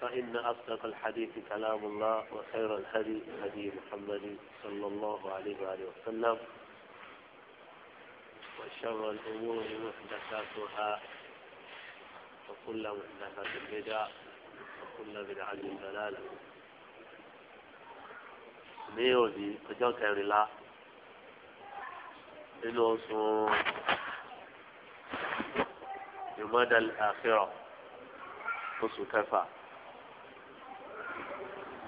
فإن أصدق الحديث كلام الله وخير الهدي هدي محمد صلى الله عليه وآله وسلم وشر الأمور محدثاتها وكل محدثة بدعة وكل بدعة ضلالة ní أجاك يا رلا nínú oṣù ìmọ̀dàlẹ́ àfihàn oṣù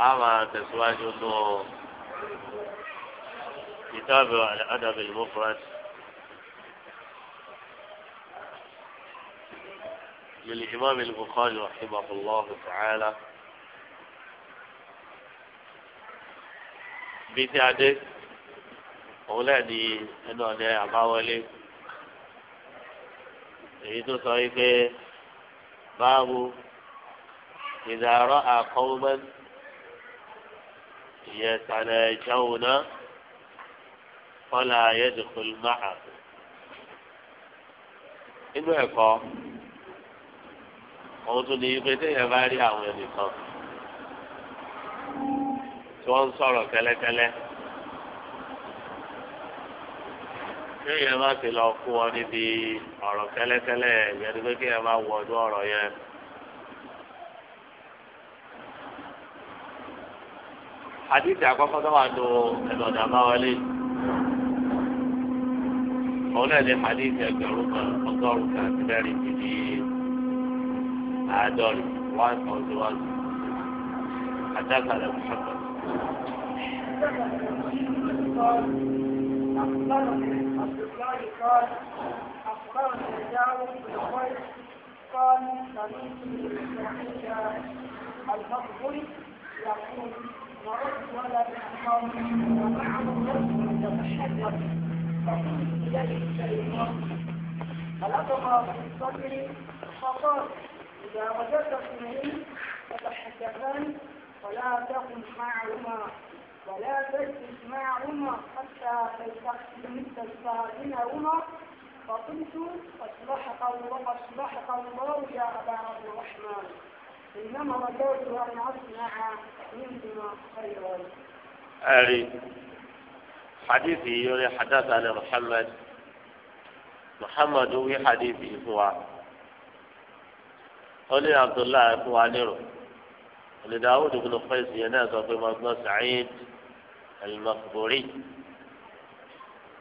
أما تسواج أنه كتاب الأدب المفرد للإمام البخاري رحمه الله تعالى بيتي أولادي أنه أنا أقاولي èyí إيه صحيح sọ إذا رأى قوما يتناجون فلا يدخل معهم inú ẹ̀kọ́ òun tún ní pé téèyàn bá rí àwọn ẹnìkan tí wọ́n ń sọ̀rọ̀ kẹ́lẹ́kẹ́lẹ́ téèyàn má ti lọ kú wọn níbi ọ̀rọ̀ kẹ́lẹ́kẹ́lẹ́ yẹn ni pé kéèyàn má wọ ọdún yẹn. àdìsí àkọ́kọ́ tó wà ló ẹlọ́dà bá wọlé òun náà lè àdìsí ẹgbẹ̀rún kan ọgọ́rùn kan àti mẹ́rin ti di àádọ́rin one thousand one àdàkàlẹ̀ mùsùlùmí. قال سمعت يقول فلقها في الصدر فقال إذا وجدت اثنين فتحدثان ولا تقم معهما ولا تجلس معهما حتى تستأذنهما فقلت أصلحك الله أصلحك الله يا أبا عبد الرحمن إنما رجوت أن أصنع منهما أري حديثي يقول حدثنا محمد محمد هو حديثي هو قال عبد الله بن عامر داود بن قيس ينادى بن سعيد المقبوري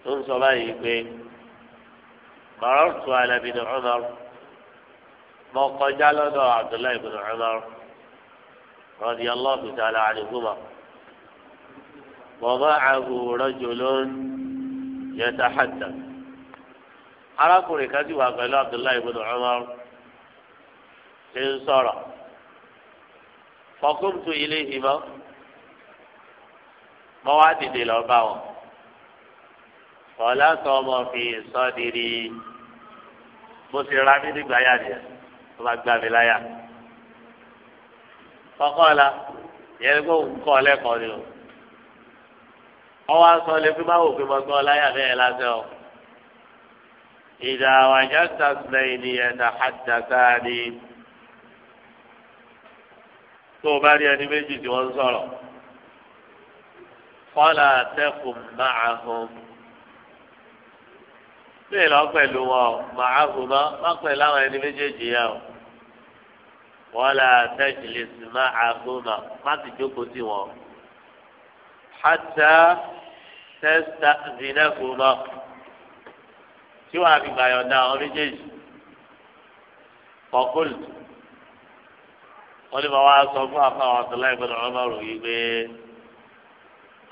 انظر بقى مررت على ابن عمر mo kọjá lọ́dọ̀ abdullahi ibn umar radiyallahu ta'ala anhuma wa ma'ahu rajulun yatahaddath arákùnrin kan ti wà pẹ̀lú abdullahi ibn umar ṣe ń sọ̀rọ̀ faqumtu ilayhima mo wá dìde lọ bá wọn kọlá sọmọ fi sọdiri mo sì ra mí nígbà yá nìyẹn tó bá gbá mi láyà kọ́kọ́la yẹn kó ń kọ́ lẹ́kọ̀ọ́ ni o ọwọ́ aṣọ lè fi máa wò pé mo gbọ́ láyà bẹ́ẹ̀ lásán o ìdá àwàjá tàbílẹ̀ ènìyàn náà àdàtà ni tó o bá rí ẹni méjì tí wọ́n ń sọ̀rọ̀ kọ́lá máa hàn bẹ́ẹ̀ lọ pẹ̀lú wọn o màá hùmá má pẹ̀lú àwọn ẹni méjèèjì yá o wọn là tẹ́jìlì sí má àhùmá má ti jókòó sí wọn. hàtà tẹ́sítà zinẹ́kùmá tí wàá fi gbàyọ̀dá àwọn méjèèjì kọ̀kúlù wọn ni màá wá sọ fún àfọwọ́sọ láì gbọdọ̀ ọmọ rò yí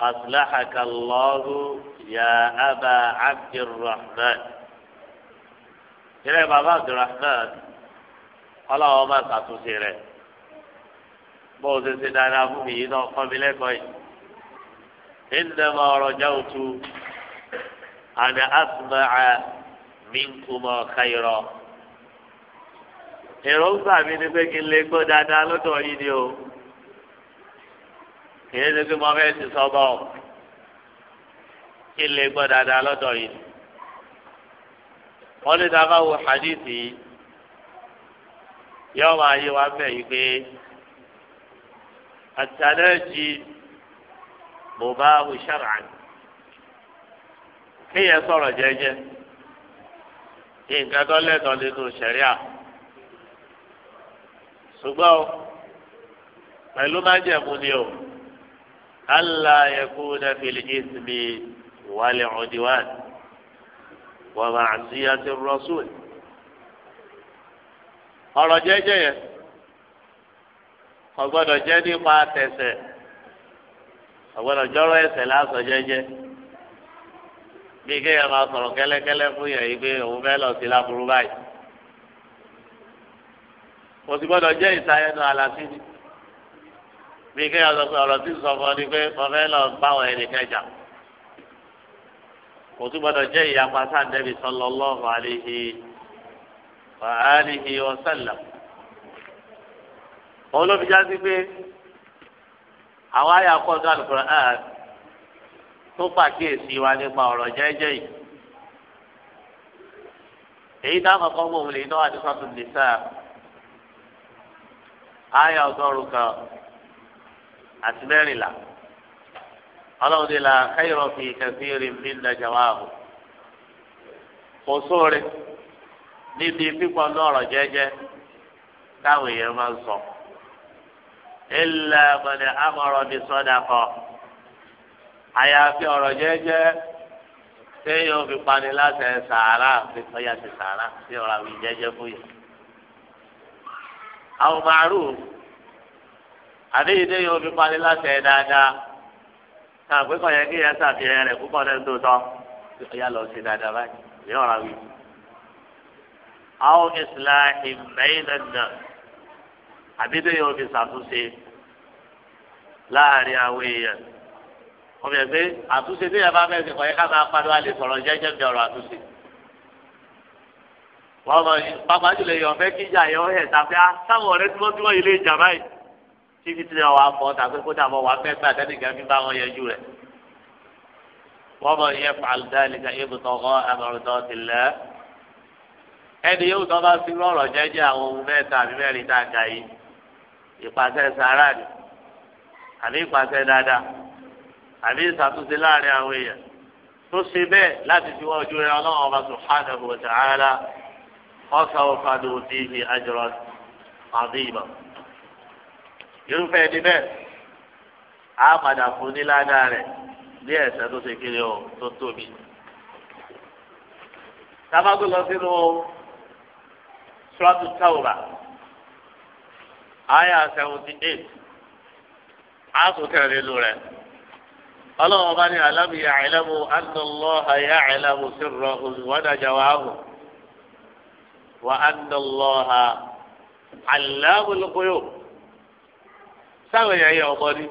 أصلحك الله يا أبا عبد الرحمن إلى بابا عبد الرحمن الله ما تتصيره bóòsì ṣe dáadáa fún mi yìí إنما رجوت أن أسمع منكما خيرا. èròǹgbà mi ni pé kí n lè kìí ṣe pé mo fẹ́ ti sọ́bọ̀ ọ́ kí lè gbọ́ dáadáa lọ́dọ̀ yìí. wọ́n lè dábàá wo hadith yìí yọ máa yé wa mẹ́ yìí pé àtàlẹ́jì mo bá wo ṣàràn kéèyàn sọ̀rọ̀ jẹ́jẹ́ nǹkan tó lẹ́tọ̀ọ́ nínú ṣẹ̀ríà ṣùgbọ́n pẹ̀lú májẹ̀mú ni o. ألا يكون في الإثم والعدوان ومعصية الرسول ọ̀rọ̀ jẹ́jẹ́ yẹn ọgbọ́dọ̀ jẹ́ nípa tẹ̀sẹ̀ ọgbọ́dọ̀ jọ́rọ̀ ẹsẹ̀ lásán jẹ́jẹ́ bí kéèyàn máa sọ̀rọ̀ kẹ́lẹ́kẹ́lẹ́ fún yẹn yìí pé òun fẹ́ lọ bí kéèyàn sọ pé ọ̀rọ̀ tí ń sọ fún ọ ni pé ọ̀fẹ́ lọ bá wọn ẹnìkan jà kò tún gbọdọ̀ jẹ́ ìyapa sáńdẹ́bì sallallahu alaihi wa alihi wa sallam. òun ló fi já sí pé àwọn àyà kọ́ńtà Al-Qur'an tó pàkíyèsí wa nípa ọ̀rọ̀ jẹ́jẹ́ yìí. èyí táwọn kan gbòòrò lè náà àdúgbò tó lè sáà. àyà ọgọ́rùn kan àti mẹ́rìnlá ọlọ́run ní la káyọ̀ fi kẹfìrì mi ń dájà wá o kò sóore níbi pípọ̀ lọ́rọ̀ jẹ́jẹ́ táwọn èèyàn máa ń sọ ilà mọ̀nà amọ̀rọ̀ mi sọ́dà kọ àyàfi ọ̀rọ̀ jẹ́jẹ́ téèyàn fi pani láti ẹ̀ sàárà fi ọ̀yà ti sàárà sí ọ̀rọ̀ àwìn jẹ́jẹ́ fún yẹn àwọn màálù àbí ìdí yóò fi parí láti ẹ dáadáa ká pé kàn yẹ kí yẹn ṣàfihàn rẹ púpọ̀ náà tó tọ́ ìyá lọ sí dáadáa báyìí ní ọ̀rá wí. àwọn ìsìláàmù mẹ́yìn dandan àbí ìdí yóò fi ṣàtúnṣe láàrin àwọn èèyàn ọmọ ẹgbẹ́ àtúnṣe tí yẹn bá fẹsẹ kọ yẹ ká máa padà wà lè sọ̀rọ̀ jẹ́jẹ́ bí ọ̀rọ̀ àtúnṣe wọn mọ pàpà jùlọ yọ ọ̀fẹ́ kíjà yọ ọ yẹ tàbí sáwọn tí wọn tí yìí lè jà báyìí tí fìtí náà wàá fọ́ tàbí kó dàbọ̀ wàá fẹ́ gbà tẹ́nìkan fi bá wọn yẹjú rẹ̀. wọ́n mọ̀ ìyẹn fàlùdáàlì ká yóò tó kọ́ àmọ̀rùtọ́ ti lẹ́. ẹni yóò tọ́ bá fi rọ̀rọ̀ jẹ́jẹ́ àwọn ohun mẹ́ta àbí mẹ́rin tá a kà yìí ìpàṣẹ sàárà ni àbí ìpàṣẹ dáadáa àbí ìṣàtúnṣe láàrin àwọn èèyàn tó ṣe bẹ́ẹ̀ láti fi wọ́n ojú rẹ ọlọ́run ọba subhanahu wa ta'ala ọ̀sán òfàdùn òdì ìhì àjọrọ̀ àbí ìmọ̀ irúfẹ́ ẹni bẹ́ẹ̀ á padà fún ní ládàá rẹ̀ bí ẹ̀sẹ̀ tó ṣe kiri o tó tóbi. tábàgbé lọ sínú sọ́ọ̀tù táwùrà àyà seventy eight á tún kẹrin lù rẹ̀ ọlọ́run ọba ní alámi àìlẹ́mu anàlọ́ àyà àìlẹ́mu sí rọ olùwádàjà wa hù wà anàlọ́ àìlẹ́mu lóko táwọn èèyàn yẹ ọmọ ni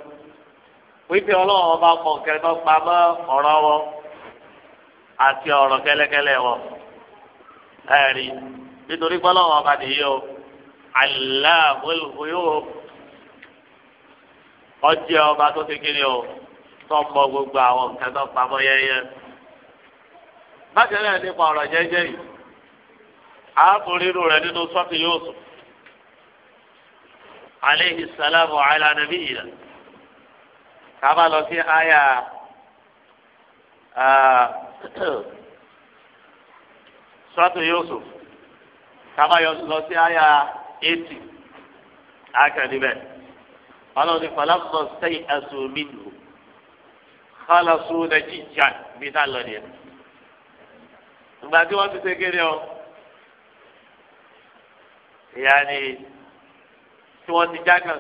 wípé ọlọ́run ọba kọ nǹkan tó pamọ́ ọ̀rọ̀ wọn àti ọ̀rọ̀ kẹ́lẹ́kẹ́lẹ́ wọn ẹ̀rí nítorí pé ọlọ́run ọba nìyí o aláàbòlù yóò ọjọ́ ọba tó ti kiri o tó mọ gbogbo àwọn nǹkan tó pamọ́ yẹ́yẹ́ bákan náà nípa ọ̀rọ̀ jẹ́jẹ́ yìí àápò rírun rẹ̀ nínú sọ́ọ̀tì Yúsúf aleyhi salamu ala nabi ila kaba lọ sí aya sọ́tù yusuf kaba lọ sí aya eighty akadibẹ ọlọ́run falamọ sẹ́yìn asominu kálásù nàjí jà bí tá lọ nìyẹn ìgbà tí wọ́n ti ṣe kéde ọ yàní. tí wọ́n ti jágàn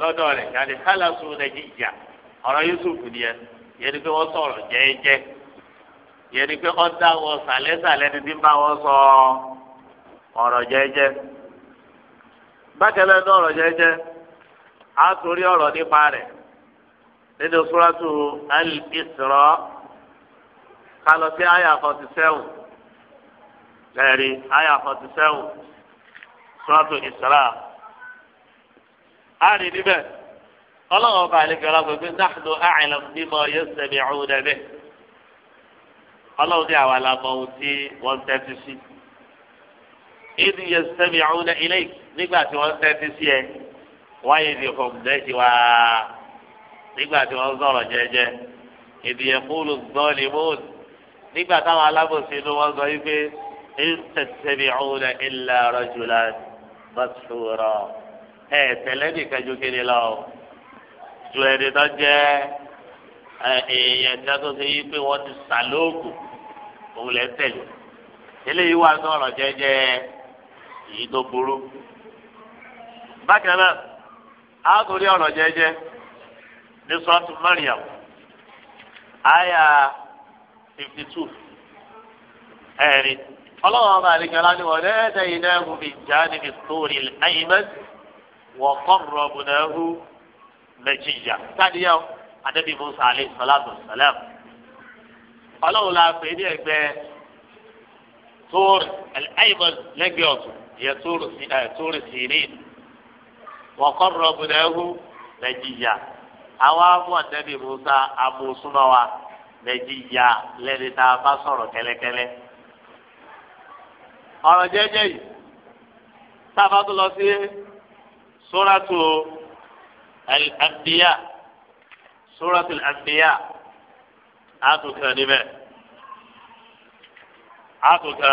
lọ́dọ̀ rẹ̀ yàrá kálásù nàìjí ìjà ọ̀rọ̀ Yusuf nìyẹn yẹn ni pé wọ́n sọ̀rọ̀ jẹ́ẹ́jẹ́ yẹn ni pé wọ́n dá wọn sàlẹ́sàlẹ́ ní bá wọn sọ ọ̀rọ̀ jẹ́ẹ́jẹ́ bákẹ́lẹ́ ní ọ̀rọ̀ jẹ́ẹ́jẹ́ á torí ọ̀rọ̀ nípa rẹ̀ nínú súrátù al sí Isra. a rì níbẹ̀ ọlọ́run ọba àlejò alágbègbè nahnu a'lam bima yasma'una bihi ọlọ́run ní àwa la mọ ohun tí wọ́n tẹ́tí sí ìdí yasma'una ilayk nígbà tí wọ́n tẹ́tí sí ẹ wáyé ní fún bẹ́ẹ̀ wá nígbà tí wọ́n sọ̀rọ̀ jẹ́jẹ́ ìdí yaqulu adh-dhalimun nígbà táwọn alábòsí inú wọn sọ yìí pé in tattabi'una illa rajulan mashura. ẹ tẹ̀lé di ju kiri lọ o ju tó jẹ́ èèyàn a tó ṣe yí pé wọ́n ti sà lóògùn òun lẹ́ tẹ̀lé eléyìí wà ní ọ̀rọ̀ jẹ́jẹ́ èyí tó burú bákan náà a ọ̀rọ̀ ní Mariam àyà fifty two ọlọ́wọ́n ọba ni wọ́n náà jáde sórí wọ́n kọ́rọ̀ bùnàhù mẹ́jìyà sáníyà adébí musa aleyhi salatu salam ọlọ́run la pè ní ẹgbẹ́ tóórì ẹ̀ẹ́mọ̀ lẹ́gbẹ̀ẹ́ ọ̀tún yẹ tóórì sírì wọ́n kọ́rọ̀ bùnàhù mẹ́jìyà àwọn amú adébí musa amúsúnmọ́wa mẹ́jìyà lẹ́ni tá a bá sọ̀rọ̀ kẹ́lẹ́kẹ́lẹ́ ọ̀rọ̀ jẹ́jẹ́ yìí tá a bá tó lọ sí sóràtò àbíyá sóràtò àbíyá àtúntà níbẹ̀ àtúntà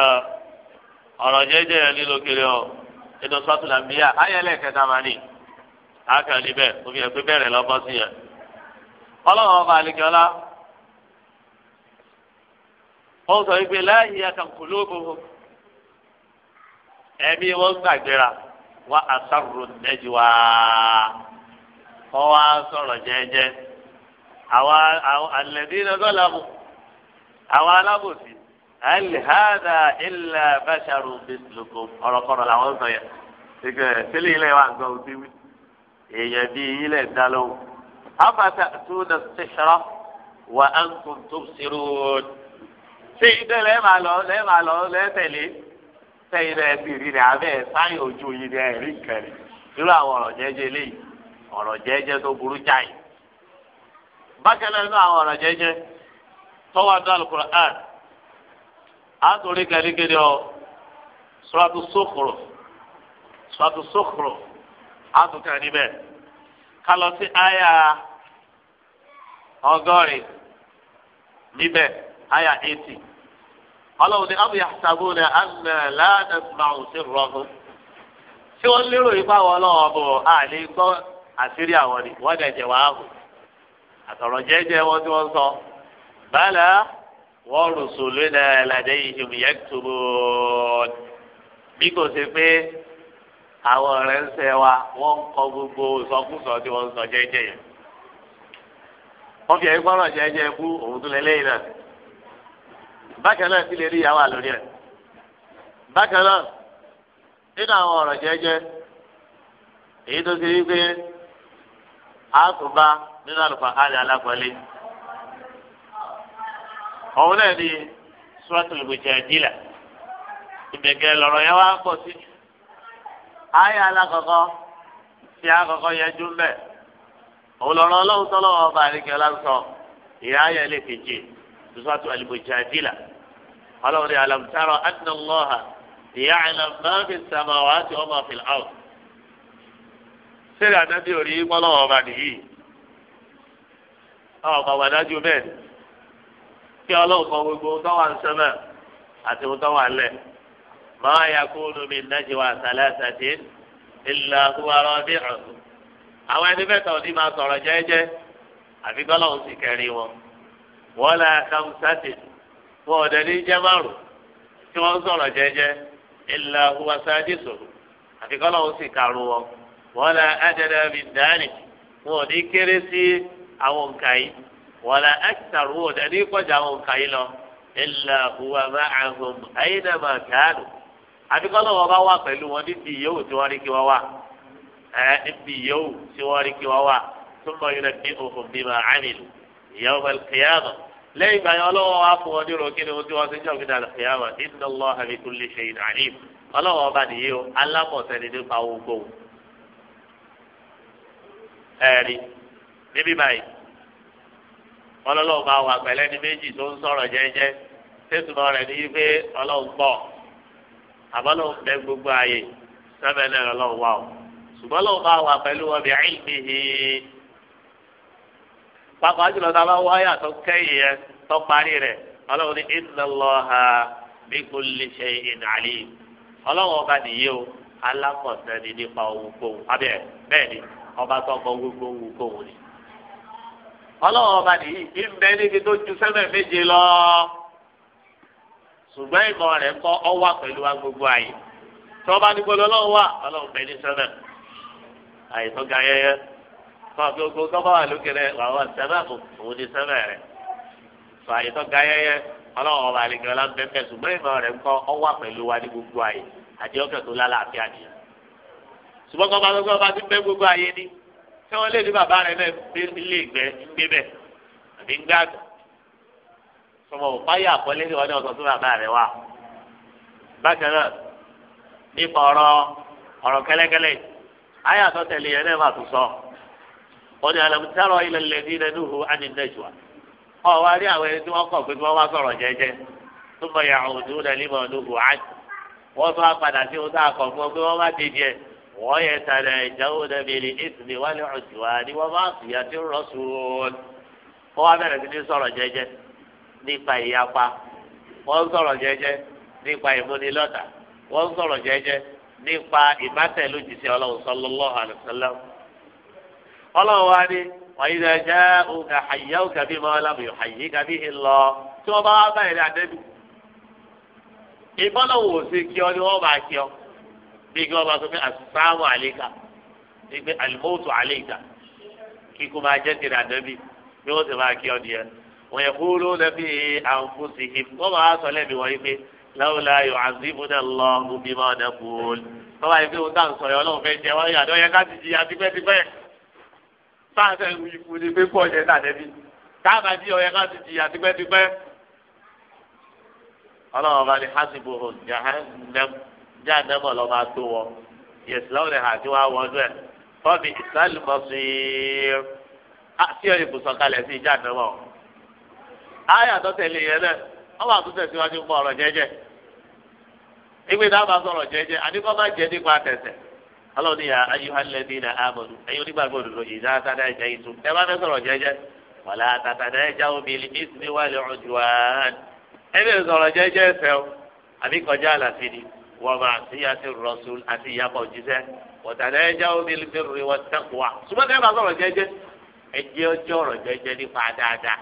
ọ̀rọ̀ jẹ́jẹ́ yẹn nílò kiri ọ inú sóràtò àbíyá ayẹlẹ kẹta máa ní àkà níbẹ̀ òbí ẹgbẹ́ bẹ̀rẹ̀ lọ́bọ́ sí yẹn ọlọ́wọ́ ọba àlejòọ́lá ó sọ wípé láàyè akànkùn lóògùn ẹ̀mí wọn gbàgbéra wá àsárò nẹ́jì wá ọwọ́ sọ̀rọ̀ jẹ́jẹ́ àwa alẹ́dínlẹ́ gọ́làmù àwa alábòsí alihada ilà bàṣàrù bìtìlùkù ọ̀rọ̀kọ̀rọ̀ làwọn ń sọ yẹn ṣèkè sílẹ̀ ilẹ̀ wa gbọ́ òtí wí èèyàn bíi ilẹ̀ dá lóhùn afata tuna sihra wa antum tubsirun ṣé ìdẹ́ lẹ́ẹ̀ máa lọ lẹ́ẹ̀ máa lọ lẹ́ẹ̀ tẹ̀lé. sẹ́yìn náà ti rí rẹ̀ abẹ́ sáyìn ojú yìí rẹ̀ rí kẹrin irú àwọn ọ̀rọ̀ jẹ́jẹ́ léyìí ọ̀rọ̀ jẹ́jẹ́ tó burú jáì. bákan náà inú àwọn ọ̀rọ̀ jẹ́jẹ́ tọ́wọ́ adó ọ Suratu Zukhruf Suratu Zukhruf á tún kàn àyà àyà eighty. ọlọ́run ní abu yasabu ní anna lánàmàù sí rọ́ọ̀hún tí wọ́n lérò ipá wọn lọ́wọ́ bò àlè gbọ́ àṣírí àwọn ni wọ́n dẹ̀ jẹ̀ wàá hù àtọ̀rọ̀ jẹ́jẹ́ wọn tí wọ́n sọ bala wọ́n rùsùlù náà làdé yẹn bí kò sí pé àwọn ọ̀rẹ́ ń sẹ́ wa wọ́n gbogbo ìsọkúsọ tí wọ́n sọ jẹ́jẹ́ yẹn wọ́n bákan náà sì lè rí ìyàwó àlórí ẹ̀ bákan náà nínú àwọn ọ̀rọ̀ jẹ́jẹ́ èyí tó ti rí pé a kò bá nínú àlùfà àlè alákọ̀ọ́lé ọ̀hún náà ni suratul mujadila ìbẹ̀gẹ̀ lọ̀rọ̀ yẹn wá ń pọ̀ sí jù ayé alákọ̀ọ́kọ́ tí a kọ̀ọ̀kọ́ yẹn jú mbẹ́ òun lọ̀rọ̀ ọlọ́run tọ́lọ́wọ́ ọba àríkẹ́ ọlá ń sọ ìyá ayé lè fi jì í sọ́tù al-Mujadila ọlọ́run ní alam tara anna Allaha ya'lam ma fi samawati wa ma fi al-ard. sẹ́rẹ̀ àdájọ́ orí mọ́lọ́wọ́ ọba nìyí ọ̀pọ̀ àwọn àdájọ́ bẹ́ẹ̀ kí ọlọ́run kan gbogbo tó wà ń sẹ́mẹ̀ àti tó wà lẹ̀ máa yakunu min najwa thalathatin illa huwa rabi'uhum àwọn ẹni mẹ́ta òní máa sọ̀rọ̀ jẹ́ẹ́jẹ́ àfi gbọ́lọ́run sì kẹrin wọn wọ́lá kàmsátì wọ́n ọ̀dẹ̀ ní jẹ́márù tí wọ́n sọ̀rọ̀ jẹ́jẹ́ ìlà huwasáàdì sòrò àti kọ́lá ó sì karùn wọn wọ́lá ádẹ́dẹ́ bí dání wọ́n ò ní kéré sí àwọn nǹka yìí wọ́lá ẹ́kítàrú wọ́n ọ̀dẹ̀ ní kọjá àwọn nǹka yìí lọ ìlà huwamá àhùn ayédèmà kàánù àti wọn bá wà pẹ̀lú wọn níbi ìyẹ́wò tí wọ́n rí kí wọ́n wà ẹ̀ níbi ìyẹ́wò tí wọ́n rí kí wọ́n wà tó mọ yawm al-qiyamah lẹ́yìn ìgbà yẹn ọlọ́wọ́ wa fún wọn ní ìrò kí ni ojú wọn ti jọ gbé dàlẹ́ kìyàmà inna Allaha bi kulli shay'in alim ọlọ́wọ́ ọba nìyí o alámọ̀sẹ̀ ni nípa ogbó ẹ̀rí níbí báyìí ọlọ́wọ́ bá wà pẹ̀lẹ́ ní méjì tó ń sọ̀rọ̀ jẹ́jẹ́ tẹ́tùmọ̀ rẹ̀ ní pé ọlọ́wọ́ gbọ́ àbọ̀lọ́wọ́ bẹ gbogbo ààyè sábẹ́ náà ọlọ́wọ́ wà o ṣùgbọ́n ọlọ́wọ́ bá wà pẹ̀lú ọbẹ̀ pàápàá jùlọ tá a bá wáyà tó kẹ́yìn yẹn tó parí rẹ̀ ọlọ́run ní inna Allaha bi kulli shay'in alim ọlọ́run ọba nìyí o alákọ̀ọ́sẹ́ ni nípa ohun kóhun abẹ́ bẹ́ẹ̀ ni ọba tó gbogbo ohun kóhun ni. ọlọ́run ọba nìyí ìbẹ́ níbi tó ju sẹ́mẹ̀ méje lọ ṣùgbọ́n ìmọ̀ rẹ̀ kọ́ ọ wà pẹ̀lú wa gbogbo sọ gbogbo tọ́ba wà lókè rẹ wàá sẹ́mẹ̀ òun ni sẹ́mẹ̀ rẹ sọ àyè tó ọlọ́wọ́ ọba àlejò ọlá ń bẹ́ẹ̀ ṣùgbọ́n ìmọ̀ rẹ̀ ń kọ́ ọwọ́ pẹ̀lú wa ní gbogbo àyè àti ọkẹ́ tó lálàáfíà nìyẹn ṣùgbọ́n kọ́ ọba gbogbo ọba ti gbogbo àyè ni tí wọ́n lé ní bàbá rẹ̀ náà ilé ìgbẹ́ gbé bẹ́ẹ̀ àbí ń gbàgbọ́ wọ́n ní alamutaro ilẹ̀ lẹ́dí lẹ́nu hu anidẹ́jùwa ọ̀ wá rí àwọn ẹni tí wọ́n kọ̀ pé kí wọ́n wá sọ̀rọ̀ jẹ́jẹ́ tó mọ ìyá òdú náà ní mọ̀ọ́nù hu á wọ́n tún á padà sí ohun tá a fún ọ pé wọ́n bá ti ẹ̀ wọ́n yẹ tàdà ìjáwó dẹ́bi ní ìsìnì wálé ọ̀jùwà ni wọ́n bá fìyà tí ń rọ́ṣùn wọ́n wá bẹ̀rẹ̀ sí ní sọ̀rọ̀ ọlọ́run wa ni wàyí náà jẹ́ òkè àyè òkè bí mọ́ ọlọ́mù àyè kàbí ìlọ tí wọ́n bá wá báyìí àdẹ́bí. ìbọ́lọ̀wò sí kí ọ ni wọ́n bá kí ọ bí kí wọ́n bá sọ pé àsùsáàmù àlékà ìgbé àlùmọ́tò àlékà kí kò máa jẹ́ tèrè àdẹ́bí bí wọ́n sì máa kí ọ nìyẹn. wọ́n yẹ kó ló lẹ́bí àǹfóṣì wọ́n máa sọ lẹ́bi wọ́n yí pé láwùlá yóò àzíbùdà lọ́ọ́ sáńsẹ̀ wù ìfún ni pé pọ̀ yẹn nàdẹ́bí káàmà jí ọ̀yẹ́ ká ti jìyà tipẹ́tipẹ́. ọlọ́run bá ní hásìbò jáàdẹ́mọ̀ lọ́ máa tó wọn yẹ̀sìláwọ̀n ẹ̀ àti wàá wọ́n dẹ̀ fọ́ọ̀mì ìsàlù mọ̀sí sí ọ̀yẹ́ ibùsọ̀ kalẹ̀ sí jáàdẹ́mọ̀. ayà tó tẹ̀lé yẹn náà wọ́n máa tún tẹ̀síwájú fún ọ̀rọ̀ jẹ́jẹ́ ìgbésẹ̀ á sọ̀rọ̀ jẹ́jẹ́ àdìgbọ́ jẹ́ nípa tẹ̀sẹ̀. ọlọ́run ní ayélujáfẹ́ ní amọ̀dù ẹ̀yin onígbàgbọ́ òdòdó ìdá tata ẹ̀jẹ̀ yìí tún ẹ bá fẹ́ sọ̀rọ̀ jẹ́jẹ́ wàlá tata ẹ̀jẹ̀ omi ìsìn wàlẹ̀ ọ̀dùwàn ẹ bẹ̀rẹ̀ sọ̀rọ̀ jẹ́jẹ́ ẹ̀fẹ́ o àbí kọjá àlàfin ni wọ́n máa sí àti rọ̀ṣùl àti ìyàpọ̀ òjíṣẹ́ wọ̀tàdá ẹ̀jẹ̀ omi ìsìn wọ́n tẹ̀kùwà ṣùgbọ́n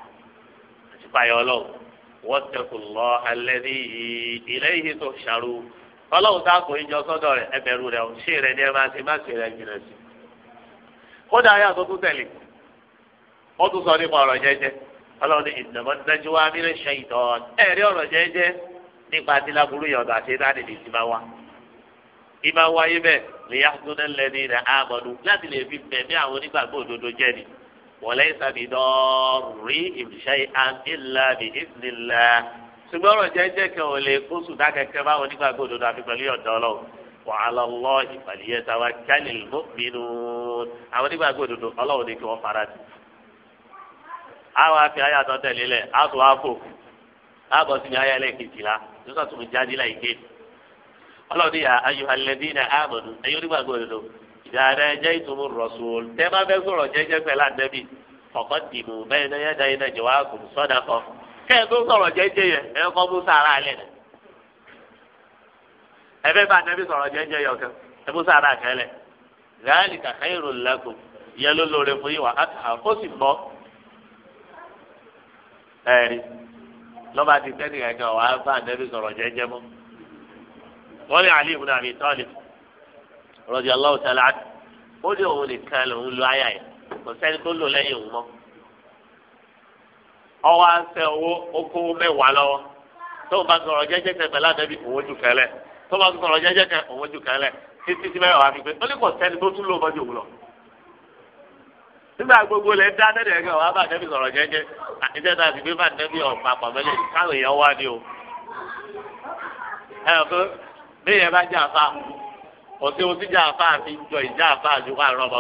ọlọ́run tá a kò ìjọ sọ́dọ̀ rẹ̀ ẹbẹ̀rù rẹ̀ òun ṣe rẹ̀ ní ẹ máa ṣe má ṣe rẹ̀ jìnnà sí. kódà ayé àtúntò tẹ̀lé ó tún sọ nípa ọ̀rọ̀ jẹ́jẹ́ ọlọ́run ní ìdìbò dájú wa mílẹ̀ ṣe ìtọ́ ẹ̀rí ọ̀rọ̀ jẹ́jẹ́ nípa tí láburú àti ìdáni ti máa wá. ìmá wáyé bẹ́ẹ̀ lèyà tó ní lẹ́ni ṣùgbọ́n ọ̀rọ̀ jẹ́jẹ́ kan ò lè kó sùdá kẹ̀kẹ́ báwọn nígbà gbọdọ̀ àfi pẹ̀lú ọ̀dọ́ ọlọ́run wa ala Allahi falyatawakkalil mu'minun àwọn nígbà gbọdọ̀ ọlọ́run ní kí wọ́n fara sí. àwọn afi ayé àtọ́ tẹ̀lé lẹ̀ àtọ́ àpò àbọ̀ sí ní ayé ẹlẹ́kejìlá nígbà tó ń jáde láì gé. ọlọ́run kẹ́hìn tó sọ̀rọ̀ jẹ́jẹ́ yẹ ẹ kọ́ mú sàrà alẹ́ nà ẹ fẹ́ bá nẹ́bí sọ̀rọ̀ jẹ́jẹ́ yẹ ọ̀kẹ́ ẹ mú sàrà kẹ́lẹ̀ gáàlì kàkà ìrò lẹ́kùn yẹ ló lóore fún yín wà á kó sì gbọ́ ẹ̀rí lọ́ba ti tẹ́ nìkan kan wà á bá nẹ́bí sọ̀rọ̀ jẹ́jẹ́ mọ́ wọ́n ní Ali ibn Abi Talib radiyallahu ta'ala ó ní òun nìkan lòun lo ayà yẹn kò sẹ́ni tó lò lẹ́yìn ọwọ́ asẹ́ owó okó mẹ́wàá lọ́wọ́ tó o bá sọ̀rọ̀ jẹ́jẹ́ kẹ pẹ̀lú àdẹ́bí òwò jù kẹlẹ̀ tó o bá sọ̀rọ̀ jẹ́jẹ́ kẹ òwò jù kẹlẹ̀ títí tí mẹ́wàá fi pé ó sẹ́ni tó tún lò bọ́jú òun lọ. nígbà gbogbo lẹ dá dẹ́dẹ̀ kẹ wàá bá àdẹ́bí sọ̀rọ̀ jẹ́jẹ́ àtijọ́ náà ti gbé bá àdẹ́bí ọ̀pá pàmẹ́lẹ̀ káwọn èèyàn wá ní o. ẹ ọ̀ fún bí ìyẹn bá jẹ́ àfa òsè òsì àfa àti ìjọ ìjẹ́ àfa àjùkọ́ àrùn ọmọ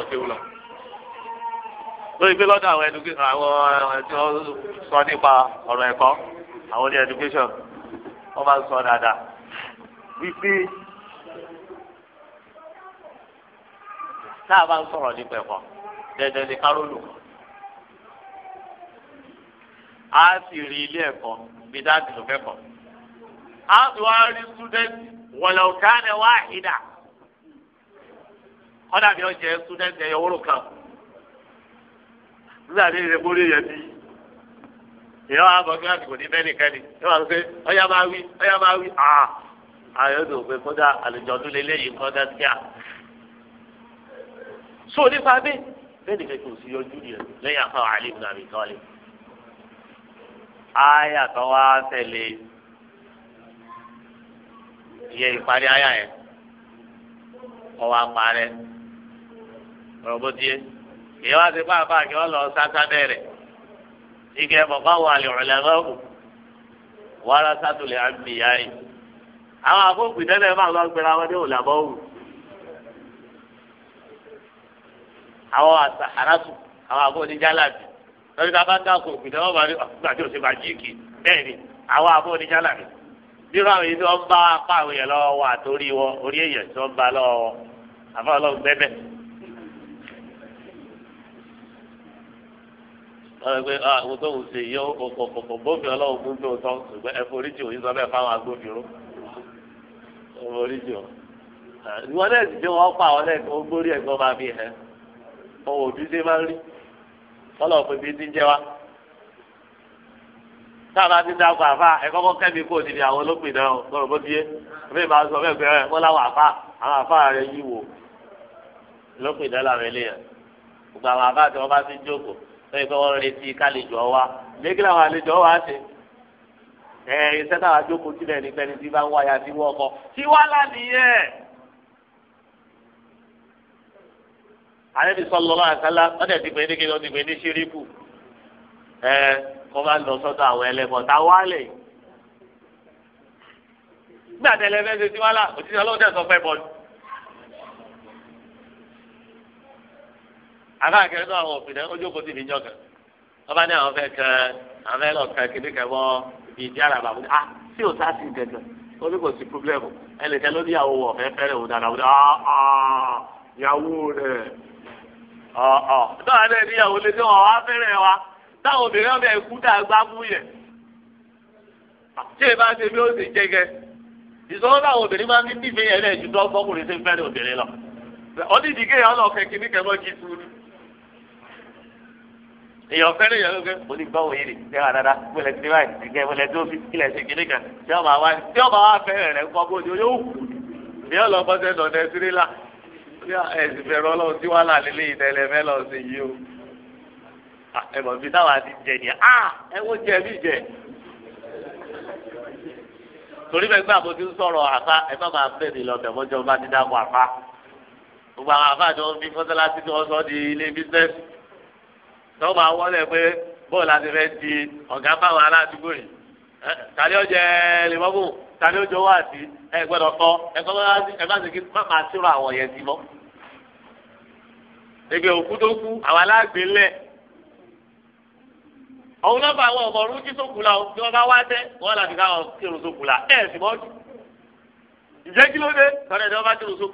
lórí pé lọ́dọ̀ àwọn education sọ nípa ọ̀rọ̀ ẹ̀kọ́ àwọn ní education wọ́n máa ń sọ dáadáa wípé tá bá ń sọ̀rọ̀ nípa ẹ̀kọ́ dandan ni kárólù á sì rí ilé ẹ̀kọ́ bí dáàbì ló fẹ́kọ̀ọ́ á sì wá rí student wọ̀lọ̀ kánẹ̀ wá ìdá ọ̀dàbí ọ̀jẹ̀ student ẹ̀yọ̀ wúrò kan nígbà tí ìrẹsì kórè yẹn ti ìyá wa bọ̀ kíláàsì kò ní bẹ́nìkẹ́ni ẹ máa ń pẹ́ ọyá máa wí ọyá máa wí àà àyọ̀dọ̀ pé kódà àlejò ọdún lélẹ́yìn kọ́dà kíá. so nípa bẹ́ẹ̀ bẹ́ẹ̀ni kẹ́kẹ́ kò sí yọjú yẹn lẹ́yìn afọ àlè ibùdó àbí tọ́lẹ̀. àyà tó wá tẹ̀lé iye ìparí àyà yẹn ọwọ́ àparẹ́ ọ̀rọ̀ kìí wá sí pàápàá kí wọ́n lọ sáta bẹ̀rẹ̀ ike bàbá wa lè rìn lẹ́gbẹ̀rún wàrà sátúlẹ̀ àmìyá yìí àwọn àfọ̀gbìn tẹ́lẹ̀ máa lọ gbéra wọn ní òlàbọ̀wù àwọn àràtù àwọn àfọ̀ oníjàlábì lórí ká bá ń dáko ògbìn tẹ́lẹ̀ wọ́n bá rí ọ̀gbìn àti òṣèlú àjíìkì bẹ́ẹ̀ ni àwọn àfọ̀ oníjàlábì nínú àwọn èyí tí bá apá àwọn èèyàn lọ́wọ́ àtòrí wọn orí èèyàn tí wọ́n bá lọ́wọ́ wọ́n pe àwọn ah, tó ń ṣe yọ òkòkòkò bófin ọlọ́run fún tó tán ṣùgbọ́n ẹ foríjì òyìn sọ bẹ́ẹ̀ fáwọn agbófinró ẹ foríjì ọ. Ah, ìwọ náà ti dé wọn pa àwọn náà ó gbórí ẹ̀gbọ́n máa fi hẹ ọwọ́ òbí ṣe máa ń rí tọ́lọ̀ pé ti ń jẹ wá. sábà ti dáko àfa ẹ̀kọ́ kọ́ kẹ́mi kó ti di àwọn olópin náà lọ́rọ̀ bó bíyé bẹ́ẹ̀ máa sọ bẹ́ẹ̀ bẹ́ẹ̀ wọ́n láwọn àfa àwọn àfa rẹ̀ yí wò olópin náà làwọn eléyà gbogbo àwọn àfa àti wọn bá ti jókòó lórí pé wọ́n retí kálíjọ wa lẹ́gí làwọn àlejò wa ṣe ẹ iṣẹ́ táwọn ajókòó sílẹ̀ nípa ẹni tí bá ń wáyà sí wọ́ọ̀kọ́ tí wá lánìyẹn. àlejò sọlọ lọ́wọ́ àṣálá ọ̀dẹ̀ ti pè é ní kí ni ó ti pè é ní ṣíríkù ẹ kó máa lọ sọ́dọ̀ àwọn ẹlẹ́bọ̀ tá a wá lè gbàdẹ́lẹ́fẹ́ ṣe tí wá là òtítọ́ ọlọ́dẹ̀ sọ akáàkiri náà àwọn òfin náà ó jókòó sí ìbíjọ kan ọba ní àwọn fẹ́ kan àwọn fẹ́ lọ kan kébé kan wọ ìdí àràbà wọn ah sí ò sáà sí gẹ́gẹ́ ó ní kò sí pírọblẹmù ẹnìkan ló ní ìyàwó wọ ọfẹ fẹrẹ òun dára wọn ah ah ìyàwó rẹ ọ ọ náà náà ní ìyàwó lé ní wọn fẹrẹ wa táwọn obìnrin ọbẹ ẹkú tá a gbá mú yẹ ṣé ah, ìbá ṣe bí ó sì jẹgẹ ìṣòro táwọn obìnrin máa ń ní nífẹ̀ẹ́ yẹn lẹ́yìn ju tó ọkùnrin ṣe fẹ́rẹ̀ obìnrin lọ ọdún ìdíkẹ́ yẹn ọlọ́ọ̀kẹ́ kìnnìkan lọ́ọ́ jí tuuru èèyàn fẹ́rẹ̀ yẹn lókè mo ní gbọ́ wòye rè ṣé wà dáadáa gbọ́lẹ̀ tí wáyé ìgbẹ́ gbọ́lẹ̀ tó fi kílẹ̀ ṣe kíní kan tí ọba wa tí ọba wa fẹ́rẹ̀ rẹ̀ kọ́ bó ni yóò kù yóò lọ bọ́ sẹ́nu ọ̀dẹ sírílà ẹ̀sìn fẹ́ rọ́ lọ́wọ́ tí wà là lílé ìtẹ́lẹ̀ fẹ́ lọ sí yìí o ẹ̀mọ̀ fi táwa ti jẹ ni a ẹ wo jẹ mí jẹ torí bẹ́ẹ̀ gbà mo ti ń sọ̀rọ̀ àfa ẹ má máa fẹ́ mi lọ́bẹ̀ mọ́jọ́ bá ti dáko àfa gbogbo àwọn àfa àti wọn fi fọ́sẹ́lá sí ti wọ́n sọ di ilé bísíǹsì tọ́ máa wọlé pé bóòlù láti fẹ́ di ọ̀gá fáwọn aládùúgbò yìí tàbí ọjọ́ lèmọ́bù tàbí ọjọ́ wà sí ẹ gbọ́dọ̀ kọ́ ẹ kọ́ ẹ má sèké má máa sírò àwọn yẹn sí mọ́. ẹgbẹ́ òkú tó kú àwọn alágbèélẹ̀ ọ̀hun náà bá àwọn ọmọ rújí tó kù la o tí wọ́n bá wá tẹ́ wọ́n là fi ká àwọn kírun tó kù la ẹ̀ sì mọ́ ìjẹ́ kí ló dé? sọ́dọ̀ ẹ̀dẹ́ wọ́n bá kírun tó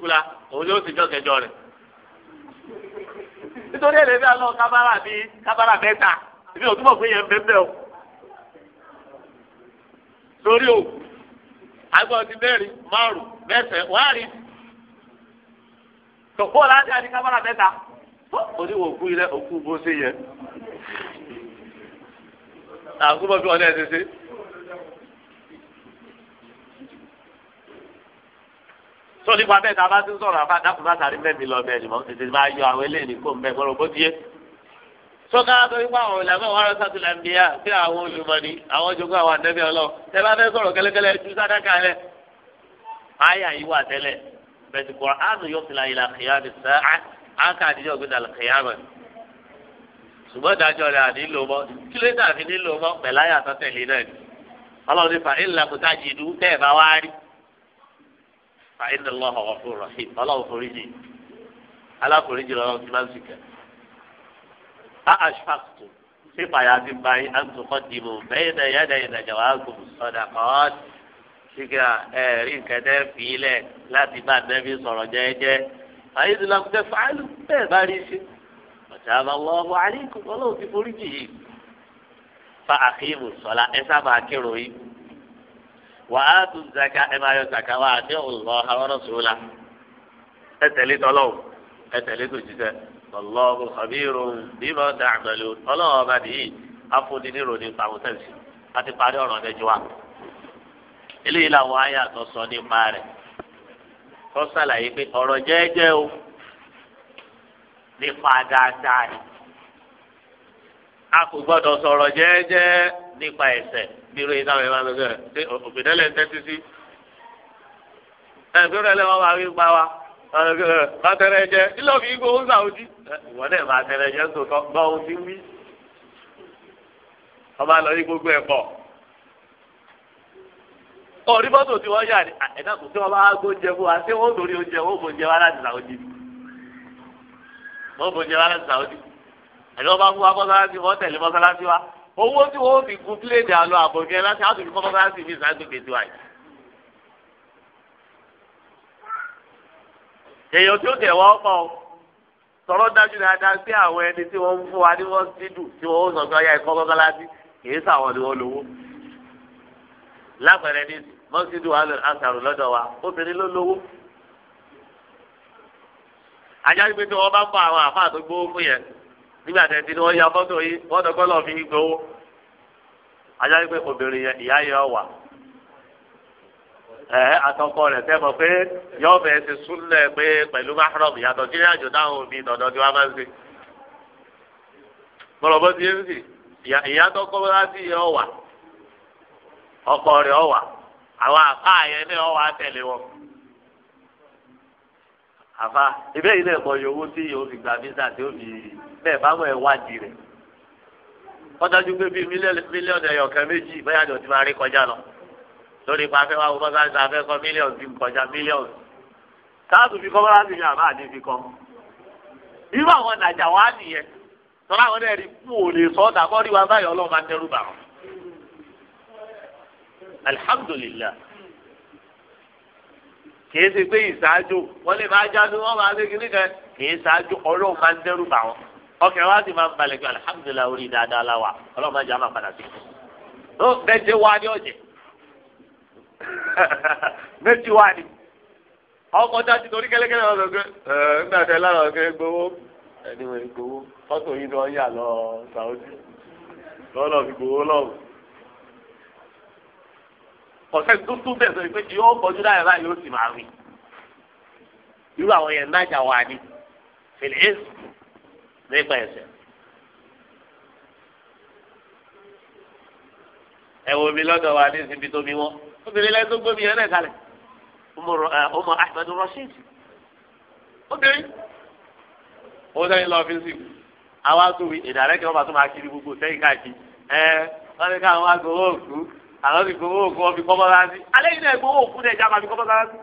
òun yóò sì jọ́ kẹjọ rẹ̀ nítorí ẹ̀rẹ́ bí alọ́ kábàrà bí kábàrà mẹ́ta ìbí òtúbọ̀ pé yẹn bẹ́ẹ̀ bẹ́ẹ̀ o. lórí o agbọ̀n ti mẹ́rin márùn mẹ́sẹ̀ wárí. tòkó láti àdí kábàrà mẹ́ta oníwò òkú ilẹ̀ òkú bó ṣe yẹ. àkúbọ̀ bí wọn náà ṣe ṣe. tó nípa bẹ́ẹ̀ tá a bá ti ń sọ̀rọ̀ àfa dákun bá sàrí mẹ́mi lọ bẹ́ẹ̀ ni mọ̀ tètè máa yọ àwọn eléyìí kó ń bẹ́ẹ̀ gbọ́dọ̀ bó ti yé. sọ́ká tó nípa àwọn ìlànà wàrà sátúlà ń bíyà sí àwọn olùmọ̀ni àwọn jogún àwọn àdẹ́bí ọlọ́ọ̀ tẹ bá fẹ́ sọ̀rọ̀ kẹ́lẹ́kẹ́lẹ́ ju sádàkà rẹ̀. àyà yìí wà tẹ́lẹ̀ bẹ̀sì kọ́ àánú yóò fìlà ìlà kìyàmì sáà áńkà ìlànà kò tá a fa inna Allaha ghafurur rahim ọlọ́run foríjì aláforíjì lọ́wọ́ tí máa ń sìkẹ́. a ashfaqtu ṣé fàyà ti ba yín an tuqaddimu bayna yaday najawakum sadaqat sígá ẹ̀rí nkẹ́tẹ́ fìlẹ̀ láti bá nẹ́bí sọ̀rọ̀ jẹ́jẹ́ àyíṣẹ́lámùtẹ́ fàálù bẹ́ẹ̀ bá rí sí ọ̀tá àbáwọ̀ àríkù ọlọ́run ti foríjì yìí fa àkíyèmù sọ́lá ẹ sábà kírun yìí. wà á tún zaka ẹ máa yọ zaka wà á ní ọlọ àwọn ọsùn la ẹ tẹ̀lé tọ́lọ́ ẹ tẹ̀lé tó jíṣẹ́ ọlọ́ọ̀bù ọ̀bírù bímọ dàgbẹ̀lú dị bá ha í afúnni ní ìròyìn pàmò tẹ̀sí láti parí ọ̀rọ̀ ọ̀dẹ́jọ́ wa eléyìí làwọn àyà bírò yìí táwọn ìbá lọ́sẹ̀ ṣé òfìdẹ́lẹ̀ ń tẹ́tí sí. ẹ̀sùn rẹ̀ lẹ́wọ́n máa wí pa wa bá tẹ̀rẹ̀ jẹ ilé òfin igbó ń sàwùjí. ìwọ náà bá tẹ̀rẹ̀ jẹ sòtọ́ gbọ́ ohun tí ń wí. ọba lọ ní gbogbo ẹ̀ pọ̀. orí bọ́tò tí wọ́n yà ní ẹ̀dá kò sí wọn bá gbóúnjẹ fún wa ṣé wọ́n torí oúnjẹ wọ́n bò jẹ wá láti sàwùjí. wọ́n bò jẹ wá láti sàwùjí. ẹ̀dá wọn bá fún wa mọ́sálásí wọ́n tẹ̀lé mọ́sálásí wa owó tí wọ́n fi gun pílẹ̀dì àlọ́ àbọ̀gẹ́ láti á tún kọ́ mọ́sáàsì mi sàgbègbè tiwa yìí. èèyàn tí ó tẹ̀ wọ́n pọ̀ sọ̀rọ̀ dájú dáadáa sí àwọn ẹni tí wọ́n ń fún wa ní wọ́n ti dùn tí wọ́n ó sọ pé ọyá ẹ̀kọ́ mọ́sálásí kìí sàwọn ni wọ́n lówó. lápẹ̀rẹ̀ ní mọ́sídùú àṣàrò lọ́dọ̀ wa obìnrin ló lówó. ajá pé tí wọ́n bá ń bọ àwọn àfáà tó gbówó fún yẹn nígbà tẹ̀ tí wọ́n ya fọ́tò yìí wọ́n tọ́kọ́ lọ́ọ́ fi gbowó ajá pé obìnrin yẹn ìyá yẹn wà ẹ àtọkọ rẹ̀ pé ti súnlẹ̀ pé pẹ̀lú mahrum yàtọ̀ sí ní àjò táwọn òbí tọ̀dọ̀ tí wọ́n máa ń mọ̀lọ́bọ́ ti sì ìyá tọ́kọ́ ọkọ rẹ̀ àfa ìbẹ́ yìí lẹ́ẹ̀kọ́ yọ owó tí yóò fi gba visa tí ó fi bẹ́ẹ̀ bá wọ̀ ẹ̀ wádìí rẹ̀ kọ́dájú pé bíi mílíọ̀nù ẹ̀yọ̀kẹ́ méjì bẹ́ẹ̀ àjọ ti máa rí kọjá lọ lórí ipa afẹ́ wa wo bá sáà sáà fẹ́ kọ́ kọjá mílíọ̀nù sáàtù fi kọ́ bá láti yan àbá àdé fi kọ́ irú àwọn nàjà wa nìyẹn tọ́lá àwọn náà kú ò lè sọ ọ́ta kọ́ rí wa báyọ̀ ọlọ́run máa tẹ́rù bà wọ́n kìí ṣe pé ìṣáájú wọn lè máa jáde wọn máa léegi níkan kìí ṣáájú ọlọ́run máa ń dẹ́rù bà wọn ọkẹ́ wa sì máa ń balẹ̀ pé orí dáadáa la wa ọlọ́run máa jẹ́ àmà padà sí i. ó wá ní ọ̀jẹ̀ wá ní. ọkọ̀ a ti torí kẹ́lẹ́kẹ́lẹ́ ẹ̀ lára ọ̀gẹ́ gbowó ẹni wọ́n gbowó fọ́tò yìí ni wọ́n yà lọ ọ̀sẹ̀ tuntun bẹ̀ sọ pé yóò kọjú láyé báyìí yóò sì máa wí. irú àwọn yẹn nájà wà ní fèlèsì nípa ẹsẹ̀. ẹ wo mi lọ́dọ̀ wa ní ibi tó mi wọ́n obìnrin lẹ́yìn tó gbómi yẹn náà kalẹ̀ ọmọ Ahmed Rasheed obìnrin ó sẹ́yìn lọ́ọ́ fi sìn àwa tó wí ìdàrẹ́kẹ́ wọn bá máa kiri gbogbo sẹ́yìn káàkiri ẹ wọ́n ní káwọn wá gbowó òkú àwọn ti gbowó òkú wọn fi kọ́ bọ́lá sí alẹ́ yìí náà gbowó òkú dẹ̀jà máa fi kọ́ bọ́lá sí.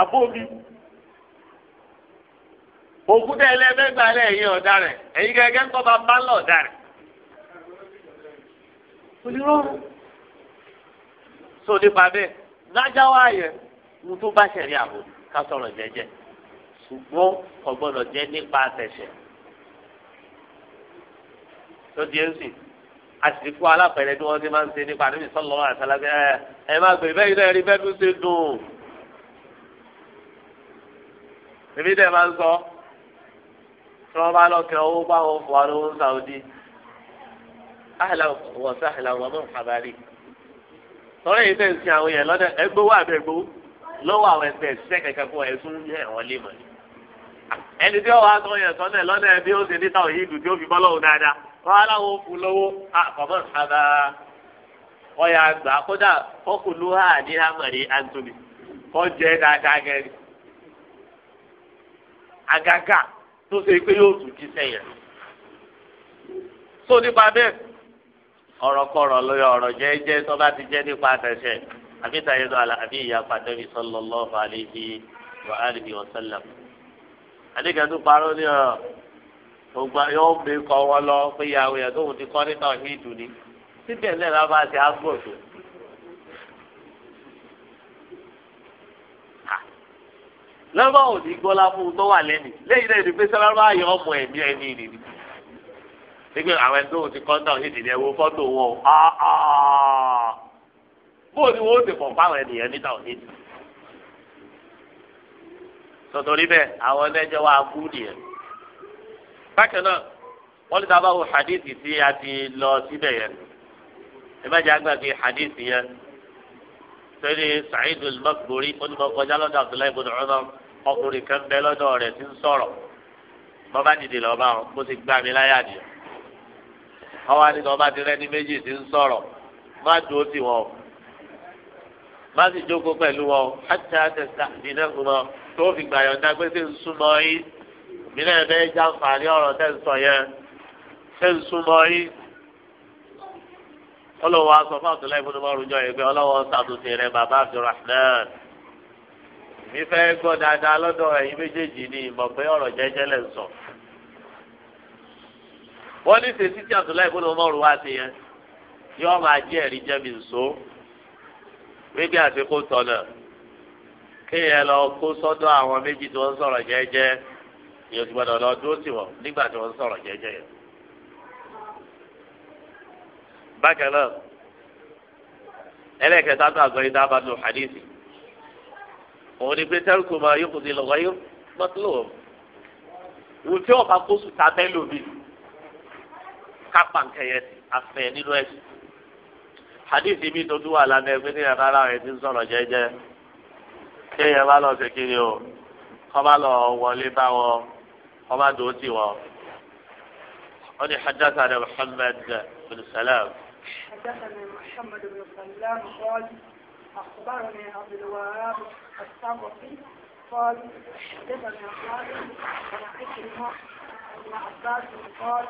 àbó mi òkú dẹ̀ ẹlẹ́gbẹ́gbà alẹ́ ẹ̀yìn ọ̀dà rẹ̀ ẹ̀yìn gẹ́gẹ́ ń kọ́ bá bá lọ̀ ọ̀dà rẹ̀. onírọ̀rùn sọ nípa bẹ́ẹ̀ lájáwá mo tó bá ṣẹ̀rí àbò ká sọ̀rọ̀ jẹ́jẹ́ ṣùgbọ́n kò gbọ́dọ̀ jẹ́ nípa àtẹ̀ṣẹ̀ tó ẹ̀ ń sìn a sì fún alápẹ̀rẹ̀ bí wọ́n ti máa ń ṣe nípa níbi sọ́lọ́ àtàlágbé ẹ ẹ má gbé bẹ́ẹ̀ náà rí bẹ́ẹ̀ tó ṣe dùn. èmi dẹ̀ máa ń sọ tí wọ́n bá lọ kẹ́ owó báwọn fọ arówó Saudi ahla wa sahla wa mọ̀ àbárí. sọ̀rọ̀ yìí tẹ̀ ń sin àwọn yẹn lọ́dẹ ẹgbẹ́ wà bẹ́ẹ̀ gbó lọ́wọ́ àwọn ẹgbẹ́ ìṣiṣẹ́ kẹ̀kẹ́ fún ẹ̀sùn ẹ̀wọ̀n lé mọ̀ ẹni tí ó wàá sọ yẹn sọ́nà lọ́dẹ bí ó ṣe níta òyìnbó tí ó fi bọ́ lọ́wọ́ dáadáa wọn aláwọ fún lọ́wọ́ àkọmọ sábà wọn yà gbà kódà kọkùnrin hà ní hamari anthony kọjẹ dáadáa gẹrí agaga tó ṣe pé yóò tún jí sẹ́yìn so nípa bẹ́ẹ̀ ọ̀rọ̀ kọ̀rọ̀ lórí ọ̀rọ̀ jẹ́jẹ́ tó bá ti jẹ́ nípa àtẹsẹ àbí tàyẹnù àlà àbí ìyá pàtẹ́bí sallallahu alaihi wa alihi wa sallam àdéhùn tó parọ́ ní ọ̀rọ̀ gbogbo yóò gbé kọ́ wọn lọ pé ìyàwó yẹn tóun ti kọ́ nínú ìdù ni síbẹ̀ náà la bá ti agbóòtó. lọ́wọ́ òní gbọ́lá fún un tó wà lẹ́nu lẹ́yìn náà ìdìbò sọ́lá bá yọ ọmọ ẹ̀mí ẹ̀mí nìyí nígbà àwọn ẹni tó ti kọ́ńtà ìdí ni ẹwọ́ fọ́tò wọn o bóò ni wọ́n ó ti pọ̀ fáwọn ènìyàn níta òní. sọ̀tọ̀ níbẹ̀ àwọn ẹlẹ́jọ́ wa kú nìyẹn bákan náà wọ́n lè dábàá wo hadithi tí a ti lọ síbẹ̀ yẹn ìbájá gbàgbé hadithi yẹn sẹ́ni Sa'id al-Maqburi onímọ̀kọjá lọ́dọ̀ Abdullahi ibn Umar ọkùnrin kan bẹ lọ́dọ̀ rẹ̀ ti ń sọ̀rọ̀ bọ́ bá dìde lọ́ọ́ bá wọn bó ti gbá mi láyà nìyẹn ọwọ́ àdìgbà ọba ti rẹ́ni méjì ti ń sọ̀rọ̀ má dúró tì wọ́n má sì jókòó pẹ̀lú wọn àti àtẹ̀sà ìdílé kùnà tó fi gbàyàn dá pé ṣe yìí ìbílẹ̀ bẹ́ẹ̀ jáǹfààní ọ̀rọ̀ tẹ́ ń sọ yẹn ṣé ń súnmọ́ yín ọlọ́wọ́ aṣọ fún àtúnlẹ̀ ìfúnni mọ́ ọ̀rùnjọ yìí pé ọlọ́wọ́ ṣàtúnṣe rẹ bàbá Abdulrahman mi fẹ́ gbọ́ dáadáa lọ́dọ̀ ẹ̀yin méjèèjì ni ìmọ̀ pé ọ̀rọ̀ jẹ́jẹ́ lẹ̀ ń sọ. wọ́n ní ṣe títí àtúnlẹ̀ ìfúnni mọ́ ọ̀rùn wá sí yẹn yóò máa jẹ́ ẹ̀rí jẹ́ mi nso wípé àti kó tọ̀nà kéèyàn lọ kó sọ́dọ̀ àwọn méjì tó ń sọ̀rọ̀ jẹ́jẹ́ èyí ti gbọ́dọ̀ lọ dúró sí wọn nígbà tí wọ́n sọ̀rọ̀ jẹ́jẹ́ yẹn. bákan náà ẹlẹ́kẹta tó àgọ́ idá bá lo hadithi òun ni pé tẹ́rùkù máa yókù sí lọ́wọ́ yóò mọ́tò wò tí ọba kó sùn tábẹ́ lómi kápá nkẹyẹ afẹ nínú ẹsìn hadithi mi tó tún wà lánàá ẹgbẹ́ ní yàrá ara rẹ̀ ti ń sọ̀rọ̀ jẹ́jẹ́ kéèyàn bá lọ sí kiri o kọ́ bá lọ wọlé bá wọn. وما دوتي واو أني حدثنا محمد بن سلام حدثني محمد بن سلام قال أخبرني عبد الوهاب الثقفي قال حدثني خالد عن عكرمة بن عباس قال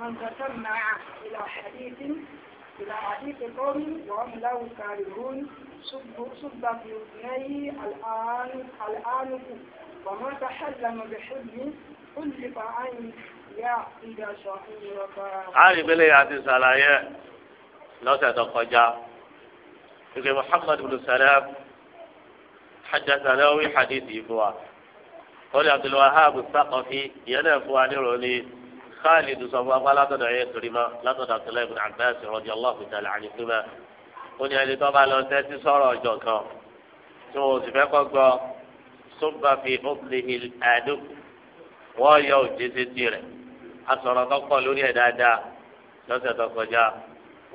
من تسمع إلى حديث إلى حديث قوم وهم له كارهون سب سب في أذنيه الآن الآن ومن تحلم بحلم àárín ìpínlẹ̀ yà ti ṣàlàyé lọ́sẹ̀ tó kọjá ìgbẹ́ Muhammad bin Salam hajjata lẹ́wọ́ wí hadith yìí fún wa lórí Abdulwahab Saqafi ìyẹn náà fún wa nírò ní Khalid sọ fún wa látọ̀dọ̀ ẹ̀yẹ kìrìmà látọ̀dọ̀ Abdullahi bin Abbas radiyallahu ta'ala anhuma ó ní ẹni tó bá lọ tẹ́tí sọ̀rọ̀ ọjọ́ kan tí wọn sì fẹ́ kọ́ gbọ́ sọ́gbà fi ó lè wọ́n yọ òjèṣe tirẹ̀ asọ̀rọ̀ kọ́kọ́ lórí ẹ̀ dáadáa lọ́sẹ̀ tó kọjá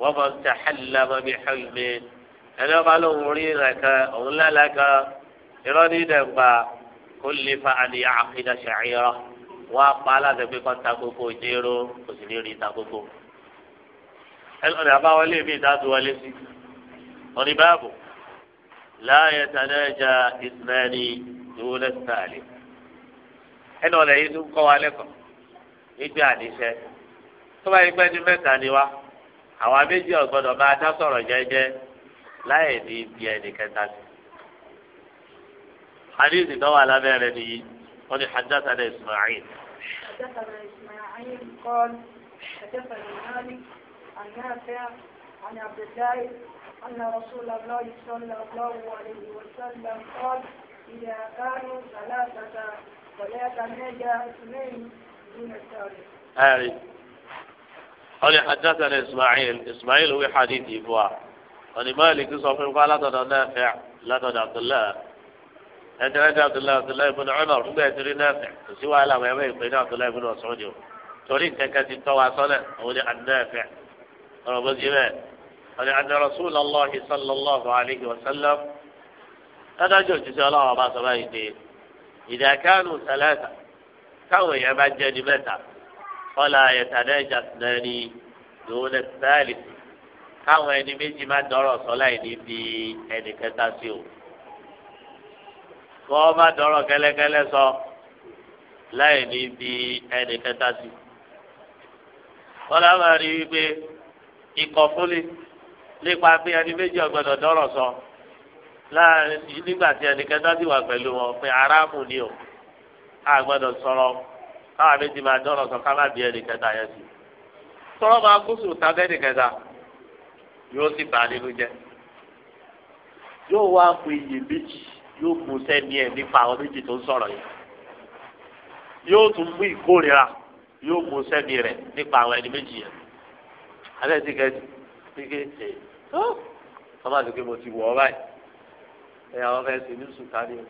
wọ́n mọ̀ ṣe xẹ́lẹ́mọ́ bíi xẹ́lẹ́mẹ́ ẹni wọ́n bá lóun rí rẹ̀ kan òun lálẹ́ kan irọ́ ní ìdẹ̀gbà kó lè fa àníyàn àkìdá ṣàìyàn wọ́n apá aláṣẹ pé kọ́ gbogbo ìdérò kò sì ní rí ta gbogbo. ẹnìkan ní mi ìta tó wọlé sí oníbàbò láàyè tànájà ẹni ọ̀lẹ́ yìí tún kọ́ wa lẹ́kọ̀ọ́ nígbà àníṣe tó bá yẹ pé ní mẹ́ta ni wa àwa méjì ọ̀gbọ́dọ̀ máa dá sọ̀rọ̀ jẹ́jẹ́ láì ní ibi ẹnì kẹta sí. حديث دواء لا بيعني قد حدثنا إسماعيل حدثنا إسماعيل قال حدثني مالك عن نافع عن عبد الله أن رسول الله صلى الله عليه وسلم قال إذا كانوا ثلاثة أعرف قال حدثنا إسماعيل إسماعيل هو حديث إبواع قال مالك صفر قال لدنا نافع لدنا عبد الله أنت أنت عبد الله عبد الله بن عمر هم يدري نافع سوى على ما يبين بين عبد الله بن مسعود تريد كاتب تواصلة أو عن نافع أو قال أن رسول الله صلى الله عليه وسلم أنا جئت سألها بعض ما يدين ìdàkánù sàlẹ́sà káwọn èèyàn bá jẹ́ ní mẹ́ta kọ́lá ayẹ̀tàdá ìjà sinẹ́ ní ìwọlé sáàlì káwọn ẹni méjì má dọ̀rọ̀ sọ́lá ìní di ẹnì kẹta sí o kọ́ má dọ̀rọ̀ kẹ́lẹ́kẹ́lẹ́ sọ láì ní di ẹnì kẹta sí kọ́lá máa rí wípé ìkọ̀fúnni nípa pé ẹni méjì ọ̀gbọ́dọ̀ dọ̀rọ̀ sọ. So láàrin nígbà tí ẹnìkan tó ti wà pẹ̀lú wọn pé aráàmù ni o a gbọ́dọ̀ sọ̀rọ̀ káwa méjì máa dọ́rọ̀ sọ káwa bí ẹnìkan tá yẹn sí. sọ̀rọ̀ máa kú sùn tábẹ́ ẹnìkan tá yóò sì bà á nínú jẹ́. yóò wá kú iyì méjì yóò mú sẹ́ni ẹ̀ nípa àwọn méjì tó ń sọ̀rọ̀ yìí. yóò tún mú ìkórira yóò mú sẹ́ni rẹ̀ nípa àwọn ẹni méjì yẹn. alẹ́ ti kẹ́ ẹ́ ti kẹ́ ẹ́ ọ́ ẹ̀yà wọn fẹ́ sí ní sùkárì o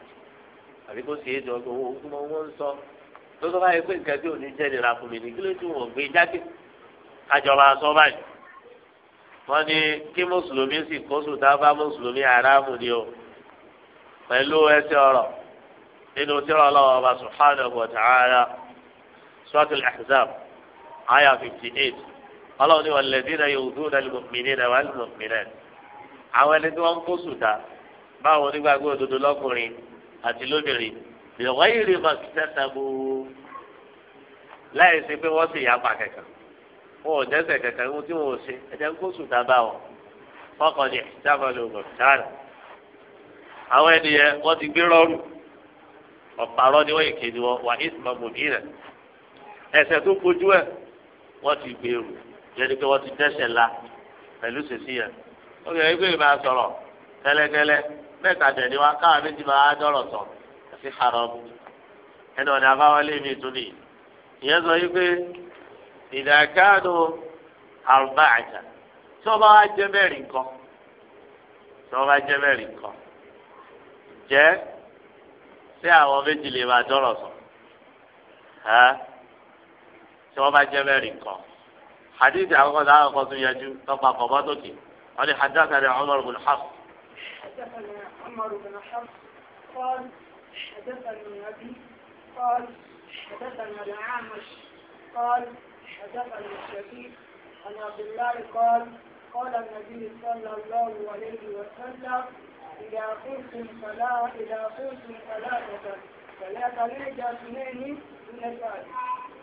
àbí kó sì é jọ owó tí mo wọ́n ń sọ lọ́sọ̀ báyìí pé nǹkan tí ò ní jẹ́ nira fún mi ní kí ló tí wọ́n gbé jáde kájọba sọ báyìí wọ́n ní kí mùsùlùmí sì kó sùtá bá mùsùlùmí aráàmù ni o pẹ̀lú ẹsẹ̀ ọ̀rọ̀ nínú tíra ọlọ́wọ́ ọba subhanahu wa ta'ala suratul ahzab aya fifty eight ọlọ́run ní wal ladina yu'dhuna al mu'minina wal mu'minat àwọn ẹni báwo onígbàgbọ́ òdodo lọ́kùnrin àti lóbìnrin ìyọ̀wọ́ ìrì máa fi tẹ́tà bó láì ṣe pé wọ́n sì yá pa kẹ̀kẹ́ wọn ò dẹ́ṣẹ̀ kẹ̀kẹ́ ohun tí wọn ò ṣe ẹ̀jẹ̀ ń kó sùn dábà wọn fọkàn ní ìjábọ̀ ló gbọ̀ àwọn ènìyàn wọ́n ti gbé rọ́ọ̀rù ọ̀pàrọ̀ ni wọ́n èké ni wọ́n wà ìsìmọ̀ bòmí rẹ̀ ẹ̀ṣẹ̀ tó kojú ẹ̀ wọ́n ti gbèrú yẹni pé wọ́n ti dẹ́ṣẹ̀ la pẹ̀lú sèṣì yẹn ó yẹ ẹgbẹ́ ìbá sọ̀rọ̀ tẹ́lẹ̀tẹ́lẹ̀ mẹ́ta tẹ̀lé wa káwa méjì máa dọ̀rọ̀ sọ àti haram ẹnu ọ̀nà àbáwọlé mi tún ni ìyẹn sọ yìí pé ìdàkánù àrùbá àjà tí wọ́n bá wá jẹ́ mẹ́rin kan tí wọ́n bá jẹ́ mẹ́rin kan jẹ́ sí àwọn méjì lè máa dọ̀rọ̀ sọ tí wọ́n bá jẹ́ mẹ́rin kan hadith àkọ́kọ́ sáà kọ́kọ́ tún yẹjú tọ́pọ̀ àkọ́kọ́ tókè wọ́n ní hadith àkàrẹ̀ Umar ibn Hafs. حدثنا عمر بن حفص قال حدثني النبي قال حدثنا العامش قال حدثني الشبيب عن عبد الله قال قال النبي صلى الله عليه وسلم إذا قلتم فلا إذا قلتم ثلاثة فلا تلجأ اثنين من الثالث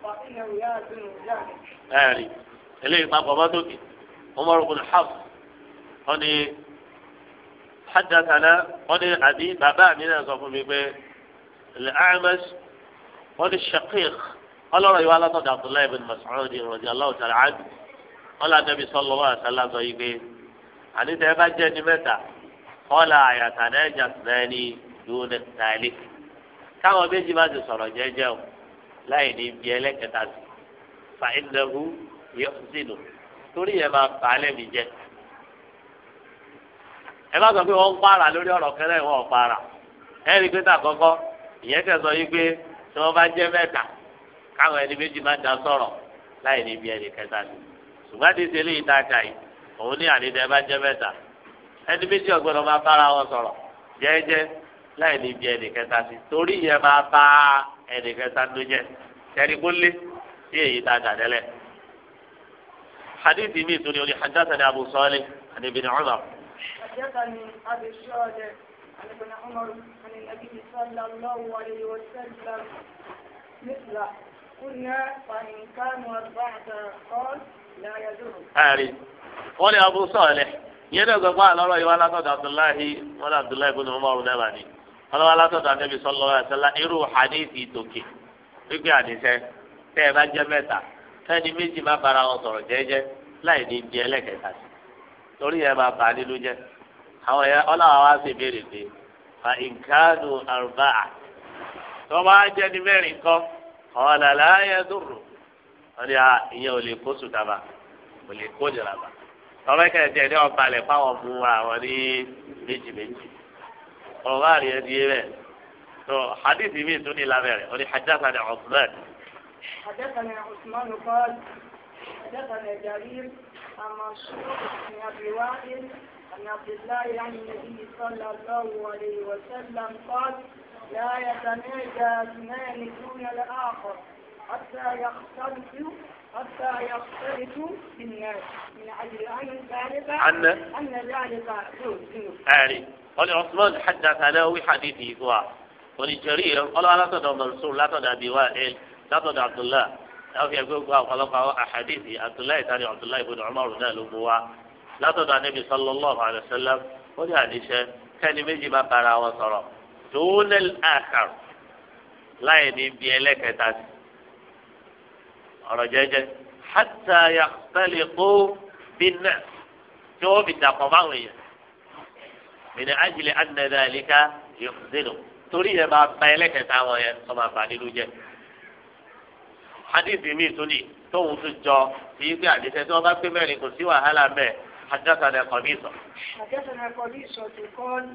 فإنه يأذن ذلك. آري. آه، إليه ما قبضك عمر بن حفص هني حدثنا قال أبي بابا من أصحاب بيبي الأعمش قال الشقيق قال رأي على عبد الله بن مسعود رضي الله تعالى عنه قال النبي صلى الله عليه وسلم بيبي عن إذا بجد متى قال يتناجى اثنان دون الثالث كما بيجي ما تصر جاجو لا ينبي لك تاسي فإنه يحزنه تريد ما فعل بجد ẹ bá sọ pé wọn ń para lórí ọ̀rọ̀ kẹlẹ wọn ò para ẹ rí i pé tàkọ́kọ́ ìyẹn kẹsàn yìí pé tí wọn bá jẹ káwọn ẹni méjì máa da láì níbi ẹni kẹta ni ṣùgbọ́n yìí òun ní bá jẹ ẹni méjì máa wọn láì níbi ẹni kẹta sí torí ìyẹn máa bá ẹni kẹta ló jẹ kó lé sí èyí حديث ميت يقول أبو صالح عن ابن عمر حدثني أبي الشهداء عن ابن عمر عن النبي صلى الله عليه وسلم مثله قلنا فإن كانوا أربعة قال لا يدور قال أبو صالح yẹn ẹgbẹ fún yìí wọn alátọdọ abdullahi wọn abdullahi bin umar ni wọn anabi sọlọ ẹsẹlá irú hadithi tòkè àdìsẹ tẹ ẹ bá jẹ fẹni méjì má bára wọn láì ní sí torí ẹ nínú àwọn yẹn ọlọ́wà wá sí ìbéèrè pé fa ìkádùn àrùbáà tó bá jẹ́ ní mẹ́rin kọ́ ọ̀là láàyè dùrù wọ́n ní ìyẹn ò lè kó sùtàbà ò lè kó jìràbà tọ́lá kẹ̀kẹ́ ní ọba lẹ̀ fáwọn mú àwọn ní méjì méjì ọ̀rọ̀ bá rí ẹni bẹ́ẹ̀ tó hadithi mi tún ní lábẹ́rẹ́ ó ní hadathana Uthman. hadathana Uthman ní abiwáyé. عن عبد الله عن النبي صلى الله عليه وسلم قال لا يتناجى اثنان دون الآخر حتى يختلط حتى يختلط بالناس من أجل أن ذلك أن أن ذلك يعني قال عثمان حدث أنا بحديثه سواء ولجرير قال لا تدع منصور لا تدع أبي وائل لا تدع عبد الله أو في أقول قال أحاديث عبد الله تاني عبد الله بن عمر نالوا látọ̀dọ̀ anábì sallallahu alaihi wasallam ó ní àdíṣẹ́ kẹ́ni méjì bá bára wọn sọ̀rọ̀ dùn àkàrò láì ní bí ẹlẹ́kẹta sí ọ̀rọ̀ jẹ́jẹ́ hatta yakhtaliqu bin-nas tí wọ́n fi dàpọ̀ báwọn èèyàn min ajli anna dhalika yukhzilu torí yẹn máa ba ẹlẹ́kẹta wọn yẹn tó máa bà nínú jẹ́ hadithi mi tún ní tóun tún jọ kí pé àdíṣẹ́ tí wọ́n bá pé mẹ́rin kò sí wàhálà mẹ́ẹ̀. حدثنا قبيصة حدثنا قبيصة قال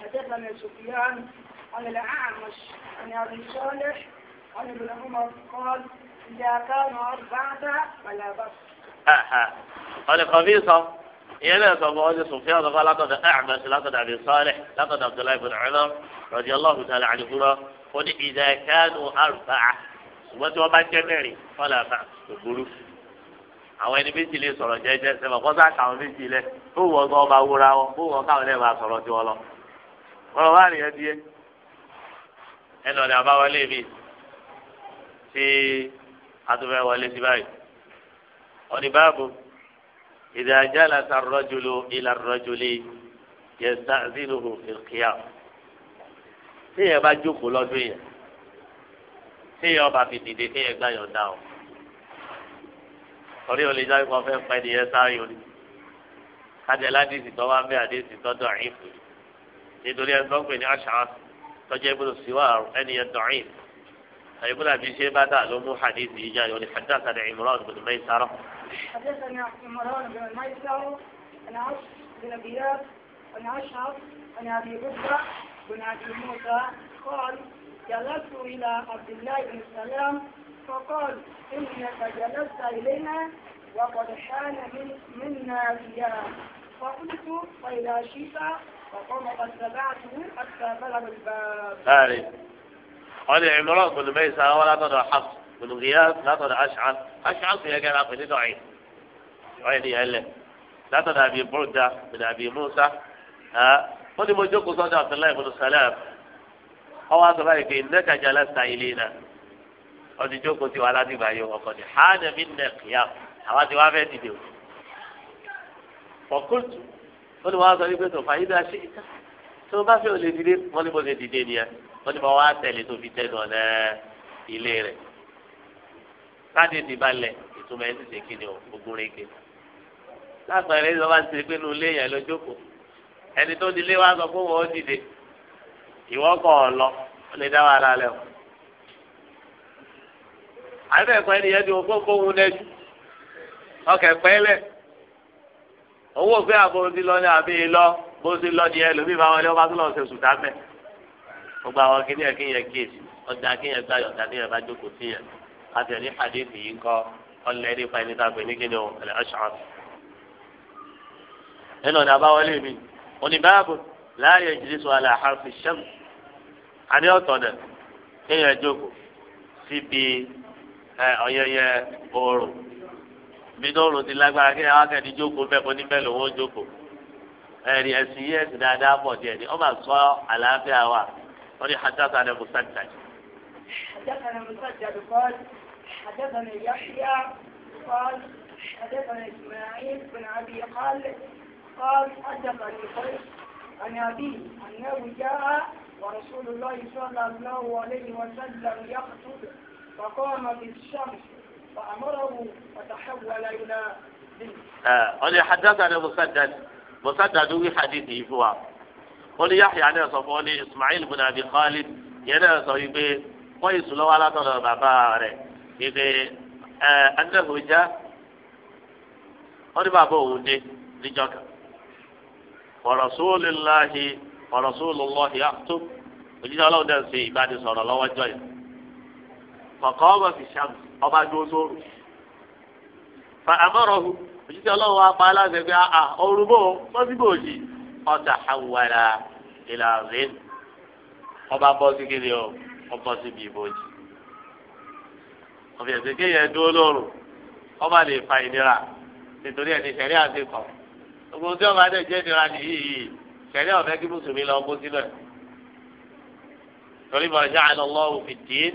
حدثنا سفيان عن الأعمش عن أبي صالح عن ابن عمر قال إذا كانوا أربعة فلا بأس. أها آه. قال قبيصة ناس أبو أبي سفيان قال لقد أعمش لقد أبي صالح لقد عبد الله بن عمر رضي الله تعالى عنهما قل إذا كانوا أربعة وما تبقى مẹ́rin فلا بأس. àwọn ẹni méjì lè sọ̀rọ̀ jẹ́jẹ́ sẹ́wọ̀n kọ́sá káwọn méjì lẹ̀ ó wọ ọgbà ọba wúra wọn ó wọ káwọn lẹ́ẹ̀ máa sọ̀rọ̀ tiwọn lọ. ọ̀rọ̀ wá nìyẹn díẹ̀ ẹ lọ́ọ́ ní abáwọlé mi tí atúfẹ́ wọlé sí báyìí. ọ̀ní báàbò ìdè ajá làtà rọ́jòló ìlà rọ́jòlé yẹ sàzínú ìkíyà. téèyàn bá jókòó lọ́dún yẹn téèyàn bá fi dìde téèyàn gbá yọ̀ torí o lè jáde kó fẹ́ pẹ́ di yẹn sáré o ní. kájẹ ládìsí tó wá ń bẹ àdìsí tó dọ̀ ẹ̀ fún mi nítorí ẹ̀ gbọ́n pé ní aṣáá tọ́jú ibùdó síwá ẹni yẹn dọ̀ ẹ̀ ibùdó àbí ṣé bá dà ló mú àdìsí yìí jáde o ní hadathana ní Imran bin Maysara. hadathana Imran bin Maysara ẹ̀nà أشعر عن أبي بكر بن أبي موسى قال جلست إلى عبد الله بن فقال إنك جلست إلينا وقد حان من منا غياب فقلت شيفا شئت قد تبعته حتى بلغ الباب. هذه قال عمران بن ميسى ولا تدع حفص بن غياب لا تدع أشعث أشعث هي كان دعين ضعيف يا هلا لا تدع أبي بردة بن أبي موسى ها قل موجود قصاد عبد الله بن السلام أو هذا رأيك إنك جلست إلينا ọtí jókòó ti wà ládìgbà yìí ọkọ ni hànà mí nà kìyà àwa ti wá fẹ́ dìde o. ọ̀kúntù ó ní wọ́n sọ wípé tó fàyè dá sí ìta tí wọ́n bá fẹ́ ò lè dìde wọ́n ní mo lè dìde nìyẹn wọ́n ní mo wá tẹ̀lé tó fi tẹ̀nu ọ̀nà ilé rẹ̀. káàdì ti balẹ̀ ìtumọ̀ ẹ̀ sì ṣe kí ni o gbogbo rege. lápẹ̀rẹ̀ ìjọba ti ṣe pé nu ilé yẹn ló jókòó ẹni tó nílé wa sọ fún wọn ó dìde ìwọ́kọ̀ ọ̀ lọ ó lè dá wàhálà lẹ́wọ̀ àbẹ ẹkọ ẹni yẹn ti wọn fún fóun lẹjú ọkẹ pẹlẹ owó òfin àbò ti lọ ní àbí lọ bó ti lọ ní ẹlòmíì máa wọlé ọba tó lọ ṣe sùtá mẹ gbogbo àwọn kìnìún kìnìún kéèsì ọjà kìnìún gbà yọ̀ọ̀dà kìnìún bá jókòó sí yẹn àti ẹni hadith yìí ń kọ ọlẹ́ ní fa ẹni tá a pè ní kìnìún ẹ̀lẹ́ ọ̀ṣọ́ nínú ọ̀nà àbáwọlé mi òní báàbò láàyè ìjìlísọ alẹ́ àhàfi sẹ́mu àní ọ̀tọ̀ náà kìnìún jókòó síbi ọ̀yẹ̀yẹ oòrùn bí lóòrùn ti lágbára kí àwọn akẹ́ni jókòó bẹ́ẹ̀ kó níbẹ̀ lòun ó jókòó ẹ̀rì ẹ̀sìn yìí ẹ̀sìn dáadáa pọ̀ díẹ̀ ni wọ́n máa sọ àlàáfíà wa wọ́n ní hajjata ní musajjad. hajjata ní musajjad kọ́ọ̀d hajjata ní yahya kọ́ọ̀d hajjata ní ismail bin abi qal قال حدثني قيس عن أبي أنه جاء ورسول الله صلى الله عليه وسلم يخطب فقام بالشمس فأمره فتحول إلى أنا حدثنا مسدد مسدد وي حديثه فوا قل يحيى أنا صفوني إسماعيل بن أبي خالد ينا صيبي قيس لو على طلب باباره إذا أنه جاء wọ́n bá bọ̀ òun dé níjọ́ kan. ọ̀rọ̀sọ́lélàhì ọ̀rọ̀sọ́lélàhì àtó òjijì ọlọ́run dẹ̀ ń ṣe ìbánisọ̀rọ̀ lọ́wọ́jọ́ kọ̀kọ́ ọmọ fi ṣàmù ọba dúró sóru. fa àmọ́rọ̀hu òṣìṣẹ́ ọlọ́run wa pa aláṣẹ pé àà ọrùn bò mọ́síbò òjì ọ̀tà àwàrà ìlànà ọba bọ́ sí kíni ọ ọbọ̀ síbi ìbòjì. ọ̀fìn ẹ̀sìn kéèyàn dúró lóru ọba lè fa ìnira nítorí ẹni sẹ̀rí àti kọ̀. gbogbo tí ọba dẹ̀ jẹ́ ìnira nìyí yìí sẹ̀rí kí mùsùlùmí lọ kó sílẹ̀. torí bọ̀ ṣáà lọ́wọ́ òfin dìín.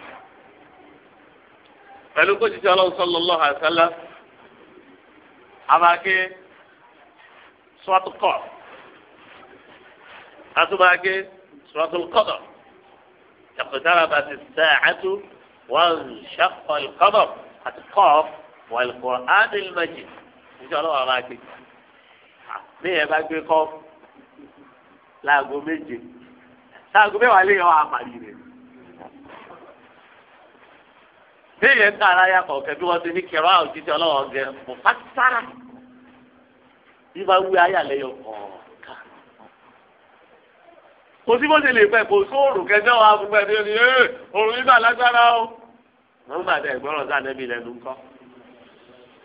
pẹ̀lú kó ṣiṣẹ́ ọlọ́run sallallahu alaihi wasallam abáké sọ́tùkọ̀ atúbáké sọ́tùkọ̀dọ̀ ìpèsára bàtí sàcátú wọ́n ṣàkọ̀ ìkọ̀dọ̀ àti kọ́ọ̀f wọ́n ìkọ̀ ádìlmẹ́jì ṣiṣẹ́ ọlọ́run abáké bí bá gbé kọ́ọ̀f láago méje láago mẹ́wàá lè yọ àmàlì rẹ̀. téèyàn ń ká ara kọ̀ọ̀kẹ́ bí wọ́n ti ní kẹrọ àwọn òjijì ọlọ́wọ́ gẹ mọ̀ pátára bí bá wí ayàlẹ́ yọ kọ̀ọ̀kan. kò sí bó ṣe lè pẹ́ kò sóòrùn kẹjọ́ wa fún pẹ́ ní ẹ́ òrùn yìí lágbára o. wọ́n bá dẹ̀ gbọ́rọ̀ sí ànẹ́bí lẹ́nu ńkọ́.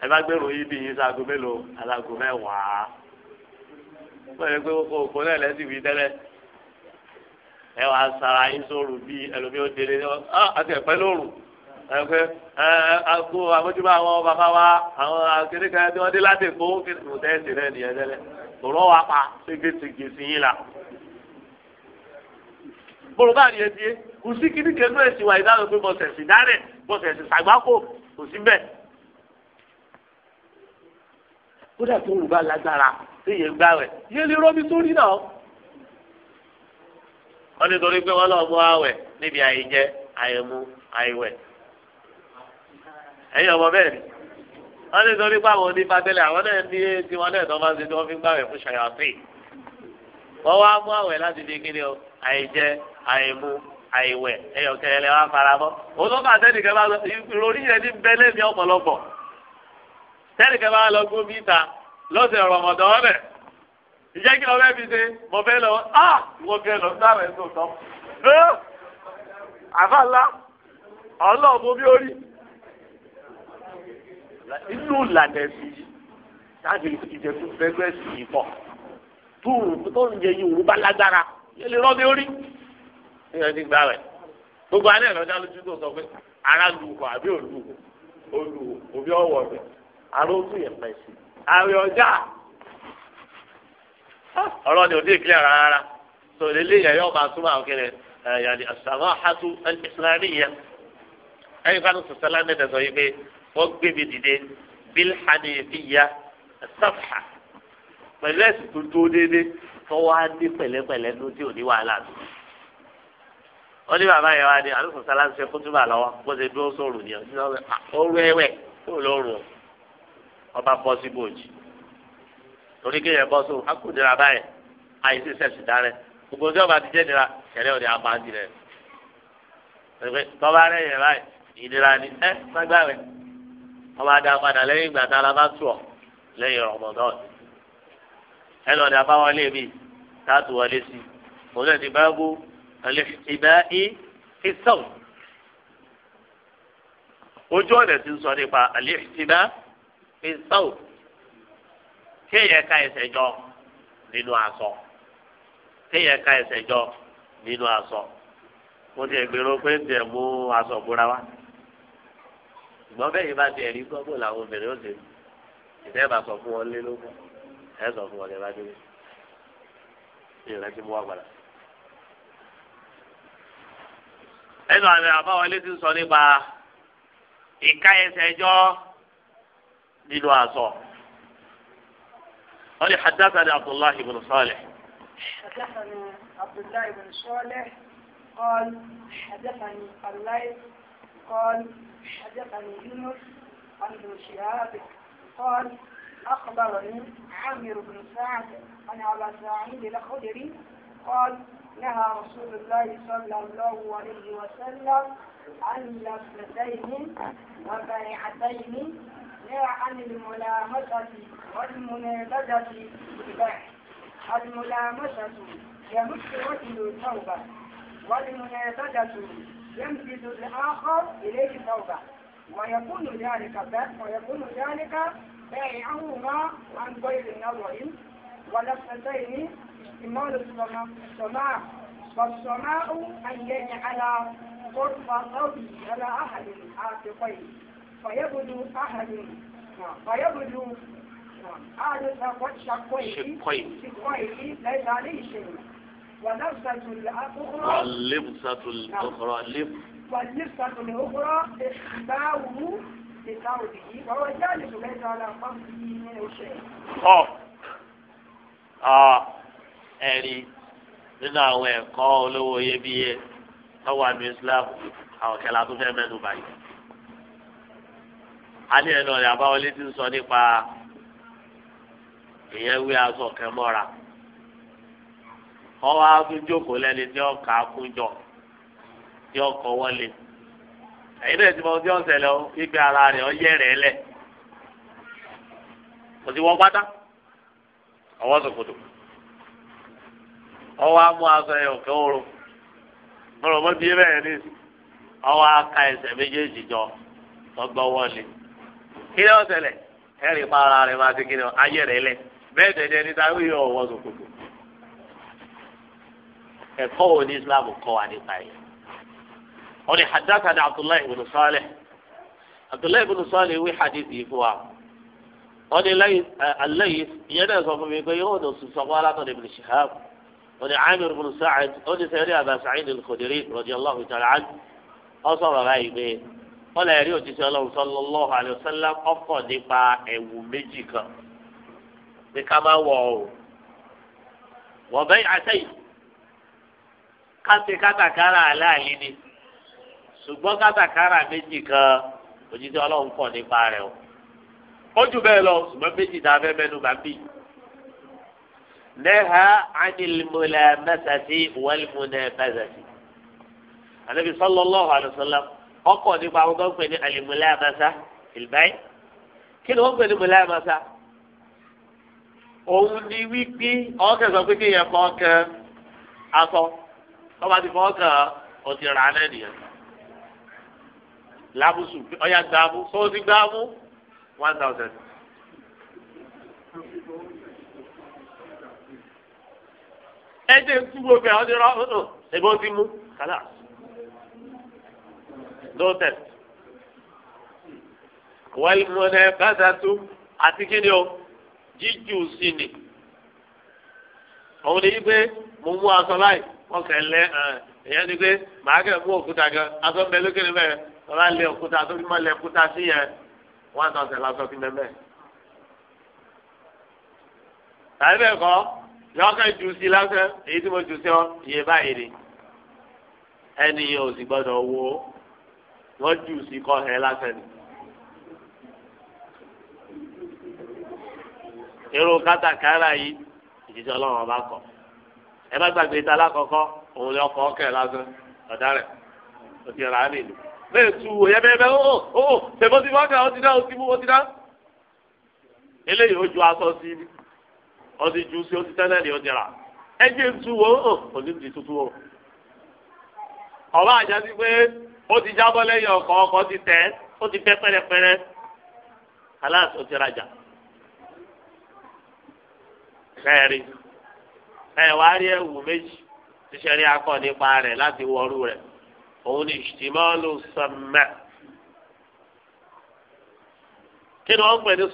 ẹ bá gbèrò yìí bí yín sago mélòó alago mẹ́wàá. wọ́n yẹ pé òkò náà lẹ́sìn fi tẹ́lẹ̀ ẹ wàá sara yín sóòrùn bíi ẹlòmíì ó délé ọ ẹgbẹ́ àgbo àmójúbà àwọn bàbá wa àwọn akérèké tí wọ́n dé láti kó kò tẹ́sí rẹ̀ nìyẹn tẹ́lẹ̀ tòrọ́ wa pa ségesège sí yín la. bọ́lá bá rí etí kò sí kíní kẹnu ẹ̀sìn wa ìdáhùn pé bọ́sẹ̀sì dárẹ̀ bọ́sẹ̀sì sàgbákò kò sí bẹ́ẹ̀. kódà tó olùbá lágbára téèyàn gbá rẹ̀ yé lè rọ́bí sórí náà. wọ́n ní torí pé wọ́n lọ́ọ́ mú àwẹ̀ níbi àìjẹ ẹ̀yin ọmọ bẹ́ẹ̀ ni wọ́n ní sọ nípa àwọn onífàtẹ́lẹ̀ àwọn náà ní tiwọn náà tó máa ń ṣe tí wọ́n fi ń gbàwẹ̀ fún ṣàyàfẹ́ wọ́n wá mú àwẹ̀ láti di kíni o àìjẹ àìmu àìwẹ̀ ẹyọ kẹrẹlẹ wa faramọ́ òun ló fà sẹ́nìkẹ́ bá lọ ìròyìn yẹn ní bẹ́lẹ̀ ní ọ̀pọ̀lọpọ̀ sẹ́nìkẹ́ bá lọ gún mítà lọ́sẹ̀ rọ̀mọ̀dọ́ ọ̀bẹ̀ ìjẹ́ kí lọ́wọ́ ẹbí ṣe mo fẹ́ lọ á ah! mo fẹ́ lọ sáré tó tọ́ àfàlà ọlọ́ọ̀mọ bí ó rí inú ìlànà ẹ̀sìn láti ìjẹ̀kú fẹ́gbẹ́ sí ìfọ̀ túùrù tó ń jẹ yìí bá lágbára yẹ lè rọ́bí orí ẹ̀yọ́ ti gbà rẹ̀ gbogbo alẹ́ ìrọ̀jà lójú tó sọ pé ara lu kọ àbí òlu òlu òbí ọ̀wọ̀ rẹ̀ ara ó tún yẹ pẹ̀ sí ààrẹ ọjà ah, ọ̀rọ̀ ni òde ìkílẹ̀ rárá tó lélẹ́ yẹn yóò máa súnmọ́ àwọn kẹrẹ ẹ̀yà ni àṣàmọ́ àtú ẹ̀ṣinláàrí yẹn ẹ̀yìn kan tó sọ̀tẹ́lá wọ́n gbé mi dìde bil hanifiya safha pẹ̀lú ẹ̀sìn tó tó déédéé tó wá ní pẹ̀lẹ́pẹ̀lẹ́ ló dé òní wàhálà tó. wọ́n ní bàbá yẹn wá ní alùpùpù sálásì ṣe kó túbà lọ́wọ́ bó ṣe dúró sóòrù ni ọ̀rọ̀ ẹ̀wẹ̀ kó lóòrùn ọba bọ́ sí bòjì torí kéèyàn bọ́ sóòrù akùnrin àbáyẹ àìsí sẹ́ẹ̀sì dárẹ́ gbogbo tí ọba ti jẹ́ nira kẹlẹ́ òní àbá ti rẹ̀ tọ́ba ọba dá padà lẹ́yìn ìgbà tá a la bá tù ọ lẹ́yìn Ramadan ẹ lọ dá báwọlé mi táàtù wọlé sí òun náà ti bá gbó ìbá í fi sọ̀rọ̀ ojú ọ̀nà ti ń sọ nípa àlìṣìbá fi sọ̀rọ̀ kéèyàn ká ẹsẹ̀ jọ nínú aṣọ kéèyàn ká ẹsẹ̀ jọ nínú aṣọ mo ti ẹgbẹ̀rún pé ń tẹ̀ mú aṣọ búra wá ṣùgbọ́n bẹ́ẹ̀ yìí bá ti ẹ̀rí gbọ́ bò làwọn obìnrin ó ṣe ìfẹ́ bá sọ fún wọn lé lógún ẹ̀ sọ fún wọn lè bá dé ìrẹsì mú wá padà. ẹnu àmì àbáwọlé ti sọ nípa ìka ẹsẹ̀ ẹjọ́ nínú àṣọ. قال حدثنا عبد الله بن صالح حدثنا عبد الله بن صالح قال حدثني الليث قال حدثني يونس عن ابن شهاب قال أخبرني عامر بن سعد عن أبا سعيد الخدري قال نهى رسول الله صلى الله عليه وسلم عن لفتين وبيعتين لا عن الملامسة والمنابذة بالبيع الملامسة يمس رجل ثوبه والمنابذة ينفذ الآخر إليه توبة ويكون ذلك ويكون ذلك بيعهما عن غير النظر ولفتين استعمال السماء والسماء أن يجعل قرب قوي على أحد العاتقين فيبدو أحد فيبدو أحد شقيه شقيه ليس عليه شيء واللبسة الأخرى لب واللبسة الأخرى إخباؤه بثوبه وهو جالس ليس على قصده منه شيء. آه ẹ̀rí nínú àwọn ẹ̀kọ́ olówó iyebíye tọ́wọ́ àmì Islam àwọn kẹlẹ́ àtúnfẹ́ mẹ́nu báyìí. a ní ẹnu ọ̀rẹ́ àbáwọlé ti ń sọ nípa ìyẹn wí aṣọ kẹmọ́ra. ọwọ akúnjókòó lẹni ní ọkà kà tí wọlé ẹyin náà ti mọ tí ó o ara rẹ̀ ọ rẹ lẹ kò sí pátá ọwọ sòkòtò ọwọ amú aṣọ ẹ mọ bíi ní ọwọ aka méjèèjì jọ ọgbọ wọlé pa ara máa ti kí ayẹ rẹ ẹ̀kọ́ wo ní islam kọ́ wa nípa yìí. wọ́n ní hadathana abdullahi ibn salih abdullahi ibn salih wí hadith yìí fún wa. wọ́n ní alayis ìyẹn náà sọ fún mi pé yóò dùn sùn sọ́kọ́ alátọ́ni ibn shihab. wọ́n ní amir ibn sa'ad wọ́n ní sẹ́yìn abba sa'id al-khudiri radiyallahu ta'ala anhu. wọ́n sọ̀rọ̀ báyìí pé wọ́n lè rí òjíṣẹ́ ọlọ́run sallallahu alayhi wa sallam ọkọ̀ nípa ẹ̀wù méjì kan pé ká má wọ̀ ọ́ wọ̀ bẹ́ẹ̀ àtẹ̀yìn káṣe kátàkárà aláàlí ni ṣùgbọ́n kátàkárà méjì kan òjijì ọlọ́run kọ̀ nípa rẹ̀ o ó jù bẹ́ẹ̀ lọ ṣùgbọ́n méjì tá a fẹ́ mẹ́nu bá bì nẹ́hà ánìlmùlẹ̀ mẹ́sàtì wẹ́lmùlẹ̀ mẹ́sàtì ànábi sallallahu alaihi wasallam ọkọ̀ nípa àwọn tó ń pè ní àlìmùlẹ̀ mẹ́sà ìlbáyé kí ni wọ́n pè ní mùlẹ̀ mẹ́sà òun ni wípé ọkẹ́ sọ pé kí tọ́ba ti fọwọ́ kàn ó ti rà á lẹ́nìyẹn lábùsù ọ̀yà gbàmú sọ́ọ́sì gbàmú one thousand. ẹ jẹ́ ntúgbò fẹ́ ọ́ ti rọ́ ọ́ ẹ̀gbọ́n ti mú kálá no test wọ́n mú ẹ bàtà tó àti kíni o jíjù sí ni òun ni yí pé mo mú aṣọ láì wọn kẹ lẹ ẹyẹ ni pé màá kẹ mú òkúta gan aṣọ bẹ lókèrè bẹ wọn bá lé òkúta tó fi mọ lẹ òkúta sí yẹn wọn àtọ ọsẹ lásọ fi mẹmẹ. tàbí bẹ́ẹ̀ kọ́ yọ kẹ́ jù sí lásán èyí tí mo jù sí ọ iye báyìí ni ẹni yẹn ò sì gbọdọ̀ wo wọ́n jù sí kọ́ ẹ lásán ni. èrò kátàkárà yìí ìdíjọ́ ọlọ́run ọba kọ̀ ẹ má gbàgbé ta lákọ̀ọ́kọ́ òun ni ọkọ̀ ọkẹ́ lásán ọ̀daràn òtí ọ̀rọ̀ àmì ìlú bẹ́ẹ̀ tu òye bẹ́ẹ̀ bẹ́ẹ̀ ó tẹ̀bọ́ ti fọ́ọ̀kẹ́ ó dá ó mú ó dá eléyìí ó ju aṣọ sí i ó ju sí ó tẹ́lẹ̀ ní ó rà ẹ jẹ́ tu ó kò ní ti tutù o ọba àjà sí pé ó ti jábọ́ lẹ́yìn ọkọ̀ ọkọ̀ ti tẹ̀ ó ti pẹ́ pẹ́rẹpẹ́rẹ aláàtò ti rajà kẹrin. ẹ wá rí ẹ̀wù méjì tíṣẹrí akọ nípa rẹ̀ láti wọrú rẹ̀ òun ni ìṣtìmọ́lù sọmọ kí ni wọ́n pè ní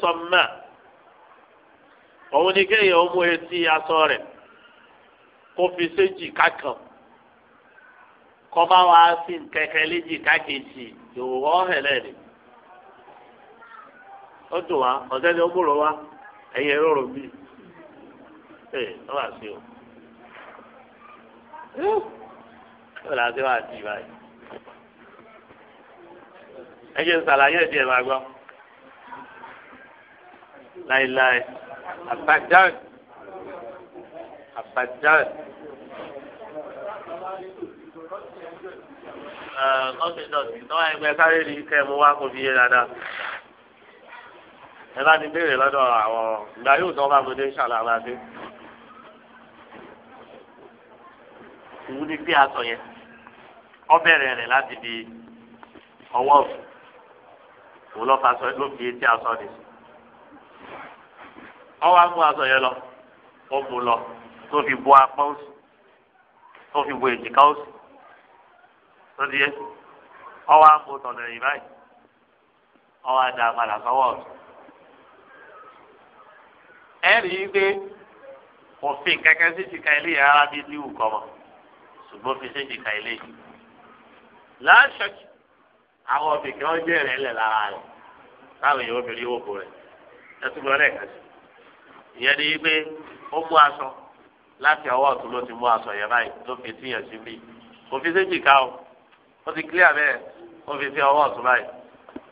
òun ni kéèyàn ó mú etí aṣọ rẹ̀ kó fi séjì kákan sọ wa sí kẹ̀kẹ́ léjì kákejì ìwòwò ọ̀hẹ̀lẹ̀ ni ó dùn wá ọ̀sẹ̀ ó múrò wá ẹ̀yìn ẹ̀rọ bí ẹ̀ ọ́ sí o. ó là á sí wàá báyìí ẹ ṣe ń ṣàlàyé ẹ̀ máa gbọ́ láéláé àbájáde àbájáde. ẹ bá ti béèrè lọ́dọ̀ àwọn ìgbà yóò tọ́ bá mo dé ṣàlàyé. sì wú ní gbé aṣọ yẹn ọbẹ̀rẹ̀ rẹ̀ láti di ọwọ́ òun lọ́ọ́ fasọ ló fi etí aṣọ ni ọwọ́ amú aṣọ yẹn lọ ó bu lọ tó fi bu apá òsì tó fi bu èjìká òsì tó di yẹ ọwọ́ amú tọ̀nà yìí báyìí ọwọ́ adá padà sọ́wọ́ ọ̀tún ẹ̀rí pé òfin kẹ̀kẹ́ sí ti ka ilé yàrá bíi ti wù kọ́ mọ́ ṣùgbọ́n fi ṣéjì ka ilé yìí láṣọ àwọn obìnrin wọn jẹ́ rẹ̀ lẹ̀ lára rẹ̀ táwọn èèyàn obìnrin wò kó rẹ̀ ẹtùbí ọ̀rẹ́ kan sí ìyẹn ni pé ó mú aṣọ láti ọwọ́ ọ̀tún ló ti mú aṣọ yẹn báyìí ló fi tíyàn sí bí kò fi ṣéjì ká o ó ti clear bẹ́ẹ̀ ó fi sí ọwọ́ ọ̀tún báyìí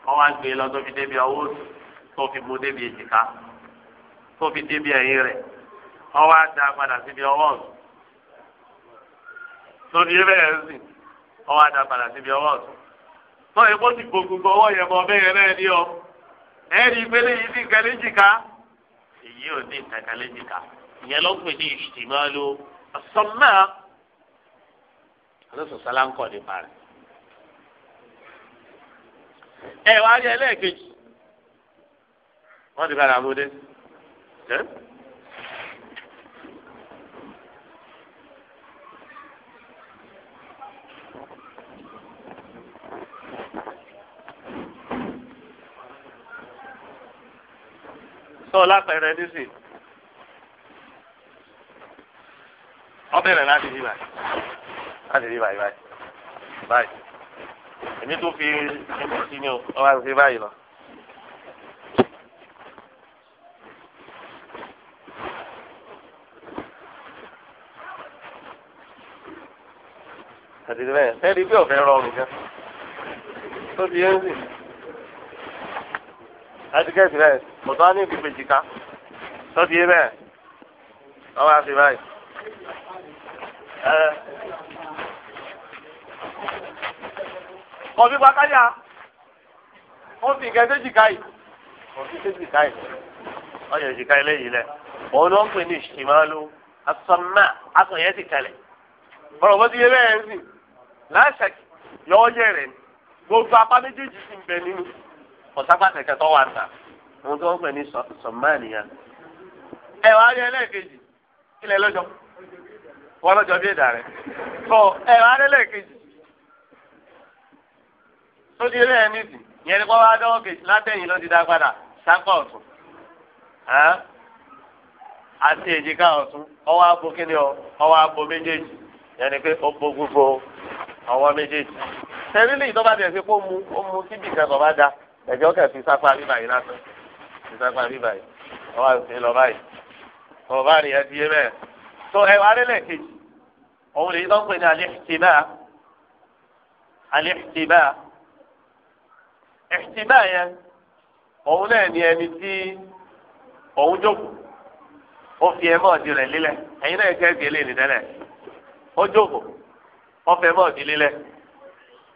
wọ́n wá gbé e lọ tó fi débi ọwọ́ tó fi mú débi èjìká tó fi débi ẹ̀yìn rẹ̀ wọ́n wá dá padà síbi ọwọ́ ọ̀tún lórí ẹ bẹ́ẹ̀ sì ọwọ́ àdá padà síbi ọwọ́ ọ̀tún. tọ́ ẹ bó ti gbò gbogbo ọwọ́ yẹn mọ bẹ́ẹ̀ náà ní ọ. ẹ rí i pé léyìí ní nǹkan léjìká èyí ò ní nǹkan léjìká ìyẹn ló pè ní ìṣìmọ́lú ọ̀sánmá alóṣòṣàlá ń kọ́ nípa rẹ̀. ẹ wá rí ẹlẹ́ẹ̀kejì wọ́n ti padà mú dé. tó lápẹẹrẹ nísìn ọbẹ̀rẹ̀ láti rí báyìí láti rí báyìí báyìí báyìí èmi tó fi ẹni sí ni o ọba fi báyìí lọ. àti bẹ́ẹ̀ fẹ́ẹ́ di bí ọ̀fẹ́ rọrùn gan tó ti yẹn sìn ẹtikẹ́tì rẹ̀ mọ̀tò á ní ìfipè jìká tọ́jú yé bẹ́ẹ̀ wọ́n máa fi báyìí. kọ̀ọ̀bí pàkáyà wọ́n fi nǹkan ẹ̀jẹ̀ jìká yìí kọ̀ọ̀bí ṣe jìká yìí wọ́n yẹ jìká yìí lẹ́yìn lẹ̀ òun ni wọ́n pè ní ìṣìmáàlú asọ̀nà asọ̀yẹ́ ti tẹ̀lẹ̀ bọ̀rọ̀ bó ti yé bẹ́ẹ̀ ń sìn láṣẹ yọ ọ́ yẹ̀rẹ̀ gbogbo apá méjèèjì ti ń bẹ nínú ọ̀sápàtẹ̀ kẹtọ́ wà tà wọn tó ń pè ní sọmánìyàn. ẹ wàá rí ẹlẹ́ẹ̀kejì ilẹ̀ lọ́jọ́ wọn lọ́jọ́ bí èdà rẹ̀ tó ẹ wàá rí ẹlẹ́ẹ̀kejì tó di eré ẹni dì yẹn ni wọ́n wá dánwó kejì látẹ̀yìn ló ti dá padà sápá ọ̀tún àti èjìká ọ̀tún ọwọ́ abo kíni ọ ọwọ́ abo méjèèjì yẹn ni pé ó gbógun fo ọwọ́ méjèèjì. tẹ̀lé lè tọ́ bá kó mu ó mu síbi kan bá da ẹ̀jọ́ kẹ̀ fi sápá rí báyìí lásán fi sápá rí báyìí ọwọ́ àti lọ báyìí ọ̀rọ̀ bá rìn ẹdí bẹ́ẹ̀. tó ẹ̀wọ̀ arẹ́lẹ̀ kejì òun lè lọ́pẹ́ ní alẹ́xtìbá alẹ́xtìbá ẹ̀xtìbá yẹn òun náà ní ẹni tí òun jókòó ó fi ẹ mọ́ọ̀dì rẹ̀ lílẹ̀ ẹ̀yin náà kẹ́ẹ̀kẹ́ lè nì ó jókòó ó fẹ́ mọ́ọ̀dì lílẹ̀.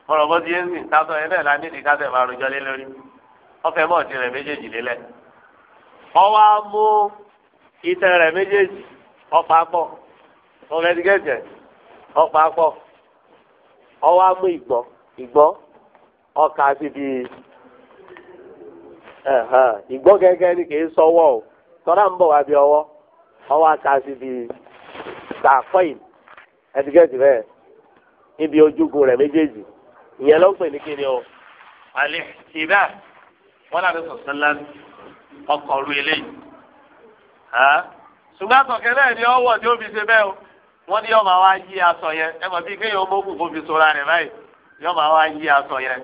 mọ̀rọ̀ bọ́ díẹ̀ sí sátọ̀ ẹ̀ la ní ìdíkásẹ̀ máa rojọ́ lé lórí ọ̀fẹ́ mọ̀ ti rẹ̀ méjèèjì lélẹ̀ ọwọ́ ọwọ mú ìtẹ̀ rẹ̀ méjèèjì ọ̀pá pọ̀ ọ̀rẹ́dígẹ̀jẹ̀ ọ̀pá pọ̀ ọwọ́ á mú ọ ìgbọ́ ọkà síbi ìgbọ́ ni kì í o tọ́lá ń bọ̀ wá bí ọwọ́ ọwọ́ ẹ̀dígẹ́jì bẹ́ẹ̀ níbi ojúgun rẹ̀ méjèèjì ìyẹn ló ń pè ní kíni o àlè tìbá wọn làbẹ sọsán ọkọ ru eléyìí ṣùgbọ́n àtọ̀kẹ́ náà ni ọwọ́ tí ó fi ṣe bẹ́ẹ̀ o wọ́n ní wá yí aṣọ yẹn ẹ mọ̀ bíi kéèyàn fi sora rẹ̀ báyìí yọ́ọ̀ máa wá yí aṣọ yẹn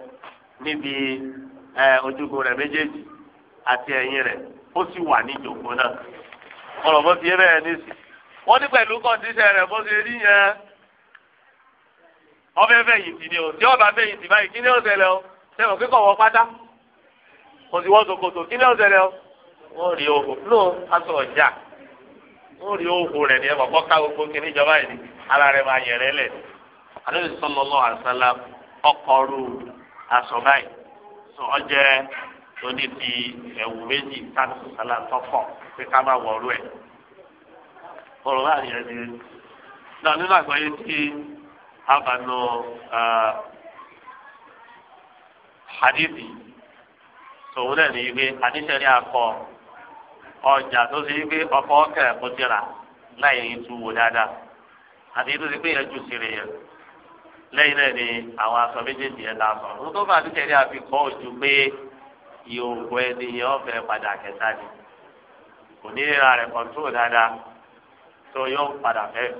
níbi rẹ̀ méjèèjì àti ẹ̀yìn rẹ̀ ó sì wà ní ìjòkó náà ọ̀rọ̀ bó ti yé bẹ́ẹ̀ ní wọ́n ọbẹ̀ fẹ̀yìn tì ní o tí ọba fẹ̀yìn tì báyìí kí ni ó ṣẹlẹ̀ o sẹ́wọ̀n kíkọ̀ wọ pátá kò sí wọ́n ṣòkòtò kí ni ó ṣẹlẹ̀ o wọ́n rí oògùn ló aṣọ ọjà wọ́n rí oògùn rẹ̀ ní ẹ̀ bọ̀ ká gbogbo kí níjọba yìí ara rẹ̀ máa yẹ̀rẹ̀ lẹ̀ alẹ́ sọlọ́lọ́ àṣálá ọkọ̀ọ́rù aṣọ báyìí sọ ọjẹ́ lóní bí ẹ̀wù méjì tánù sọlá tọkọ̀ pé ká má wọ̀ọ́rù ẹ̀ ọ̀rọ̀ láàrin ẹ̀ sahaba nù hadithi tòun náà ní ibi adíṣẹ́rí akọ ọjà tó ṣe ibi ọkọ̀ ọ̀kẹ́ kó jìrà láì tu wò dáadáa àti tó ṣe pé pé ìhòòhò ẹni yẹn ọ̀fẹ́ padà kẹta ni kò ní ra rẹ̀ kọ̀ńtró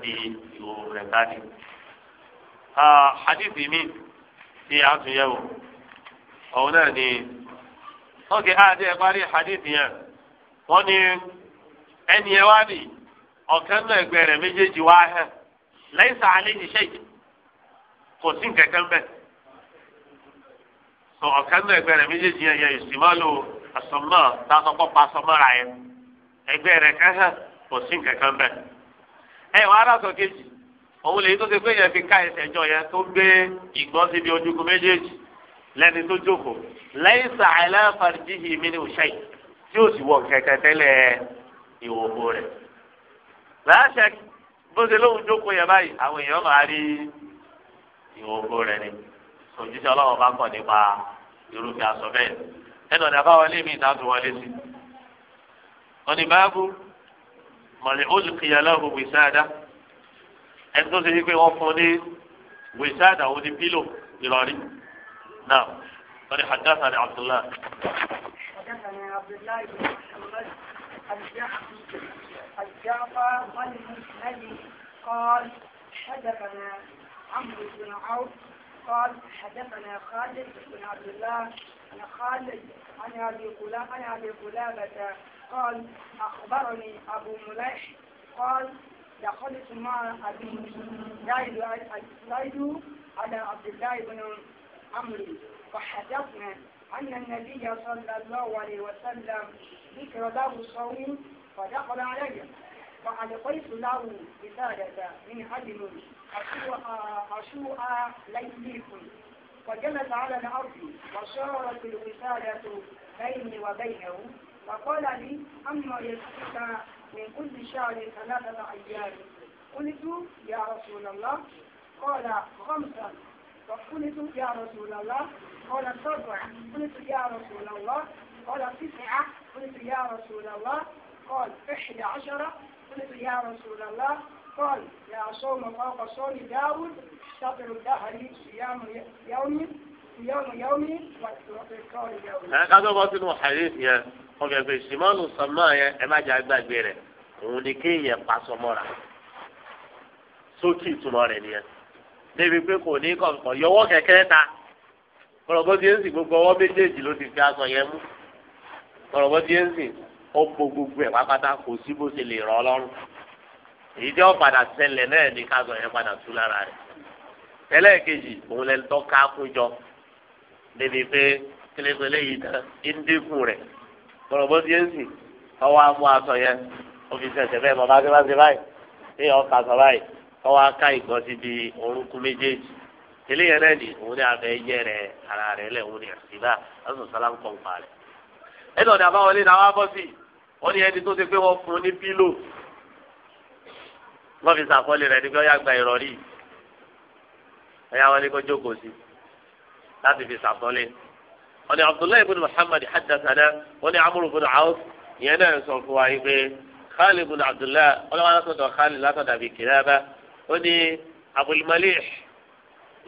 fi hadithi mi tí a tún yẹ wò òun náà ni ókè àti ẹ̀ parí hadithi yẹn wọ́n ní ẹni ẹ wá bì ọ̀kan náà ẹgbẹ́ rẹ̀ méjèèjì wá hàn lẹ́yìn sàálẹ̀ ìṣe yìí kò náà ẹgbẹ́ rẹ̀ méjèèjì yẹn yẹ yẹn kò sí ẹ kejì. òun lèyí tó ṣe pé yẹn fi ká ẹsẹ̀ jọ yẹn tó gbé ìgbọ́n síbi ojúkun méjèèjì lẹ́ni tó jókòó lẹ́yìn sàáìlẹ́ fàdíjì mi ni òṣè tí ó sì wọ kẹ̀kẹ́ tẹ́lẹ̀ ìwòkó rẹ̀. láṣẹ bó ṣe lóun jókòó yẹn báyìí àwọn èèyàn máa rí ìwòkó rẹ̀ ni òjíṣẹ́ ọlọ́wọ́ bá kọ̀ nípa irúfẹ́ aṣọ bẹ́ẹ̀ ẹnu ọ̀dà bá wọlé mi ìtàtù wọlé sí. ọ̀nì mọ̀lẹ́ ó ẹni tó ṣe wípé wọ́n fún ní wíṣáàdà òun ní pílò ìrọ̀rí náà wọ́n ní hadassah ní abdullahi. hadassah ní abdullahi bin muhammad الجعفر والمسند قال حدثنا عمرو بن عوف قال حدثنا خالد بن عبد الله عن خالد عن ابي قلابه عن ابي قلابه قال اخبرني ابو مليح قال دخلت مع أبي زيد على عبد الله بن عمرو فحدثنا أن النبي صلى الله عليه وسلم ذكر له الصوم فدخل علي فألقيت له رسالة من علم أشوء ليلكم فجلس على الأرض وصارت الرسالة بيني وبينه فقال لي أما يسقط من كل شهر ثلاثة أيام قلت يا رسول الله قال خمسا فقلت يا رسول الله قال سبع قلت يا رسول الله قال تسعة قلت يا رسول الله قال إحدى عشرة قلت يا رسول الله قال يا صوم فوق صوم داود شطر الدهر صيام يومي يوم يومي وإفطار يوم هذا باطن حديث يا wọn fẹẹ fẹ simọnu sọmọ yẹn ẹ má jẹ agbàgbé rẹ òun ni kéèyàn pasọ mọra sókè ìtumọ̀ rẹ nìyẹn débi pé kò ní kọkọ yọwọ́ kẹ̀kẹ́ ta kọlọbọ tí yẹn sì gbogbo ọwọ́ méjèèjì ló ti fi aṣọ yẹn mú kọlọbọ tí yẹn sì ó bo gbogbo ẹ̀ pápátá kò sí bó ṣe lè rọ ọlọ́run èyí tí wọn padà ṣẹlẹ̀ náà ní káàzọ yẹn padà tú lára rẹ ẹlẹ́ẹ̀kejì òun lẹni tó ká kó jọ débi pé kílẹ̀kẹ́lẹ́ yìí tán ń dínkù gbọ́dọ̀ bó ti ń sìn ọwọ́ amú aṣọ yẹn òfin ṣẹ̀ṣẹ̀ bẹ́ẹ̀ bàbá ṣe máa ṣe báyìí ṣé ọkà sọ báyìí ọwọ́ aká ìgbọ́ sí di orúnkún méjèèjì ilé yẹn náà ni òun ní abẹ́ yẹ rẹ ara rẹ lẹ̀ òun ní àṣìlá lọ́sùn sálá ń kọ́ ń pa rẹ̀. ẹnì ọ̀dà àbáwọlé náà wá bọ́ sí wọ́n ní ẹni tó ṣe pé wọ́n fún un ní pílò wọ́n fi sàkọ́lé rẹ̀ ní pé ọ̀yà gba ìrọ̀rí ọ̀yà wọlé kó jókòó sí láti fi sàkọ́lé wọ́n ní abdullahi ibn muhammad haddathana wọ́n ní amúrú ibn awf ìyẹn náà sọ fún wa yìí pé khalid ibn abdullahi wọ́n ní wọ́n sọ̀tọ̀ khalid látọ̀dọ̀ àbí kìláàbá ó ní abul malih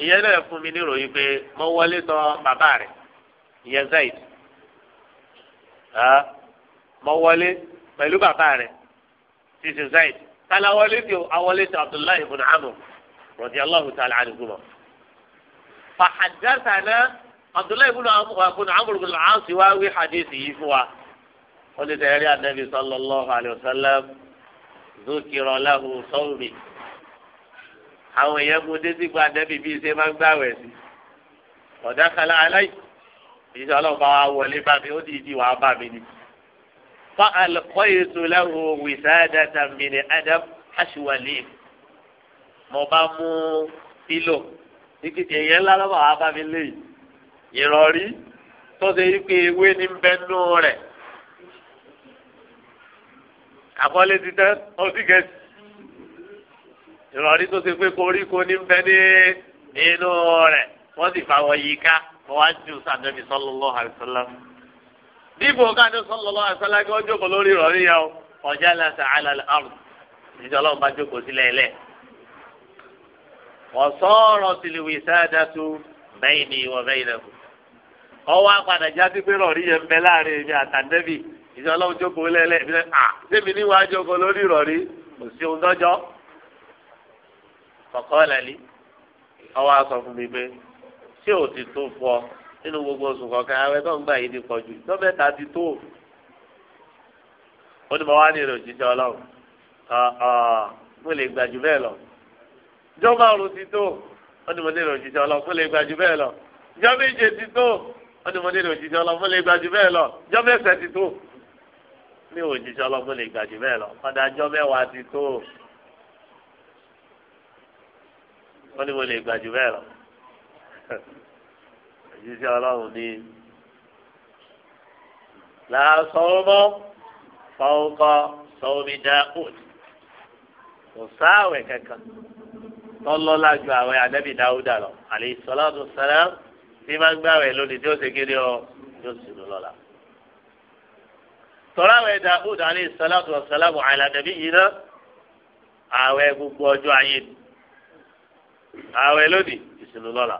ìyẹn náà fún mi níròyìn pé mo wọlé tọ̀ bàbá rẹ̀ ìyẹn zayd mo wọlé pẹ̀lú bàbá rẹ̀ sísè zayd kálá wọlé tí awọlé tí abdullahi ibn amr radiyallahu ta'ala anhu. fa haddathana abdullahi ibùdó àkùnà amúrùkùnà àǹsì wá wí hadithi yìí fún wa wọ́n ti tẹ̀lé anabi sallallahu alayhi wa sallam zukiro lahu sawmi àwọn èèyàn mú dédé gba anabi bíi ṣe máa ń gbàwẹ̀ sí ọ̀dà kala aláì ìṣe ọlọ́ọ̀bá wa wọlé bá mi ó di ìdí wàá bá mi ni. fa alqaytu lahu wisadatan min adam aṣùwàlẹ́ mo bá mú pílò ìkìtì èèyàn ńlá lọ́wọ́ àbámi léyìí. ìrọ̀rí tó ṣe wípé ewé ní bẹ́ nú rẹ̀ àkọlé ti tẹ́ ọtí ìrọ̀rí tó ṣe pé koríko ní bẹ́ ní inú rẹ̀ wọ́n sì fa wọ yíká wọ́n wá ju sàdẹ́bí sallallahu alaihi káàdé sallallahu alaihi kí wọ́n jókòó lórí ìrọ̀rí yẹn o ọ̀já lásán àlàlẹ́ àrùn ìjọ ọlọ́run bá jókòó sílẹ̀ ẹlẹ́. wọ́n tó bẹ́yìn ọwọ́ apàdà jáde pé rọ̀rí yẹn ń bẹ láàrin èmi àtàndẹ́bì ìjọ ọlọ́run jókòó lẹ́lẹ́ ìbílẹ̀ à sẹ́mi níwájú jókòó lórí rọ̀rí kò sí ohun tọ́jọ́ kọ̀kọ́ lẹ́lí ọwọ́ aṣọ fún mi pé ṣé ò ti tó fọ nínú gbogbo oṣù kọ̀ọ̀kan ààrẹ tó ń gbà yìí ti pọ̀ jù lọ́mẹ́ta ti tó ó ní mo wá ní èrè òjijì ọlọ́run mo lè gbà jù bẹ́ẹ̀ lọ jọ́ márùn ti tó ó ní mo ní èrè òjijì ọlọ́run mo lè gbà jù bẹ́ẹ̀ lọ jọ́ méje ti tó ó ní mo nílò òjijì ọlọ́mọ lè gbàjú bẹ́ẹ̀ lọ jọ́ mẹ́sẹ̀ ti tó mi ò òjijì ọlọ́mọ lè gbàjú bẹ́ẹ̀ lọ ọ̀dà jọ́ mẹ́wàá ti tó ó ní mo lè gbàjú bẹ́ẹ̀ lọ òjijì ọlọ́run ní làásọ̀ọ́mọ́ fọ́ọ́kọ́ sọ́ọ́mí dá òdì kò sáàwẹ̀ kankan tọ́lọ́lá ju àwẹ̀ ànábì dáúdà lọ àlè sọ́lá tó sẹ́lẹ̀ bí máa ń gbá rẹ̀ lónìí tí ó ṣe kéde ọ yóò sì lọ lọ́la. tọ́lá rẹ̀ Dawud alayhi salatu wa salamu ala nabiyina ààwẹ̀ gbogbo ọjọ́ ayé ni ààwẹ̀ lónìí ìsinmi lọ́la.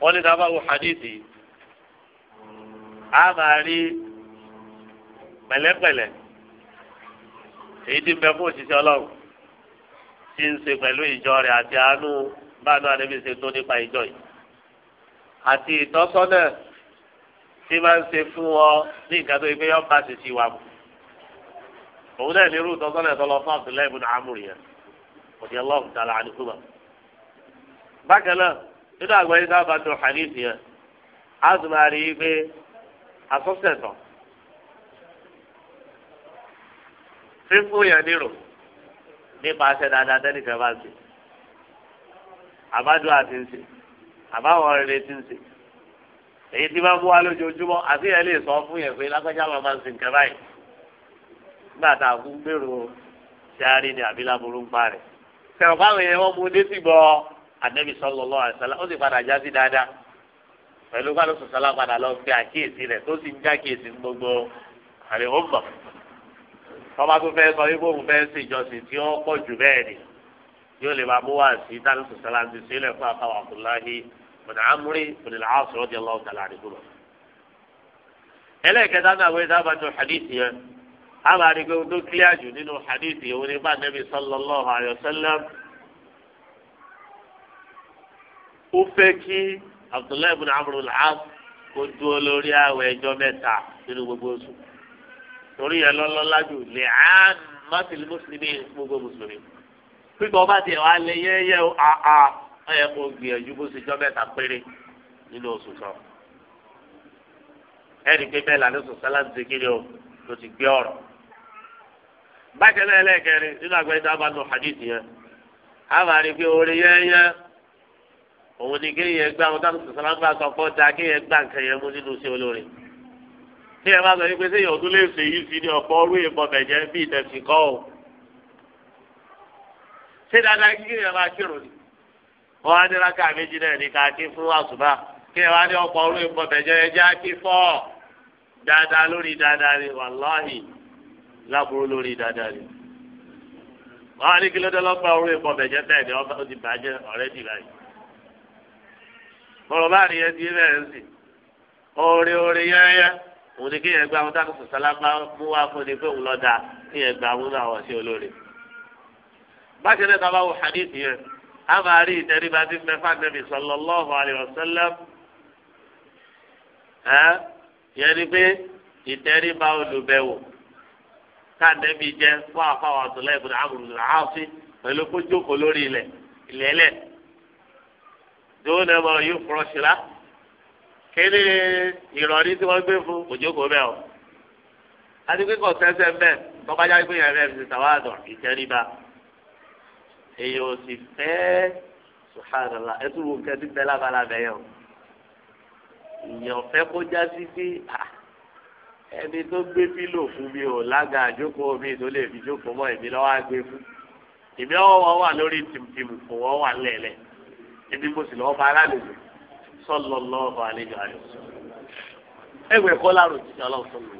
wọ́n ní ká bá wo hadithi a máa rí pẹ̀lẹ́pẹ̀lẹ́ èyí tí bẹ fún òṣìṣẹ́ ọlọ́run tí ń ṣe pẹ̀lú ìjọ rẹ̀ àti àánú báàdó àdébí ṣe tó nípa ìjọ yìí àti ìtọ́sọ́nà tí máa ń ṣe fún ọ ní nǹkan tó yẹ pé yọ́n bá ṣe ṣì wà mú òun náà ní irú ìtọ́sọ́nà tó lọ fún Abdullahi ibn Amr yẹn òdi Allah ta'ala àdìkúmọ̀ bákan náà nínú àgbáyé sábà tó hadith yẹn a sì máa rí i pé asọ́sẹ̀tàn fífún yẹn nírò nípa aṣẹ dáadáa tẹ́nìkan bá ṣe àbádùn àti ń ṣe àbáwọn rere ti ń ṣe èyí tí máa ń wá lójoojúmọ́ àti yẹn lè sọ fún yẹn pé lágbájá máa máa ń sin nǹkan báyìí nígbà tá a kún gbèrò ṣáárì ni àbí láburú ń pa rẹ̀ sẹ̀rọ̀ báwọn yẹn wọ́n mú un dé sí gbọ́ ànábì sallallahu alaihi wasallam ó sì padà já sí dáadáa pẹ̀lú kálọ̀ sọ̀sálà padà lọ fi àkíyèsí rẹ̀ tó sì ń já kíyèsí gbogbo àrè ó bọ̀ tọ́ba tó fẹ́ sọ ibò òun fẹ́ ṣèjọsìn tí ó pọ̀ jù bẹ́ẹ̀ ni yóò lè máa mú wá sí dáná sọ̀tà láti sílẹ̀ fún àkàwọ̀ Abdullahi bùnà amúrí bùnà làásù rọ́dí ọlọ́wọ́ tàlà àdìgbò lọ. ẹlẹ́ẹ̀kẹta náà wọ́n dá bàtú hadith yẹn a máa rí i pé o tó kílíà jù nínú hadith yẹn wọ́n ní bá nẹ́bí sallallahu alayhi wa sallam. ó fẹ́ kí Abdullahi bùnà amúrí làásù kó dúró lórí àwọ̀ ẹjọ́ mẹ́ta nínú gbogbo oṣù torí yẹn lọ́lọ́lá jù lè á mọ́tìlì mùsùlùmí gbogbo mùsùlùmí pípọ̀ ọba tiẹ̀ wá lé yẹ́yẹ́ o a ẹ yẹ kó gbìyànjú bó ṣe jọ mẹ́ta péré nínú oṣù kan ẹnì pé bẹ́ẹ̀ lànà oṣù sálá ti kéde o ló ti gbé ọ̀rọ̀ bákan náà ẹlẹ́ẹ̀kẹrin nínú àgbẹ̀ tá a bá nù hadith yẹn a máa rí i pé oore yẹ́yẹ́ òun ni kéèyàn gbá àwọn táwọn oṣù sálá gbà sọ fọ́ da kéèyàn gbà nǹkan yẹn mú nínú iṣẹ́ olóore tí bá sọ yín pé sẹ́yìn ọdún lè ṣèyí sí ṣé dáadáa kí kéèyàn máa kírun ni wọn á ní rákà méjì náà ní ká kí fún àṣùbà kí ẹ wá ní ọ̀pọ̀ orí nǹkan bẹjọ ẹ já kí fọ dáadáa lórí dáadáa ni wàláhì láburú lórí dáadáa ni wọn á ní kí ló dé lọ́pọ̀ orí nǹkan bẹjọ bẹ́ẹ̀ ni ọba ó ti bàjẹ́ ọ̀rẹ́ dì báyìí bọ̀rọ̀ bá rí ẹ di bẹ́ẹ̀ ń sìn oore oore yẹ́yẹ́ òun ni kí yẹn gba àwọn tákùsù sálábà mú wá fún ni pé òun lọ́ọ́ da kí yẹn gba àwọn náà wọ̀ sí olóore bákan náà tábà wò hadith yẹn a máa rí ìtẹríba tí mẹfà nàbì sallallahu alayhi wa sallam ẹ yẹn ni pé ìtẹríba olùbẹ̀wò káàdẹ́bí jẹ fún àfàwọn àtúnlẹ̀ ìbùdó àbùrùdó àáfin pẹ̀lú kó jókòó lórí ilẹ̀ ìlẹ́lẹ̀ dóòlù ẹ̀mọ yóò fọ̀rọ̀ ṣìlá kéde ìrọ̀rí tí wọ́n gbé fún òjókòó bẹ́ẹ̀ o àti pé sẹ́sẹ́ bẹ́ẹ̀ tọ́kájá gbé yẹn rẹ̀ ti tàwa àdọ̀ ìtẹríba èyí ò sì fẹ́ subhanallah ẹ tún wo nǹkan tí bẹ́ẹ̀ lábala bẹ́ẹ̀ yẹn o ìyẹn ọ̀fẹ́ kó já sí pé ẹni tó gbé pílò fún mi ò lága àjókòó mi tó lè fi jókòó mọ́ èmi lọ́wọ́ àgbé fún èmi ọwọ́ wà lórí tìmùtìmù kò wọ́n wà lẹ́lẹ̀ èmi mo sì lọ́ọ́ bá aláàlejò sọ́lọ́ lọ́ọ́ àlejò àlejò ẹgbẹ́ kọ́ láàrú jíjẹ́ ọlọ́run tó lù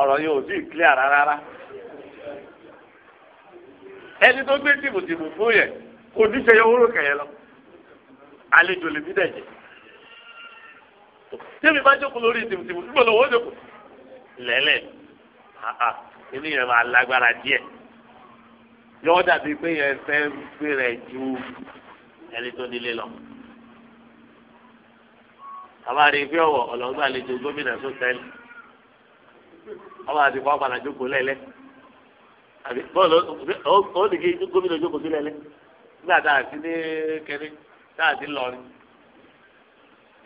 ọ̀rọ̀ yẹn ò tí ì clear rárá. ẹni tó gbé tìmùtìmù fún yẹ kò ní ṣe yọwọ́rọ̀ kẹ̀yẹ lọ àlejò lè mí dẹ̀jẹ̀ tẹ́mi bá jókòó lórí tìmùtìmù nígbà lọ́wọ́ jókòó lẹ́lẹ̀ inú yẹn máa lágbára díẹ̀ yọ dàbí pé yẹn fẹ́ gbéra ẹ̀ ju ẹni tó nílé lọ. ife ọ̀wọ̀ àlejò gómìnà sọ́sẹ́lì ọba àti àbí bọ́ọ̀lù ó nìkí gómìnà jókòó sílẹ̀ lẹ́ nígbà tá a ti ní kẹ́ni tá a ti lọrin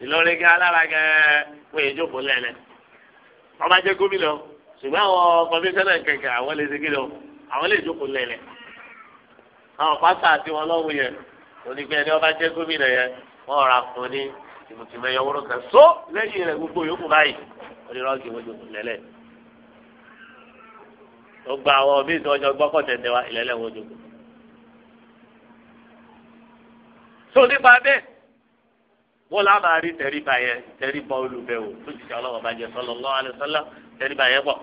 ìlọrin gan alára gan pé ìjókòó lẹ́lẹ̀ wọ́n bá jẹ́ gómìnà ṣùgbọ́n àwọn kọmíṣánná kẹ̀kẹ́ àwọn lè ṣe kíni o àwọn lè jókòó lẹ́lẹ̀ àwọn pásítọ̀ àti wọn lọ́wọ́ yẹn onígbẹ́ ni wọ́n bá jẹ́ gómìnà yẹn wọ́n rà fún ní tìmùtìmù ẹ̀yọ kan só lẹ́yìn rẹ̀ gbogbo yòókù báyìí gbogbo àwọn òbí tí wọ́n jọ gbọ́kọ̀ tẹ̀tẹ̀ wa ìlẹ́lẹ̀ wọn jókòó. tó nípa bẹ́ẹ̀ wọ́n lá máa rí tẹ̀ríba yẹn tẹ̀ríba olùbẹ̀wò tó ti sọ ọlọ́wọ́ bá jẹ sallallahu alaihi wasallam tẹ̀ríba yẹn pọ̀.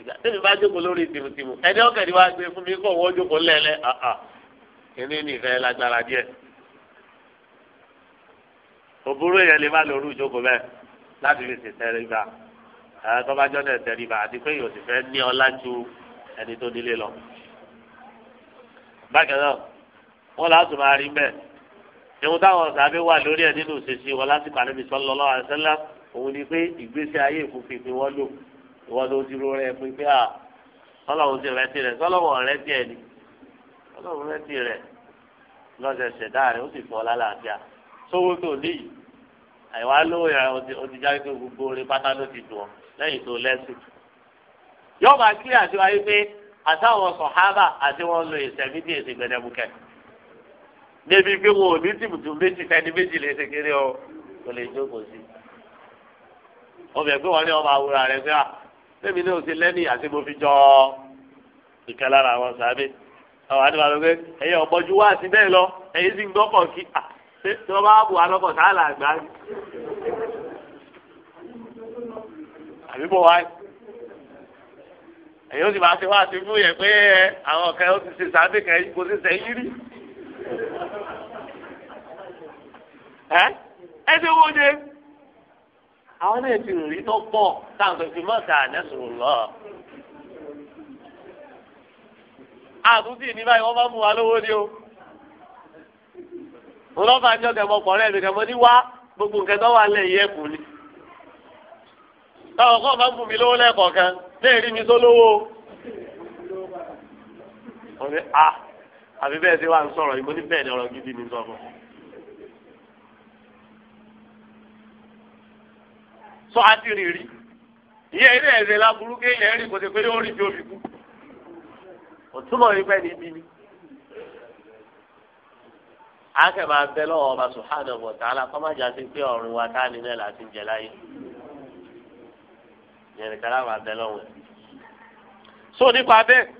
ìgbà tẹ̀mí bá jókòó lórí tìmùtìmù ẹni ọ̀kẹ́ ni wàá gbé fún mi kó wọ́n jókòó lẹ́lẹ́ àà kìíní nìfẹ́ lágbára díẹ̀. òbúrò yẹn lè má lọ rú ìjókòó bẹ́ẹ̀ láti fi ṣètẹ̀ríba tọ́bajọ́ náà tẹríba àti pé yóò sì fẹ́ ní ọlá ju ẹni tó nílé lọ. bákan náà wọ́n láti máa rí bẹ́ẹ̀ ìwọ̀n táwọn sàbẹ̀ wà lórí ẹ̀ nínú ìṣesí wọn lásìkò àníbi sallallahu alaihi wasallam òun ni pé ìgbésí ayé ìfúnfin ni wọ́n lò wọ́n ló dúró rẹ̀ pé pé à sọlọ́run ti rẹ̀ ti rẹ̀ sọlọ́run rẹ̀ tiẹ̀ ni sọlọ́run rẹ̀ ti rẹ̀ lọ́sẹ̀ ṣẹ̀dá rẹ̀ ó sì fọ́ lálàáfíà sówó tó níyì àìwá lóyè ó ti jáde pé gbogbo orin pátá ló ti dùn ọ́ lẹ́yìn tó lẹ́sìn. yóò máa kí àti wáyé pé àtàwọn sọ̀hábà àti wọn lo ìsẹ̀mí bí èsì gbẹdẹ́bùkẹ́. débi pé wọn ò ní tìbùtù méjì fẹ́ni méjì lè ṣe kéré o kò lè jókòó sí. obìnrin pé wọn ní ọmọ àwòrán rẹ pé à lẹ́mi náà ti lẹ́nì àti mo fi jọ ìkẹ́ lára àwọn sàbẹ̀. àwọn àdìbò àlọ́ pé ẹ̀yin ọ̀bọ̀jú wá sí bẹ́ẹ̀ lọ ẹ̀yin sì ń gbọ́kọ̀ kí ṣé tí lọ́kọ̀ sáà là àbí bò wá èyí ó sì máa ṣe wá sí fún yẹn pé àwọn kan ó ti ṣe sáńdé kan kò sí sẹ́yìn rí ẹ ṣe wo ṣe àwọn náà ti rí tó pọ̀ táwọn fi mọ lọ àtúntì ní báyìí wọn bá mú wa lówó ni o ní ọ̀gá ẹ̀mọ́kọ̀ọ́rẹ́ mi kẹ́mọ́ ní wá gbogbo nǹkan tó wà lẹ́yìn ẹ̀kú ni. táwọn kan máa ń bù mí lówó lẹ́ẹ̀kọ̀ọ̀kan lẹ́yìn rí mi tó lówó. wọ́n ní a ah, àbí bẹ́ẹ̀ ṣe wà ń sọ̀rọ̀ ìmọ̀ ní bẹ́ẹ̀ ni ọ̀rọ̀ gidi ni sọ fún. sọ àti rìrì ìyẹn ilé ẹ̀sẹ̀ láburú kéèyàn rí kò sí pé ó rí bí ó fi kú. òtúmọ̀ ní pẹ́ ní bí mi akẹ́bàá bẹ́ lọ́wọ́ ọba subhanahu wa ta'ala kọ́májà sí pé ọ̀run wa tá nílẹ̀ láti jẹ láyé yẹnì kan láwọn abẹ lọ́wọ́ so nípa bẹ́ẹ̀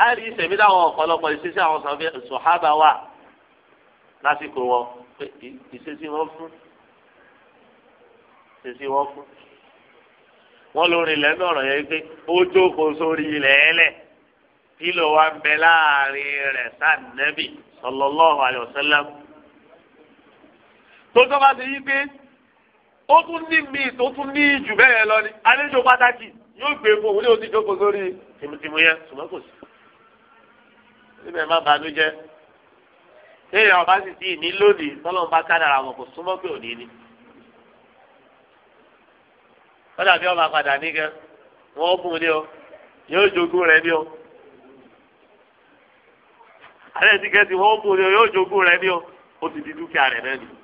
a rí ìsẹ̀mí láwọn ọ̀pọ̀lọpọ̀ ìṣesí àwọn sọ̀hábà wà lásìkò wọn pé ìṣesí wọn fún ìṣesí wọn fún wọn lórí ilẹ̀ náà ọ̀rọ̀ yẹn pé ó jókòó sórí ilẹ̀ ẹlẹ̀ kílò wa ń bẹ láàrin rẹ̀ sànẹ́bì sallallahu alaihi tó tọ́ bá ti yí pé ó tún ní míì tó tún ní jù bẹ́ẹ̀ lọ ni àlejò pàtàkì yóò gbé fún òun ní oṣù jókòó sórí tìmùtìmù yẹn ṣùgbọ́n kò sí. níbẹ̀ má bàánú jẹ́ téèyàn ọba sì ti ní lónìí tọ́lọ́mùbá kádàrà wọn kò súnmọ́ pé òní ni. kọ́dà bí ọba padà ní gan wọ́n bùn ní o yóò jogún rẹ̀ ní o. àlẹ́ ti kẹ́sì wọ́n bùn ní o yóò jogún rẹ̀ ní o ó ti di dúkìá rẹ̀ náà nìyí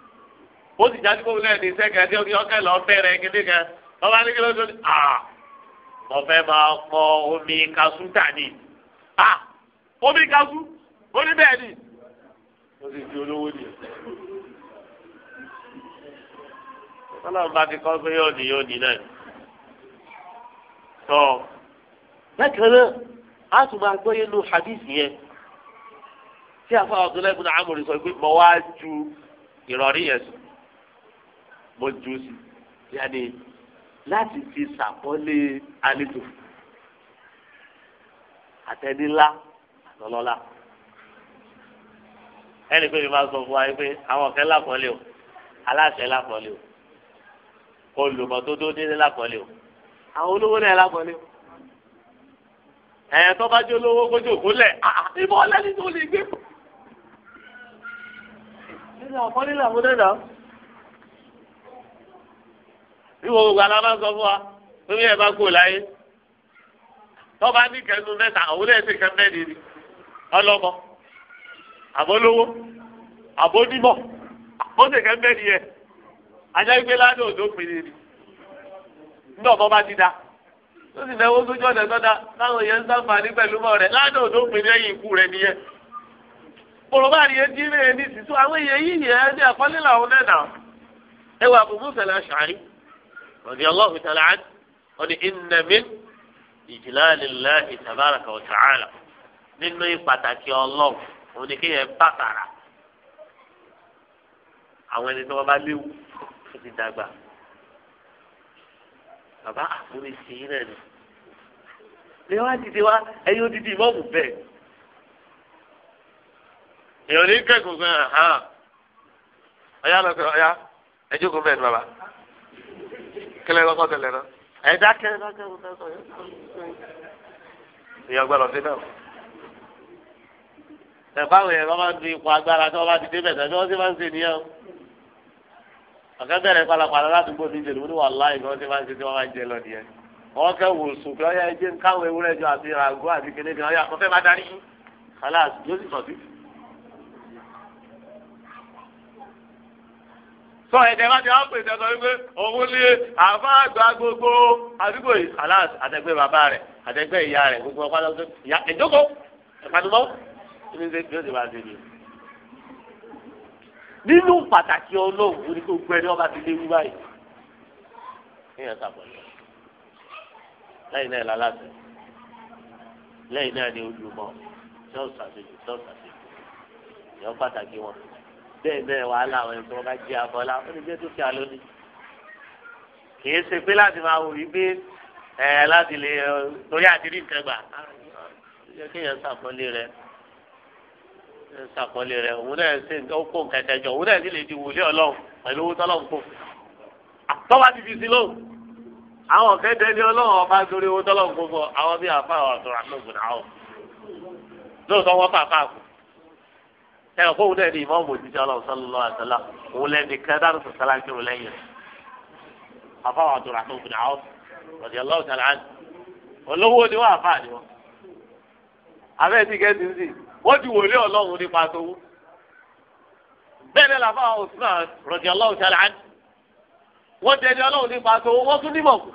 ó sì jáde kókó náà ní sẹ́kẹ̀ tí ọkẹ́ lọ bẹ̀rẹ̀ gidi kan ọba ní kílódé ní à mo fẹ́ máa pọ omi kaṣú tà ní à omi kaṣú ó ní bẹ́ẹ̀ ni ó sì di olówó ni ọlọ́run bá ti kọ́ pé yóò ní yóò ní náà tọ́ bákan náà a tún máa gbọ́ yẹn lu hadith yẹn tí a fọ àwọn ọ̀dọ́ lẹ́gbẹ̀ẹ́ àmọ̀rì sọ pé mo wá ju ìrọ̀rí yẹn sùn mo jù sí yáni láti fi sàpọ́lé àlejò àtẹnilá àtọlọ́lá ẹnì pé mi máa sọ fún wa pé àwọn ọ̀kẹ́ lápọ̀lé o aláṣẹ lápọ̀lé o olùmọ̀ tó dó délé lápọ̀lé o àwọn olówó náà lápọ̀lé o ẹ̀yẹ tó bá jó lówó kójú òkúlẹ̀ ah, ah, ìbọn lẹ́ni tó lè gbé. nínú àpọ́nlé làwọn náà náà ìwọ gbogbo alábá sọ fún wa fún mi ẹ bá kú láyé tọ́ba ní kẹnu mẹ́ta òun náà ti kẹ mẹ́rin ni ọlọ́mọ àbólówó àbónímọ̀ àbóṣe kẹ mẹ́rin yẹ ajá ìgbé ládùn òdò pinni ni ní ọ̀bọ bá ti da ó sì náwó sójú ọ̀nà sọ́dá láwọn yẹn ń sáfàní pẹ̀lú mọ́ rẹ̀ ládùn òdò pinni ẹ̀yìn ikú rẹ̀ nìyẹn kòròbá rèé dín rèé ní sísú àwọn èèyàn yìí yẹn ní àkọlé làwọn náà nà ẹwà àbùmùsẹ̀ la ṣàárín radiyallahu ta'ala anhu wọ́n ní inna min ijlalillahi tabaraka wa ta'ala nínú ìpàtàkì ọlọ́run òun ni kéèyàn bàtàrà àwọn ẹni tí wọ́n bá léwu tó ti dàgbà bàbá àkúrẹ́ sí i náà ni lè wá dìde wá ẹ̀yin odidi ìmọ̀ọ́mù bẹ́ẹ̀ èèyàn ní kẹ́kọ̀ọ́ gan-an ọ̀yá lọ́kọ̀ ọ̀yá ẹjọ́ kò bẹ́ẹ̀ ni bàbá kílẹ̀ lọ́kọ́ tẹ̀lé náà ẹ dákẹ́ dákẹ́ mo fẹ́ sọ yẹn ìyá gbọ́dọ̀ sí náà tẹ̀fáwò yẹn wọ́n máa ń du ipò agbára tí wọ́n bá ti dé bẹ̀tẹ̀ tí wọ́n sì máa ń ṣe nìyẹn akẹ́kẹ́ rẹ̀ palapàla ládùúgbò mi jèlú ní wàhálà ìgbà wọ́n ti máa ń ṣe tí wọ́n máa ń jẹ lọ wò sùn kí wọ́n yẹ ẹjẹ́ káwọn ewúrẹ́ àti ìràgó àti kéde kan yà wọ́n fẹ́ darí kálá yóò sì sọ̀ sí. sọ ẹ̀jẹ̀ bá ti wá pèsè ọ̀sán wípé òun lé àfa àgbà gbogbo àdúgbò yìí aláàs àtẹgbẹ́ bàbá rẹ̀ àtẹgbẹ́ ìyá rẹ̀ gbogbo ọ̀pá lọ́sọ̀ ìyá ìjókòó ìpanumọ́ ní ṣe bí ó ti máa ṣe ni. nínú pàtàkì ọlọ́run ní kó gbẹ ní ọba ti lé wí báyìí kéèyàn sàbọ̀ lọ lẹ́yìn náà lálàsẹ̀ lẹ́yìn náà ni olùmọ̀ tí ó sàṣejù tí ó sàṣejù ìyọ́ pàtàkì wọn bẹ́ẹ̀ bẹ́ẹ̀ wàhálà àwọn ẹ̀sùn ọba jí abọ́lá ó ní gbé dúkìá lónìí. kì í ṣe pé láti máa wò wípé ẹ̀ láti lè lórí àdírí nǹkan gbà kéèyàn ṣàpọ́nlé rẹ̀ ṣàpọ́nlé rẹ̀ òun náà ṣe ó kó nǹkan kẹjọ òun náà sì lè di wòlé ọlọ́run pẹ̀lú owó tọ́lọ́ kó. tọ́ba ti fi sí lóhùn àwọn ọ̀kẹ́ dẹni ọlọ́run ọba sórí owó tọ́lọ́ kó fọ àwọn bíi àfa àwọn àtọ̀rọ̀ ẹ ọ̀ fóun náà ni ìmọ̀ọ́mù òjijì ọlọ́run sọlọ́lọ́ àtàlà òun lẹ́ni kẹ́dárù tó sálá kírun lẹ́yìn rẹ̀ àfáwọn àtúrà tó gbìnà ọ́ rọ̀dì ọlọ́run tàlà án olówó ni wọ́n àfáà ni wọ́n abẹ́ ti kẹ́ ti sì wọ́n ti wòlé ọlọ́run nípa tó wú bẹ́ẹ̀ ni làfáwọn òsínà rọ̀dì ọlọ́run tàlà án wọ́n dẹni ọlọ́run nípa tó wú wọ́n tún nímọ̀ kù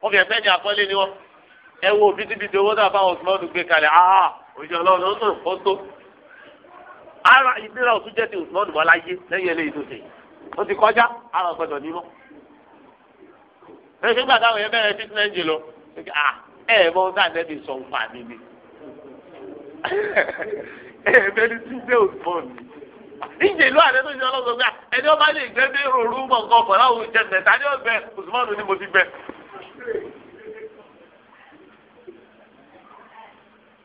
wọ́n fi ẹ̀fẹ́ ní àkọ́lé ni wọ́n ẹ wo bítíbitì owó náà fáwọn òsínà ọdún gbé kalẹ̀ ah òjò ọlọ́run ó tó ara ìlera òtún jẹ́ ti Usman mọ́ láyé lẹ́yìn eléyìí tó ṣe ó ti kọjá ara ọ̀gbọ́dọ̀ nímọ́. ẹ ṣe gbà táwọn yẹn bẹ̀rẹ̀ fitna ń jè lọ ẹ ah, ẹ mọ ọdún àtẹ́bí sọ nǹkan àmì mi ẹ ẹ bẹ́ẹ̀ ti jẹ́ Usman mi. ìjè ló àtẹ́tò ìjọ ọlọ́sọ̀ gbà ẹni ọba lè gbẹ́ bí rúurú mọ̀ nǹkan ọ̀pọ̀ láwùjọ jẹ́ mẹ́ta ni ó gbẹ ni mo ti gbẹ.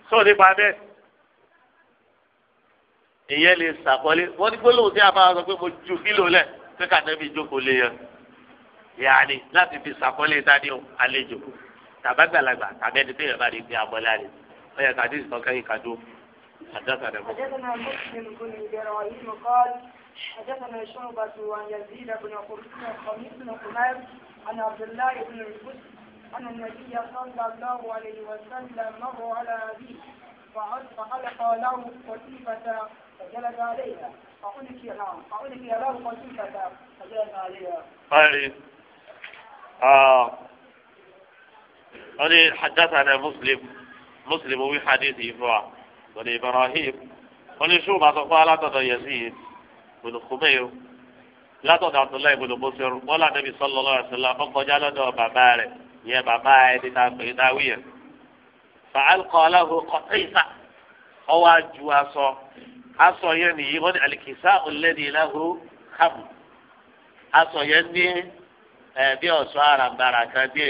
sọ nípa bẹ́ẹ̀ ìyẹn lè sàkọlé wọn ní gbólóhùn tí a bá sọ pé mo ju kílò lẹ pé kàtẹ́bí ìjókòó lè yẹn yàní láti fi sàkọlé dání o àlejò tàbá gbàlagbà tàbí ẹni tó yẹ bá rí pé abọ́lá rẹ ó yẹ ìsọ kẹ́yìn kàdó àdàkà rẹ mọ. حدثنا شعبة عن يزيد بن قميص بن قمير عن عبد الله بن الحسن أن النبي صلى الله عليه وسلم مر على أبيه فعلق له قتيبة فجلس عليها فقلت نعم فقلت حدثنا مسلم مسلم وفي حديثه فوا قال إبراهيم قال شو ما تقول لا تدع يزيد بن خمير لا تدع عبد الله بن مصر ولا النبي صلى الله عليه وسلم قال جعل له باباره يا بابا دي فألقى له قطيفة أو أجوا aṣọ yẹn nìyí wọ́n ní alikisa olèdè ìlàhó hàmù aṣọ yẹn ní bí ọ̀ṣọ́ àràǹbarà kan bí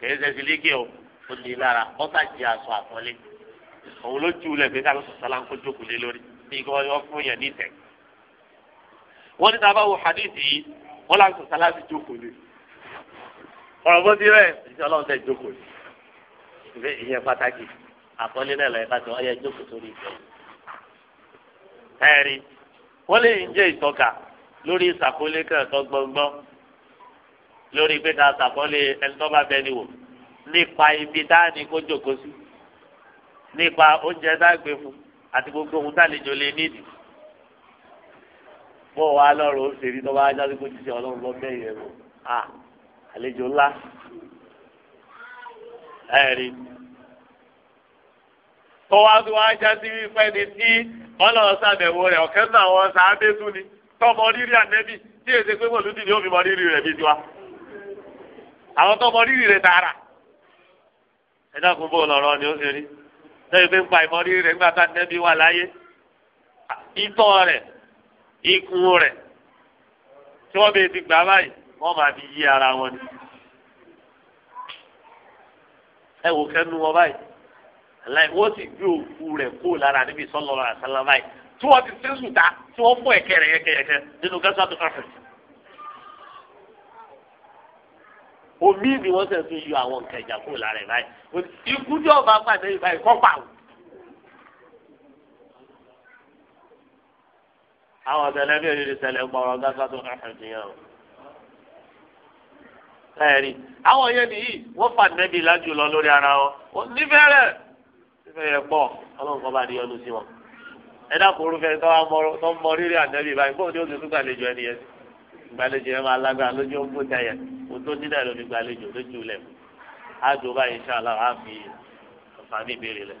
kèé ṣe sílíkì o ó ní lára ọ̀sà jẹ́ aṣọ àpọ́nlé òun ló jù lẹ̀ pé káàkiri sọ̀sálà ń kó jókòó lé lórí bí kí wọ́n fún yẹn ní ìtẹ̀. wọ́n ní wo hadith yìí wọ́n láti sọ̀sálà ti ti rẹ̀ ìṣẹ́ ọlọ́run tẹ̀ jókòó lé ìyẹn pàtàkì àpọ́nlé náà lọ́yẹ̀ká tó ọyẹ jókòó ẹ̀rí wọ́n lè ń jẹ́ ìtọ́ka lórí ìsàkólé kẹ́ẹ̀tọ́ gbọ́ngbọ́n lórí pé ká sàkólé ẹni tó bá nípa ibi dání kó sí nípa oúnjẹ dágbé fún àti gbogbo ohun tálejò lè nídìí bọ́ wa lọ́rọ̀ ó ṣèlérí tó bá lọ tọ́wá tí sí wípé ni tí ọlọ́run sàbẹ̀wò rẹ̀ ọ̀kẹ́ náà wọn sàábé tún ni tọmọ rírì ànẹ́bì tí èsè pé mọ̀lúdì ni ó fi mọ rírì rẹ̀ bí tiwa. àwọn tọmọ rírì rẹ̀ tààrà ẹ dákun bó lọ́rọ́ ni ó ṣe rí lẹ́yìn pé ń pa ìmọ̀ rírì rẹ̀ nígbà tá ànẹ́bì wà láyé ìtọ́ rẹ̀ ikùn rẹ̀ tí wọ́n bẹ ti gbà báyìí wọ́n máa fi yí ara wọn ni. ẹ wò kẹ́nu wọn báyìí aláì wọ́n sì gbé òkú rẹ̀ kó lára níbi sọ́lọ́ àṣàlámà yìí tí wọ́n ti ṣe sùtà tí wọ́n fún ẹ̀kẹ́ rẹ̀ yẹ́kẹ́yẹ́kẹ́ nínú gásà tó fẹ́ omi ni wọ́n sẹ̀ tún yọ àwọn nǹkan ìjà kó lára ẹ̀ báyìí ikú tí ọba pàdé ìbáyìí kọ́ pàwọ́. àwọn ọ̀sẹ̀lẹ̀ bí òrìrì ṣẹlẹ̀ ń gbọ́rọ̀ gásà tó àfẹ̀jìyàn o. ẹ̀rí àwọn yẹn nìyí wọ́n fà nẹ́bí lájú lọ lórí ara wọn nífẹ̀ẹ́ rẹ̀. e pọ̀ ọlọ́run kan bá ní ọdún sí wọn. ẹ dákun orúfẹ́ tó ń mọ rírì ànábì báyìí bóun ni ó ti tún gbàlejò ẹni yẹn gbàlejò yẹn máa lágbára lójú ó ń bó tayẹ mo tó nílẹ̀ lómi gbàlejò lójú lẹ̀ báyìí ṣáàlà á fi àǹfààní ìbéèrè lẹ̀.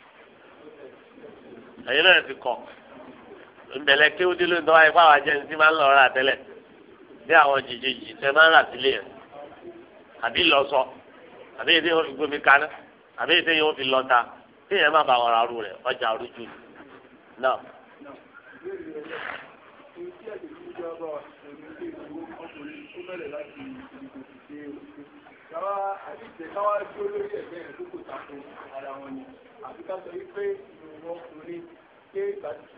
ẹ̀yin náà ti kọ̀ ìbẹ̀lẹ̀ kéwú dé lóyún tó wáyé fáwọn ajẹ́ni tí máa ń lọ ra tẹ́lẹ̀ bí àwọn jìjì tẹ máa ń rà sílé yẹn àbí lọ́sọ àbí èdè yóò fi gbómi kaná àbí èdè yóò fi lọ́ta kí yẹn má bàa wọ̀ra arú rẹ̀ ọjà arú náà. Káwá àti ìtẹ̀káwá tí olórí ẹ̀gbẹ́ ẹ̀ tó kò tako ara wọn ni àbíká sọ wípé ìwọ ọkùnrin pé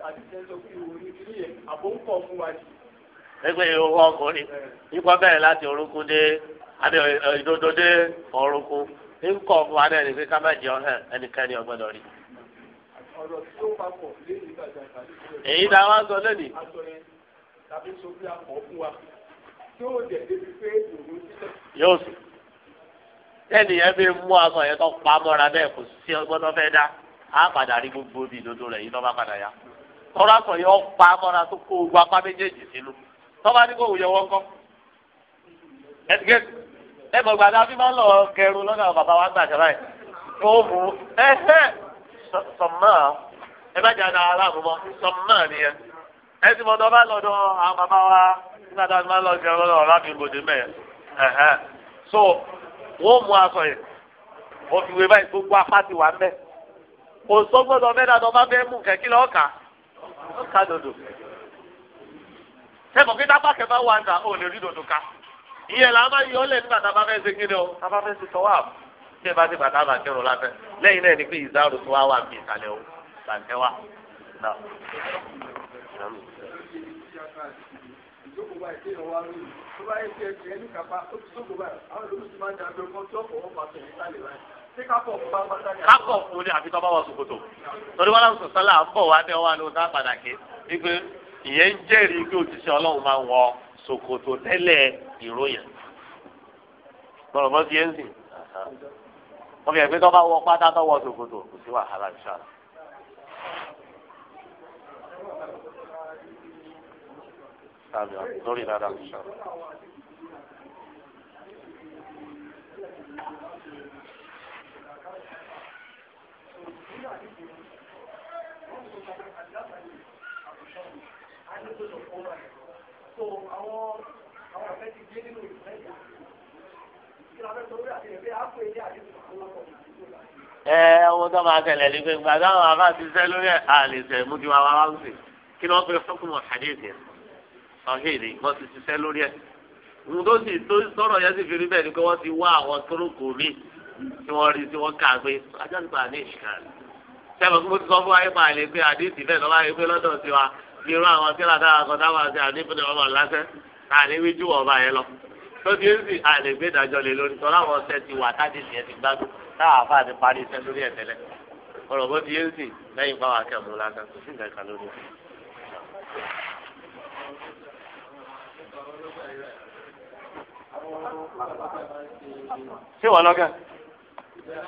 àdìsẹ́ sọ pé ìwọ kí nìyẹn àbò fún wa jù. pépè ìwọ ọkùnrin ikú bẹ̀rẹ̀ láti orúnkún dé àbí ìdodo dé fún wa náà pé ká má ẹnikẹ́ni ọgbọ́dọ̀ rí. ọ̀rọ̀ tí ó papọ̀ lé ìgbàgbà èyí ni a wá sọ lónìí. tàbí fún wa tí ó débi pé òun ti tẹ̀. yóò sùn mú aṣọ yẹn tó pa mọ́ra bẹ́ẹ̀ kò sí ọgbọ́n tó á padà rí gbogbo ibi ìdodo rẹ̀ yìí lọ́ba padà ya tọ́lá kan yọ pa mọ́ra tó kó gbogbo apá méjèèjì sínú tọ́ba ní kò wúyọ ẹ gbàdá máa ń lọ kẹrù lọ́dọ̀ bàbá wa gbàdá tó mú ẹ ẹ sọ̀mọ́ ẹ bá jà aláàbò ẹ ti dọ́ba lọ́dọ̀ àwọn bàbá wa máa ń lọ kẹrù ọ̀la gbòdì kò sọ́gbọ́dọ̀ mẹ́ta tó bá fẹ́ mú kẹ́kí lọ́ọ́ kà ó kà dòdò. sẹ́kọ̀ọ́ kí dápá kẹfà wà ń ta ò lè rí dòdò ká. ìyẹn là á máa yọ ọ́lẹ̀ nígbà tá a bá fẹ́ ṣe kí ni o tá a bá fẹ́ ṣe tọ́wọ́ àbò tí ẹ bá ti bàtà bàtà kẹrù láfẹ́ lẹ́yìn náà ni pé ìzáàrò tó wá wà ń bí ìsàlẹ̀ o bàtẹ́ wà. ìjókòó báyìí kákọ̀ fún ni àfi tọ́ba wọ ṣòkòtò torí wọn láwùjọ sọlá ń bọ̀ wá ní ọwọ́ àlọ́ náà padà ké wípé ìyẹn ń jẹ́rìí pé òṣìṣẹ́ ọlọ́run máa ń wọ ṣòkòtò tẹ́lẹ̀ ìròyìn bọ̀rọ̀ bọ́ sí ẹ́ńsìn wọ́n fi ẹ̀ pé tọ́ba wọ pátá tọ́wọ́ ṣòkòtò kò sí wàhálà ìṣàlá. sáàbì lórí dáadáa So Ẹ ohun tó máa tẹ̀lé ní pé gbàgbọ́ àwọn àbá ti sẹ́ lórí ẹ̀ à lè tẹ̀ mú kí wàá wá sí. Kí ni wọ́n ẹ̀? wọ́n ti lórí ẹ̀. tó sì tó sọ̀rọ̀ yẹn sì fi rí sẹ́mi kó sọ fún ayé máa lè gbé àdéhùn bẹ́ẹ̀ lọ́wọ́ ayé gbé lọ́dọ̀ sí wa irú àwọn tí ládà àkọ́dá wa sí àdéhùn ní ọmọ lásẹ̀ àní wíjú ọba yẹn lọ. lóde èsì àlè gbé ìdájọ́ lè lórí tọ́lá àwọn ọ̀sẹ̀ ti wà tájì tiẹ̀ ti gbádùn táwọn àfa ti parí iṣẹ́ lórí ẹ̀ tẹ́lẹ̀. ọ̀rọ̀ bó ti èsì lẹ́yìn báwa kẹ̀mú lásán kò Ọ̀yà.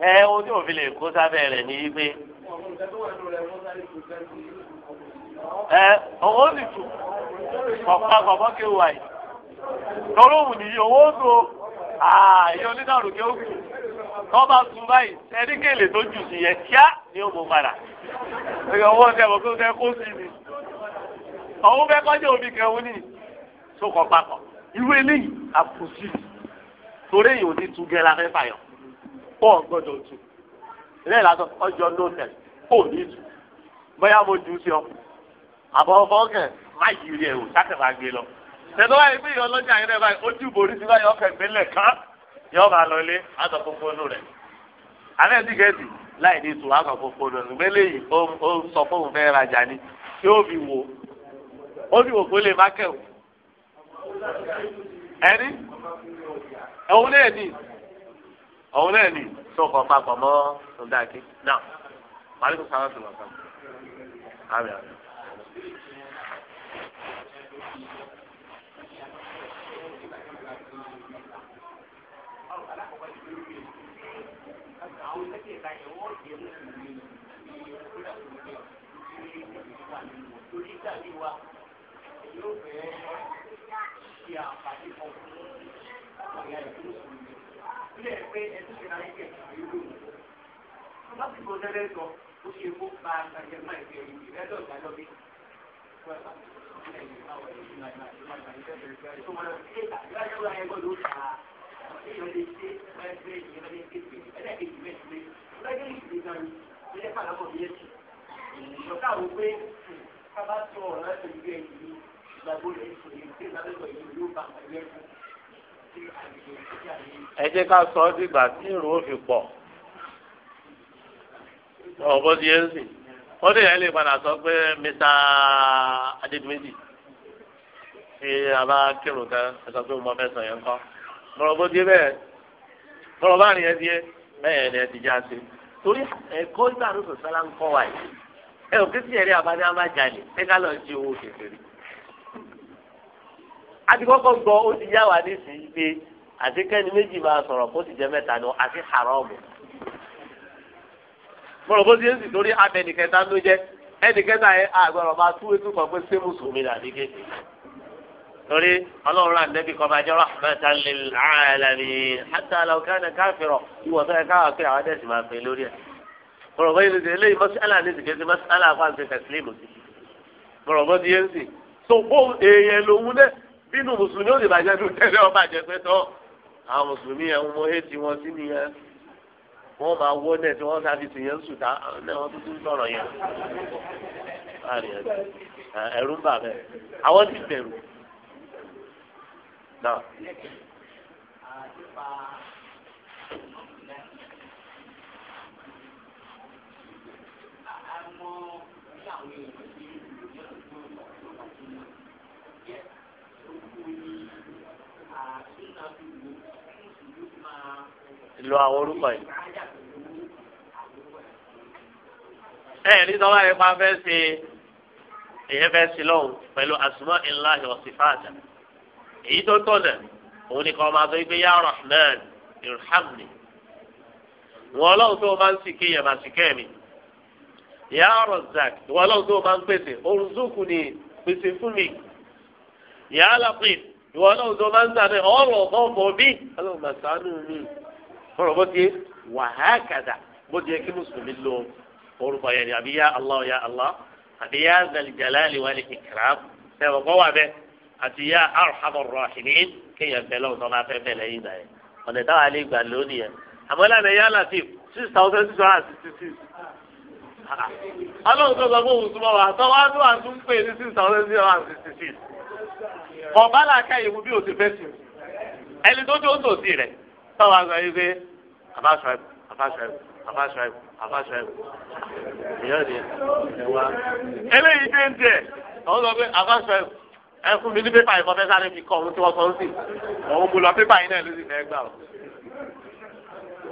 Ẹ ohun tí òfin lè kó sábẹ́ rẹ̀ ní wípé. Ẹ owó sì tù kọ̀ọ̀kan kọ̀ọ̀kan kí wà yìí tọ́rọ òun nìyí ah, owó tó ààyè onídàrú kí ó kù tọ́ bá sun báyìí ẹ̀ríkèlè tó jù sí yẹ kíá ni ó mú padà ẹ̀yọ̀ owó tẹ̀ wọ́n kó tẹ́ kó sí ni ọ̀hún fẹ́ kọ́jọ́ omi kẹwọn ní sókọ̀ papọ̀ irú eléyìí àpòsí torí èyí ò ní tu gẹ́la fẹ́ fàyọ̀ pọ̀ gbọ́dọ̀ tu ilé ìlàsọ ọjọ́ lóòtẹ̀ kò ní tu bóyá mo jù ú sí ọ àbọ̀ ọkọ̀ kẹ̀ má yiri ẹ̀ wò sákẹ̀ tẹ̀tọ́ báyìí bí ìyọlọ́jà yẹn rẹ̀ báyìí ojú ìbòrí sí báyìí ọkọ̀ ìgbélẹ̀ kan yọ máa lọ ilé àtọ̀ fúnfún rẹ̀ alẹ́ ti gẹ̀ẹ́sì láì ní ìtura àtọ̀ fúnfún rẹ̀ ṣùgbọ́n eléyìí ó sọ fóun fẹ́ rajà ni tí ó fi wò ó fi wò kó lè má kẹ̀wò ẹni òun náà ni òun náà ni sọ̀kọ̀ papọ̀ mọ́ sọ̀dáàkì náà màálùkù sábà tó lọ sábà. io un po' più più più più di di di di di di di di di di di di di di di onígbà ní wa yóò fẹ́ ṣe àǹfààní kan fún ọ̀yà ìdúró sùn mi. Ilé ẹ̀ pé ẹ tún ṣe ra ẹgbẹ́ ìlú mi. Lọ́sì kò tẹ́lẹ̀ sọ, ó ṣe kó pa àgbàjẹ máa ẹgbẹ́ ìlú di lọ́jà lọ́bí. Ìjọba wo pé sábà tí wọn rán ẹsẹ̀ ìgbé ẹ̀yìn yìí ìgbàgbọ́ rẹ̀ ṣe èyí tí ìgbàgbọ́ yìí yóò bá àgbẹ̀ fún ẹ jẹ́ ká sọ ọ́ dìgbà tí ìrù ó fi pọ̀ ọ̀bọ ti yẹn sì ó lè yẹn lè padà sọ pé mr adédìméjì fi àbá kírun kan ẹ pé mo mẹ́sàn yẹn kọ́ mọ̀rọ̀ bó ti bẹ́ẹ̀ mọ̀rọ̀ bá rìn yẹn yẹ bẹ́ẹ̀ ni ẹ ti já sí torí ẹ̀kọ́ ìgbà tó sọ sálá ń kọ́ wa yìí. ẹ ò kristi ẹ̀rí àbáni amájalè ẹ ká lọ jí owó kékeré. àtikọ́kọ́ gbọ ó ti yá wa nísìnyí pé àti méjì máa sọ̀rọ̀ kó sì jẹ́ mẹ́ta ni àti haramu. mọ̀rọ̀ bó ti ń sì torí abẹ nìkẹta ló jẹ́ ẹnìkẹta yẹn àgbọ̀rọ̀ máa tú etú kan pé ṣé mùsùlùmí làbí kéde. torí ọlọ́run náà nẹ́bí máa jẹ́ máa fẹ́ lórí mọ̀rọ̀ bọ́ yìí eléyìí mọ́sálà ní ìdíkẹ́ sí mọ́sálà fún àti tẹ̀sílímù sí mọ̀rọ̀ bọ́ ti yẹn sì tó kó èèyàn lòun náà bínú mùsùlùmí ó sì bàjẹ́ tó tẹ̀lé ọba àjẹpẹ́ tọ́ àwọn mùsùlùmí yẹn ń mọ ètí wọn sí nìyẹn wọ́n máa wọ́ náà tí wọ́n sáfi sì yẹn sùtá náà wọ́n tún tún sọ̀rọ̀ yẹn ẹ̀rú ń bà bẹ́ẹ̀ àwọn ti bẹ̀rù náà. lo àwọn orúkọ yìí. ẹ ní sọ́wọ́ yẹn pa fẹ́ ṣe èyẹ fẹ́ ṣe lọ́wọ́ pẹ̀lú àsùnmọ́ ìlà ìwọ̀sífàjà. èyí tó tọ̀nà òun ni kàn máa sọ pé yá rahman irhamni. wọn ọlọ́run tó o máa ń sì kéèyàn máa sì kẹ́ ya Razzaq ìwọ ọlọ́run tó máa ń pèsè orúzùkù ni pèsè fún mi ya Latif ìwọ ọlọ́run tó máa ń sàmì ọ̀rọ̀ ọ̀bọ̀ mi ọlọ́run máa sàánú mi ọ̀rọ̀ bó ti wàhákàdà bó ti yẹ kí mùsùlùmí lo orúkọ yẹn ni àbí ya Allah ya Allah àbí ya zal jalali wal ikram sẹ́wọ̀n kọ́ wà bẹ́ẹ̀ àti ya arhamar rahimin kéèyàn bẹ́ẹ̀ lọ́wọ́ tó fẹ́ bẹ́ẹ̀ lẹ́yìn náà ọ̀nà táwa lè gbà lónìí yẹn àmọ́ ọlọ́run tó sọ fún òun súnmọ́ wa tọ́ wá tó wà tó ń pè ní six thousand zero and sixty six ọ̀bá làákà ìwú bí òsì fẹ́ sí ẹni tó tó tòsí rẹ̀ tọ́ wa sọ yìí pé àbá ṣọ́ẹ̀bù àbá ṣọ́ẹ̀bù àbá ṣọ́ẹ̀bù àbá ṣọ́ẹ̀bù ìyá ni ẹ wá. eléyìí dé ń tiẹ̀ àwọn sọ pé àbá ṣọ́ẹ̀bù ẹ fún mi ní pépà yìí kọ́ fẹ́ sáré fi kọ́ ohun tí wọ́n sọ ń sìn òun mo lọ pépà yìí náà ló sì fẹ́ gbà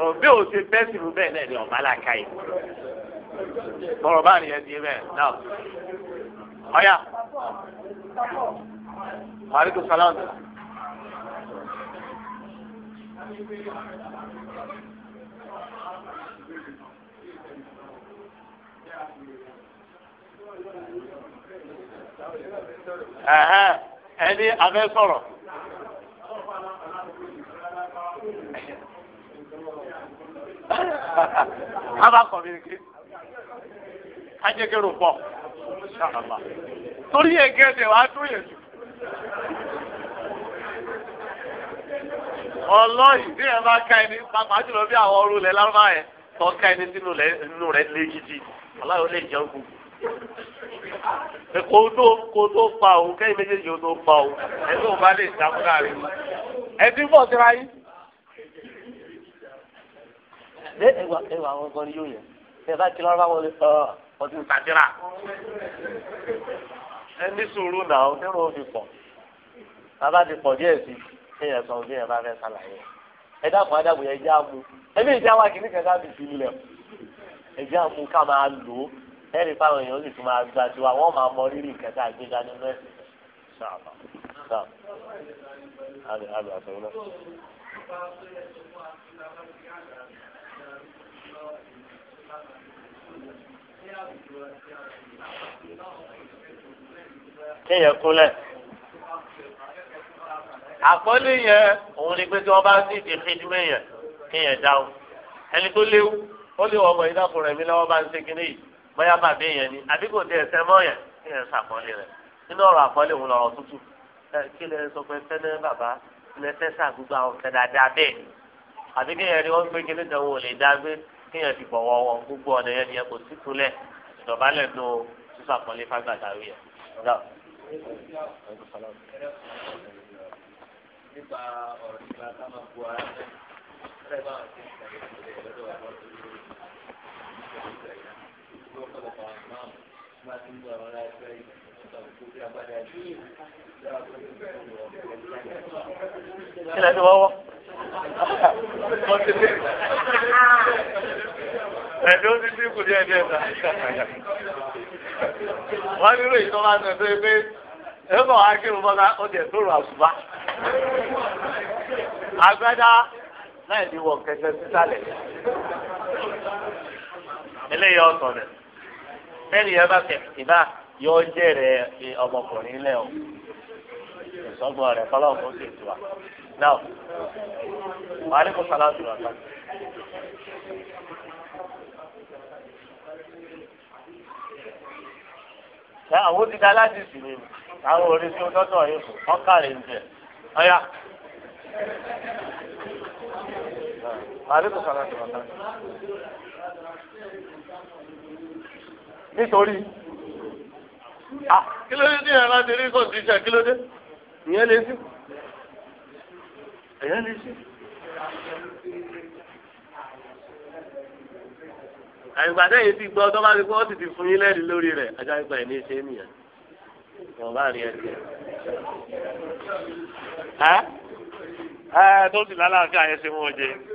ọ́ bí o ṣe fẹ́ sí mi bẹ́ẹ̀ náà ni ọ̀bá ثعبان يا ديبان نعم هيا عليكم السلام اها ادي ابي صرف هذا قوي كده ajẹkẹrù pọ torí ẹgẹ tẹ wàá tó yẹ jù ọlọ́yìn tí ẹ bá ka ẹni pàápàá jùlọ bí àwọn ọrùn lẹ lárúbá yẹn tó ka ẹni sínú rẹ nínú rẹ lé gidi aláyọ̀ lè jẹun kù kò tó kò tó pa òun kẹ́yìn méjèèjì ò tó pa òun ẹ tó bá lè dàkúrà rẹ ẹ bọ̀ síra yín ẹ wà ẹ yóò yẹ ẹ bá ti lọ́wọ́ wọn lè ọ ó ti ń sàdíra ẹni sùúrù náà ó kẹ́rù pọ̀ bàbá ti pọ̀ díẹ̀ sí kéèyàn sọ bí ẹ bá fẹ́ ṣàlàyé ẹ dákun adágún yẹn jẹ́ ẹbí ìjà wa kìíní kẹta bì sí ilẹ̀ ẹ jẹ́ ká máa lò ó ẹ̀rí fáwọn èèyàn sì tún máa gba tiwa wọ́n máa mọ rírì kẹta àgbéga nínú ẹ̀sìn sáàbà sáàbà kéèyàn kúnlẹ̀ àkọlé yẹn òun ni pé tí wọ́n bá sì di xidúmẹ yẹn kéèyàn dáhùn ẹni tó léwu ó lè wọ ọmọ yìí dákùnrin ẹ̀mí lọ́wọ́ bá ń ṣe kínní yìí bóyá bàbá yẹn ni àbí kò tẹ ẹsẹ̀ mọ́ yẹn kéèyàn ṣàkọlé rẹ̀ nínú ọ̀rọ̀ àkọlé òun lọ̀rọ̀ tútù kí lè sọ pé fẹ́lẹ́ bàbá lè fẹ́ sàgbùgbà ọ̀kẹ́ dáadáa bẹ́ẹ̀ àbí kéèyàn ni wọ́n gbé kínní kéèyàn ti bọ̀wọ̀ wọn gbogbo ọ̀nà yẹn ni ẹ kò sí túlẹ̀ ìdọ̀bálẹ̀ ló sísàpọ̀lé fágbàdáwì yẹn. nípa ọ̀rọ̀ nípa ká máa bu tó lórí ìṣẹ̀lẹ̀ ìṣẹ̀lẹ̀ ìṣẹ̀lẹ̀ ọ̀pọ̀lọpọ̀ àwọn máa máa ti ń ẹ̀dọ́ ti dín kù díẹ̀ díẹ̀ náà. wọ́n nílò ìtọ́lá náà tó yẹ pé ẹ̀fọ́ àṣùbá. agbádá náà ní wọ kẹsẹ̀ sísàlẹ̀. eléyìí ọ̀tọ̀ rẹ̀ bẹ́ẹ̀ni ẹ bá kẹ̀ ìbá yóò jẹ́rẹ̀ ọmọkùnrin lẹ́ o. rẹ̀ fọlọ́ọ̀kọ́ sì tù wá. náà wà á ní kó sálá tó rà sálá. ṣé àwọn ó ti da láti sì ni àwọn orí tí ó dọ́dọ̀ yìí kù ọ̀kàrẹ̀ ń jẹ ọ̀yà. wà á ní kó sálá tó rà sálá. nítorí ah, kí ló dé ní ẹ̀rọ adìrí kò sí ṣe kí ló dé ìyẹn lè sí èèyàn lè ṣe. àyùgbà tẹ́yìn ti gbọ́ tó bá ti gbọ́ ó sì ti fún yín lẹ́rìí lórí rẹ̀ ajá ìgbà ẹ̀ ní ṣe é nìyẹn wọn bá rí ẹ tiẹ̀. ẹ tó sì lálàáfíà yẹn ṣe mú ọ jẹ.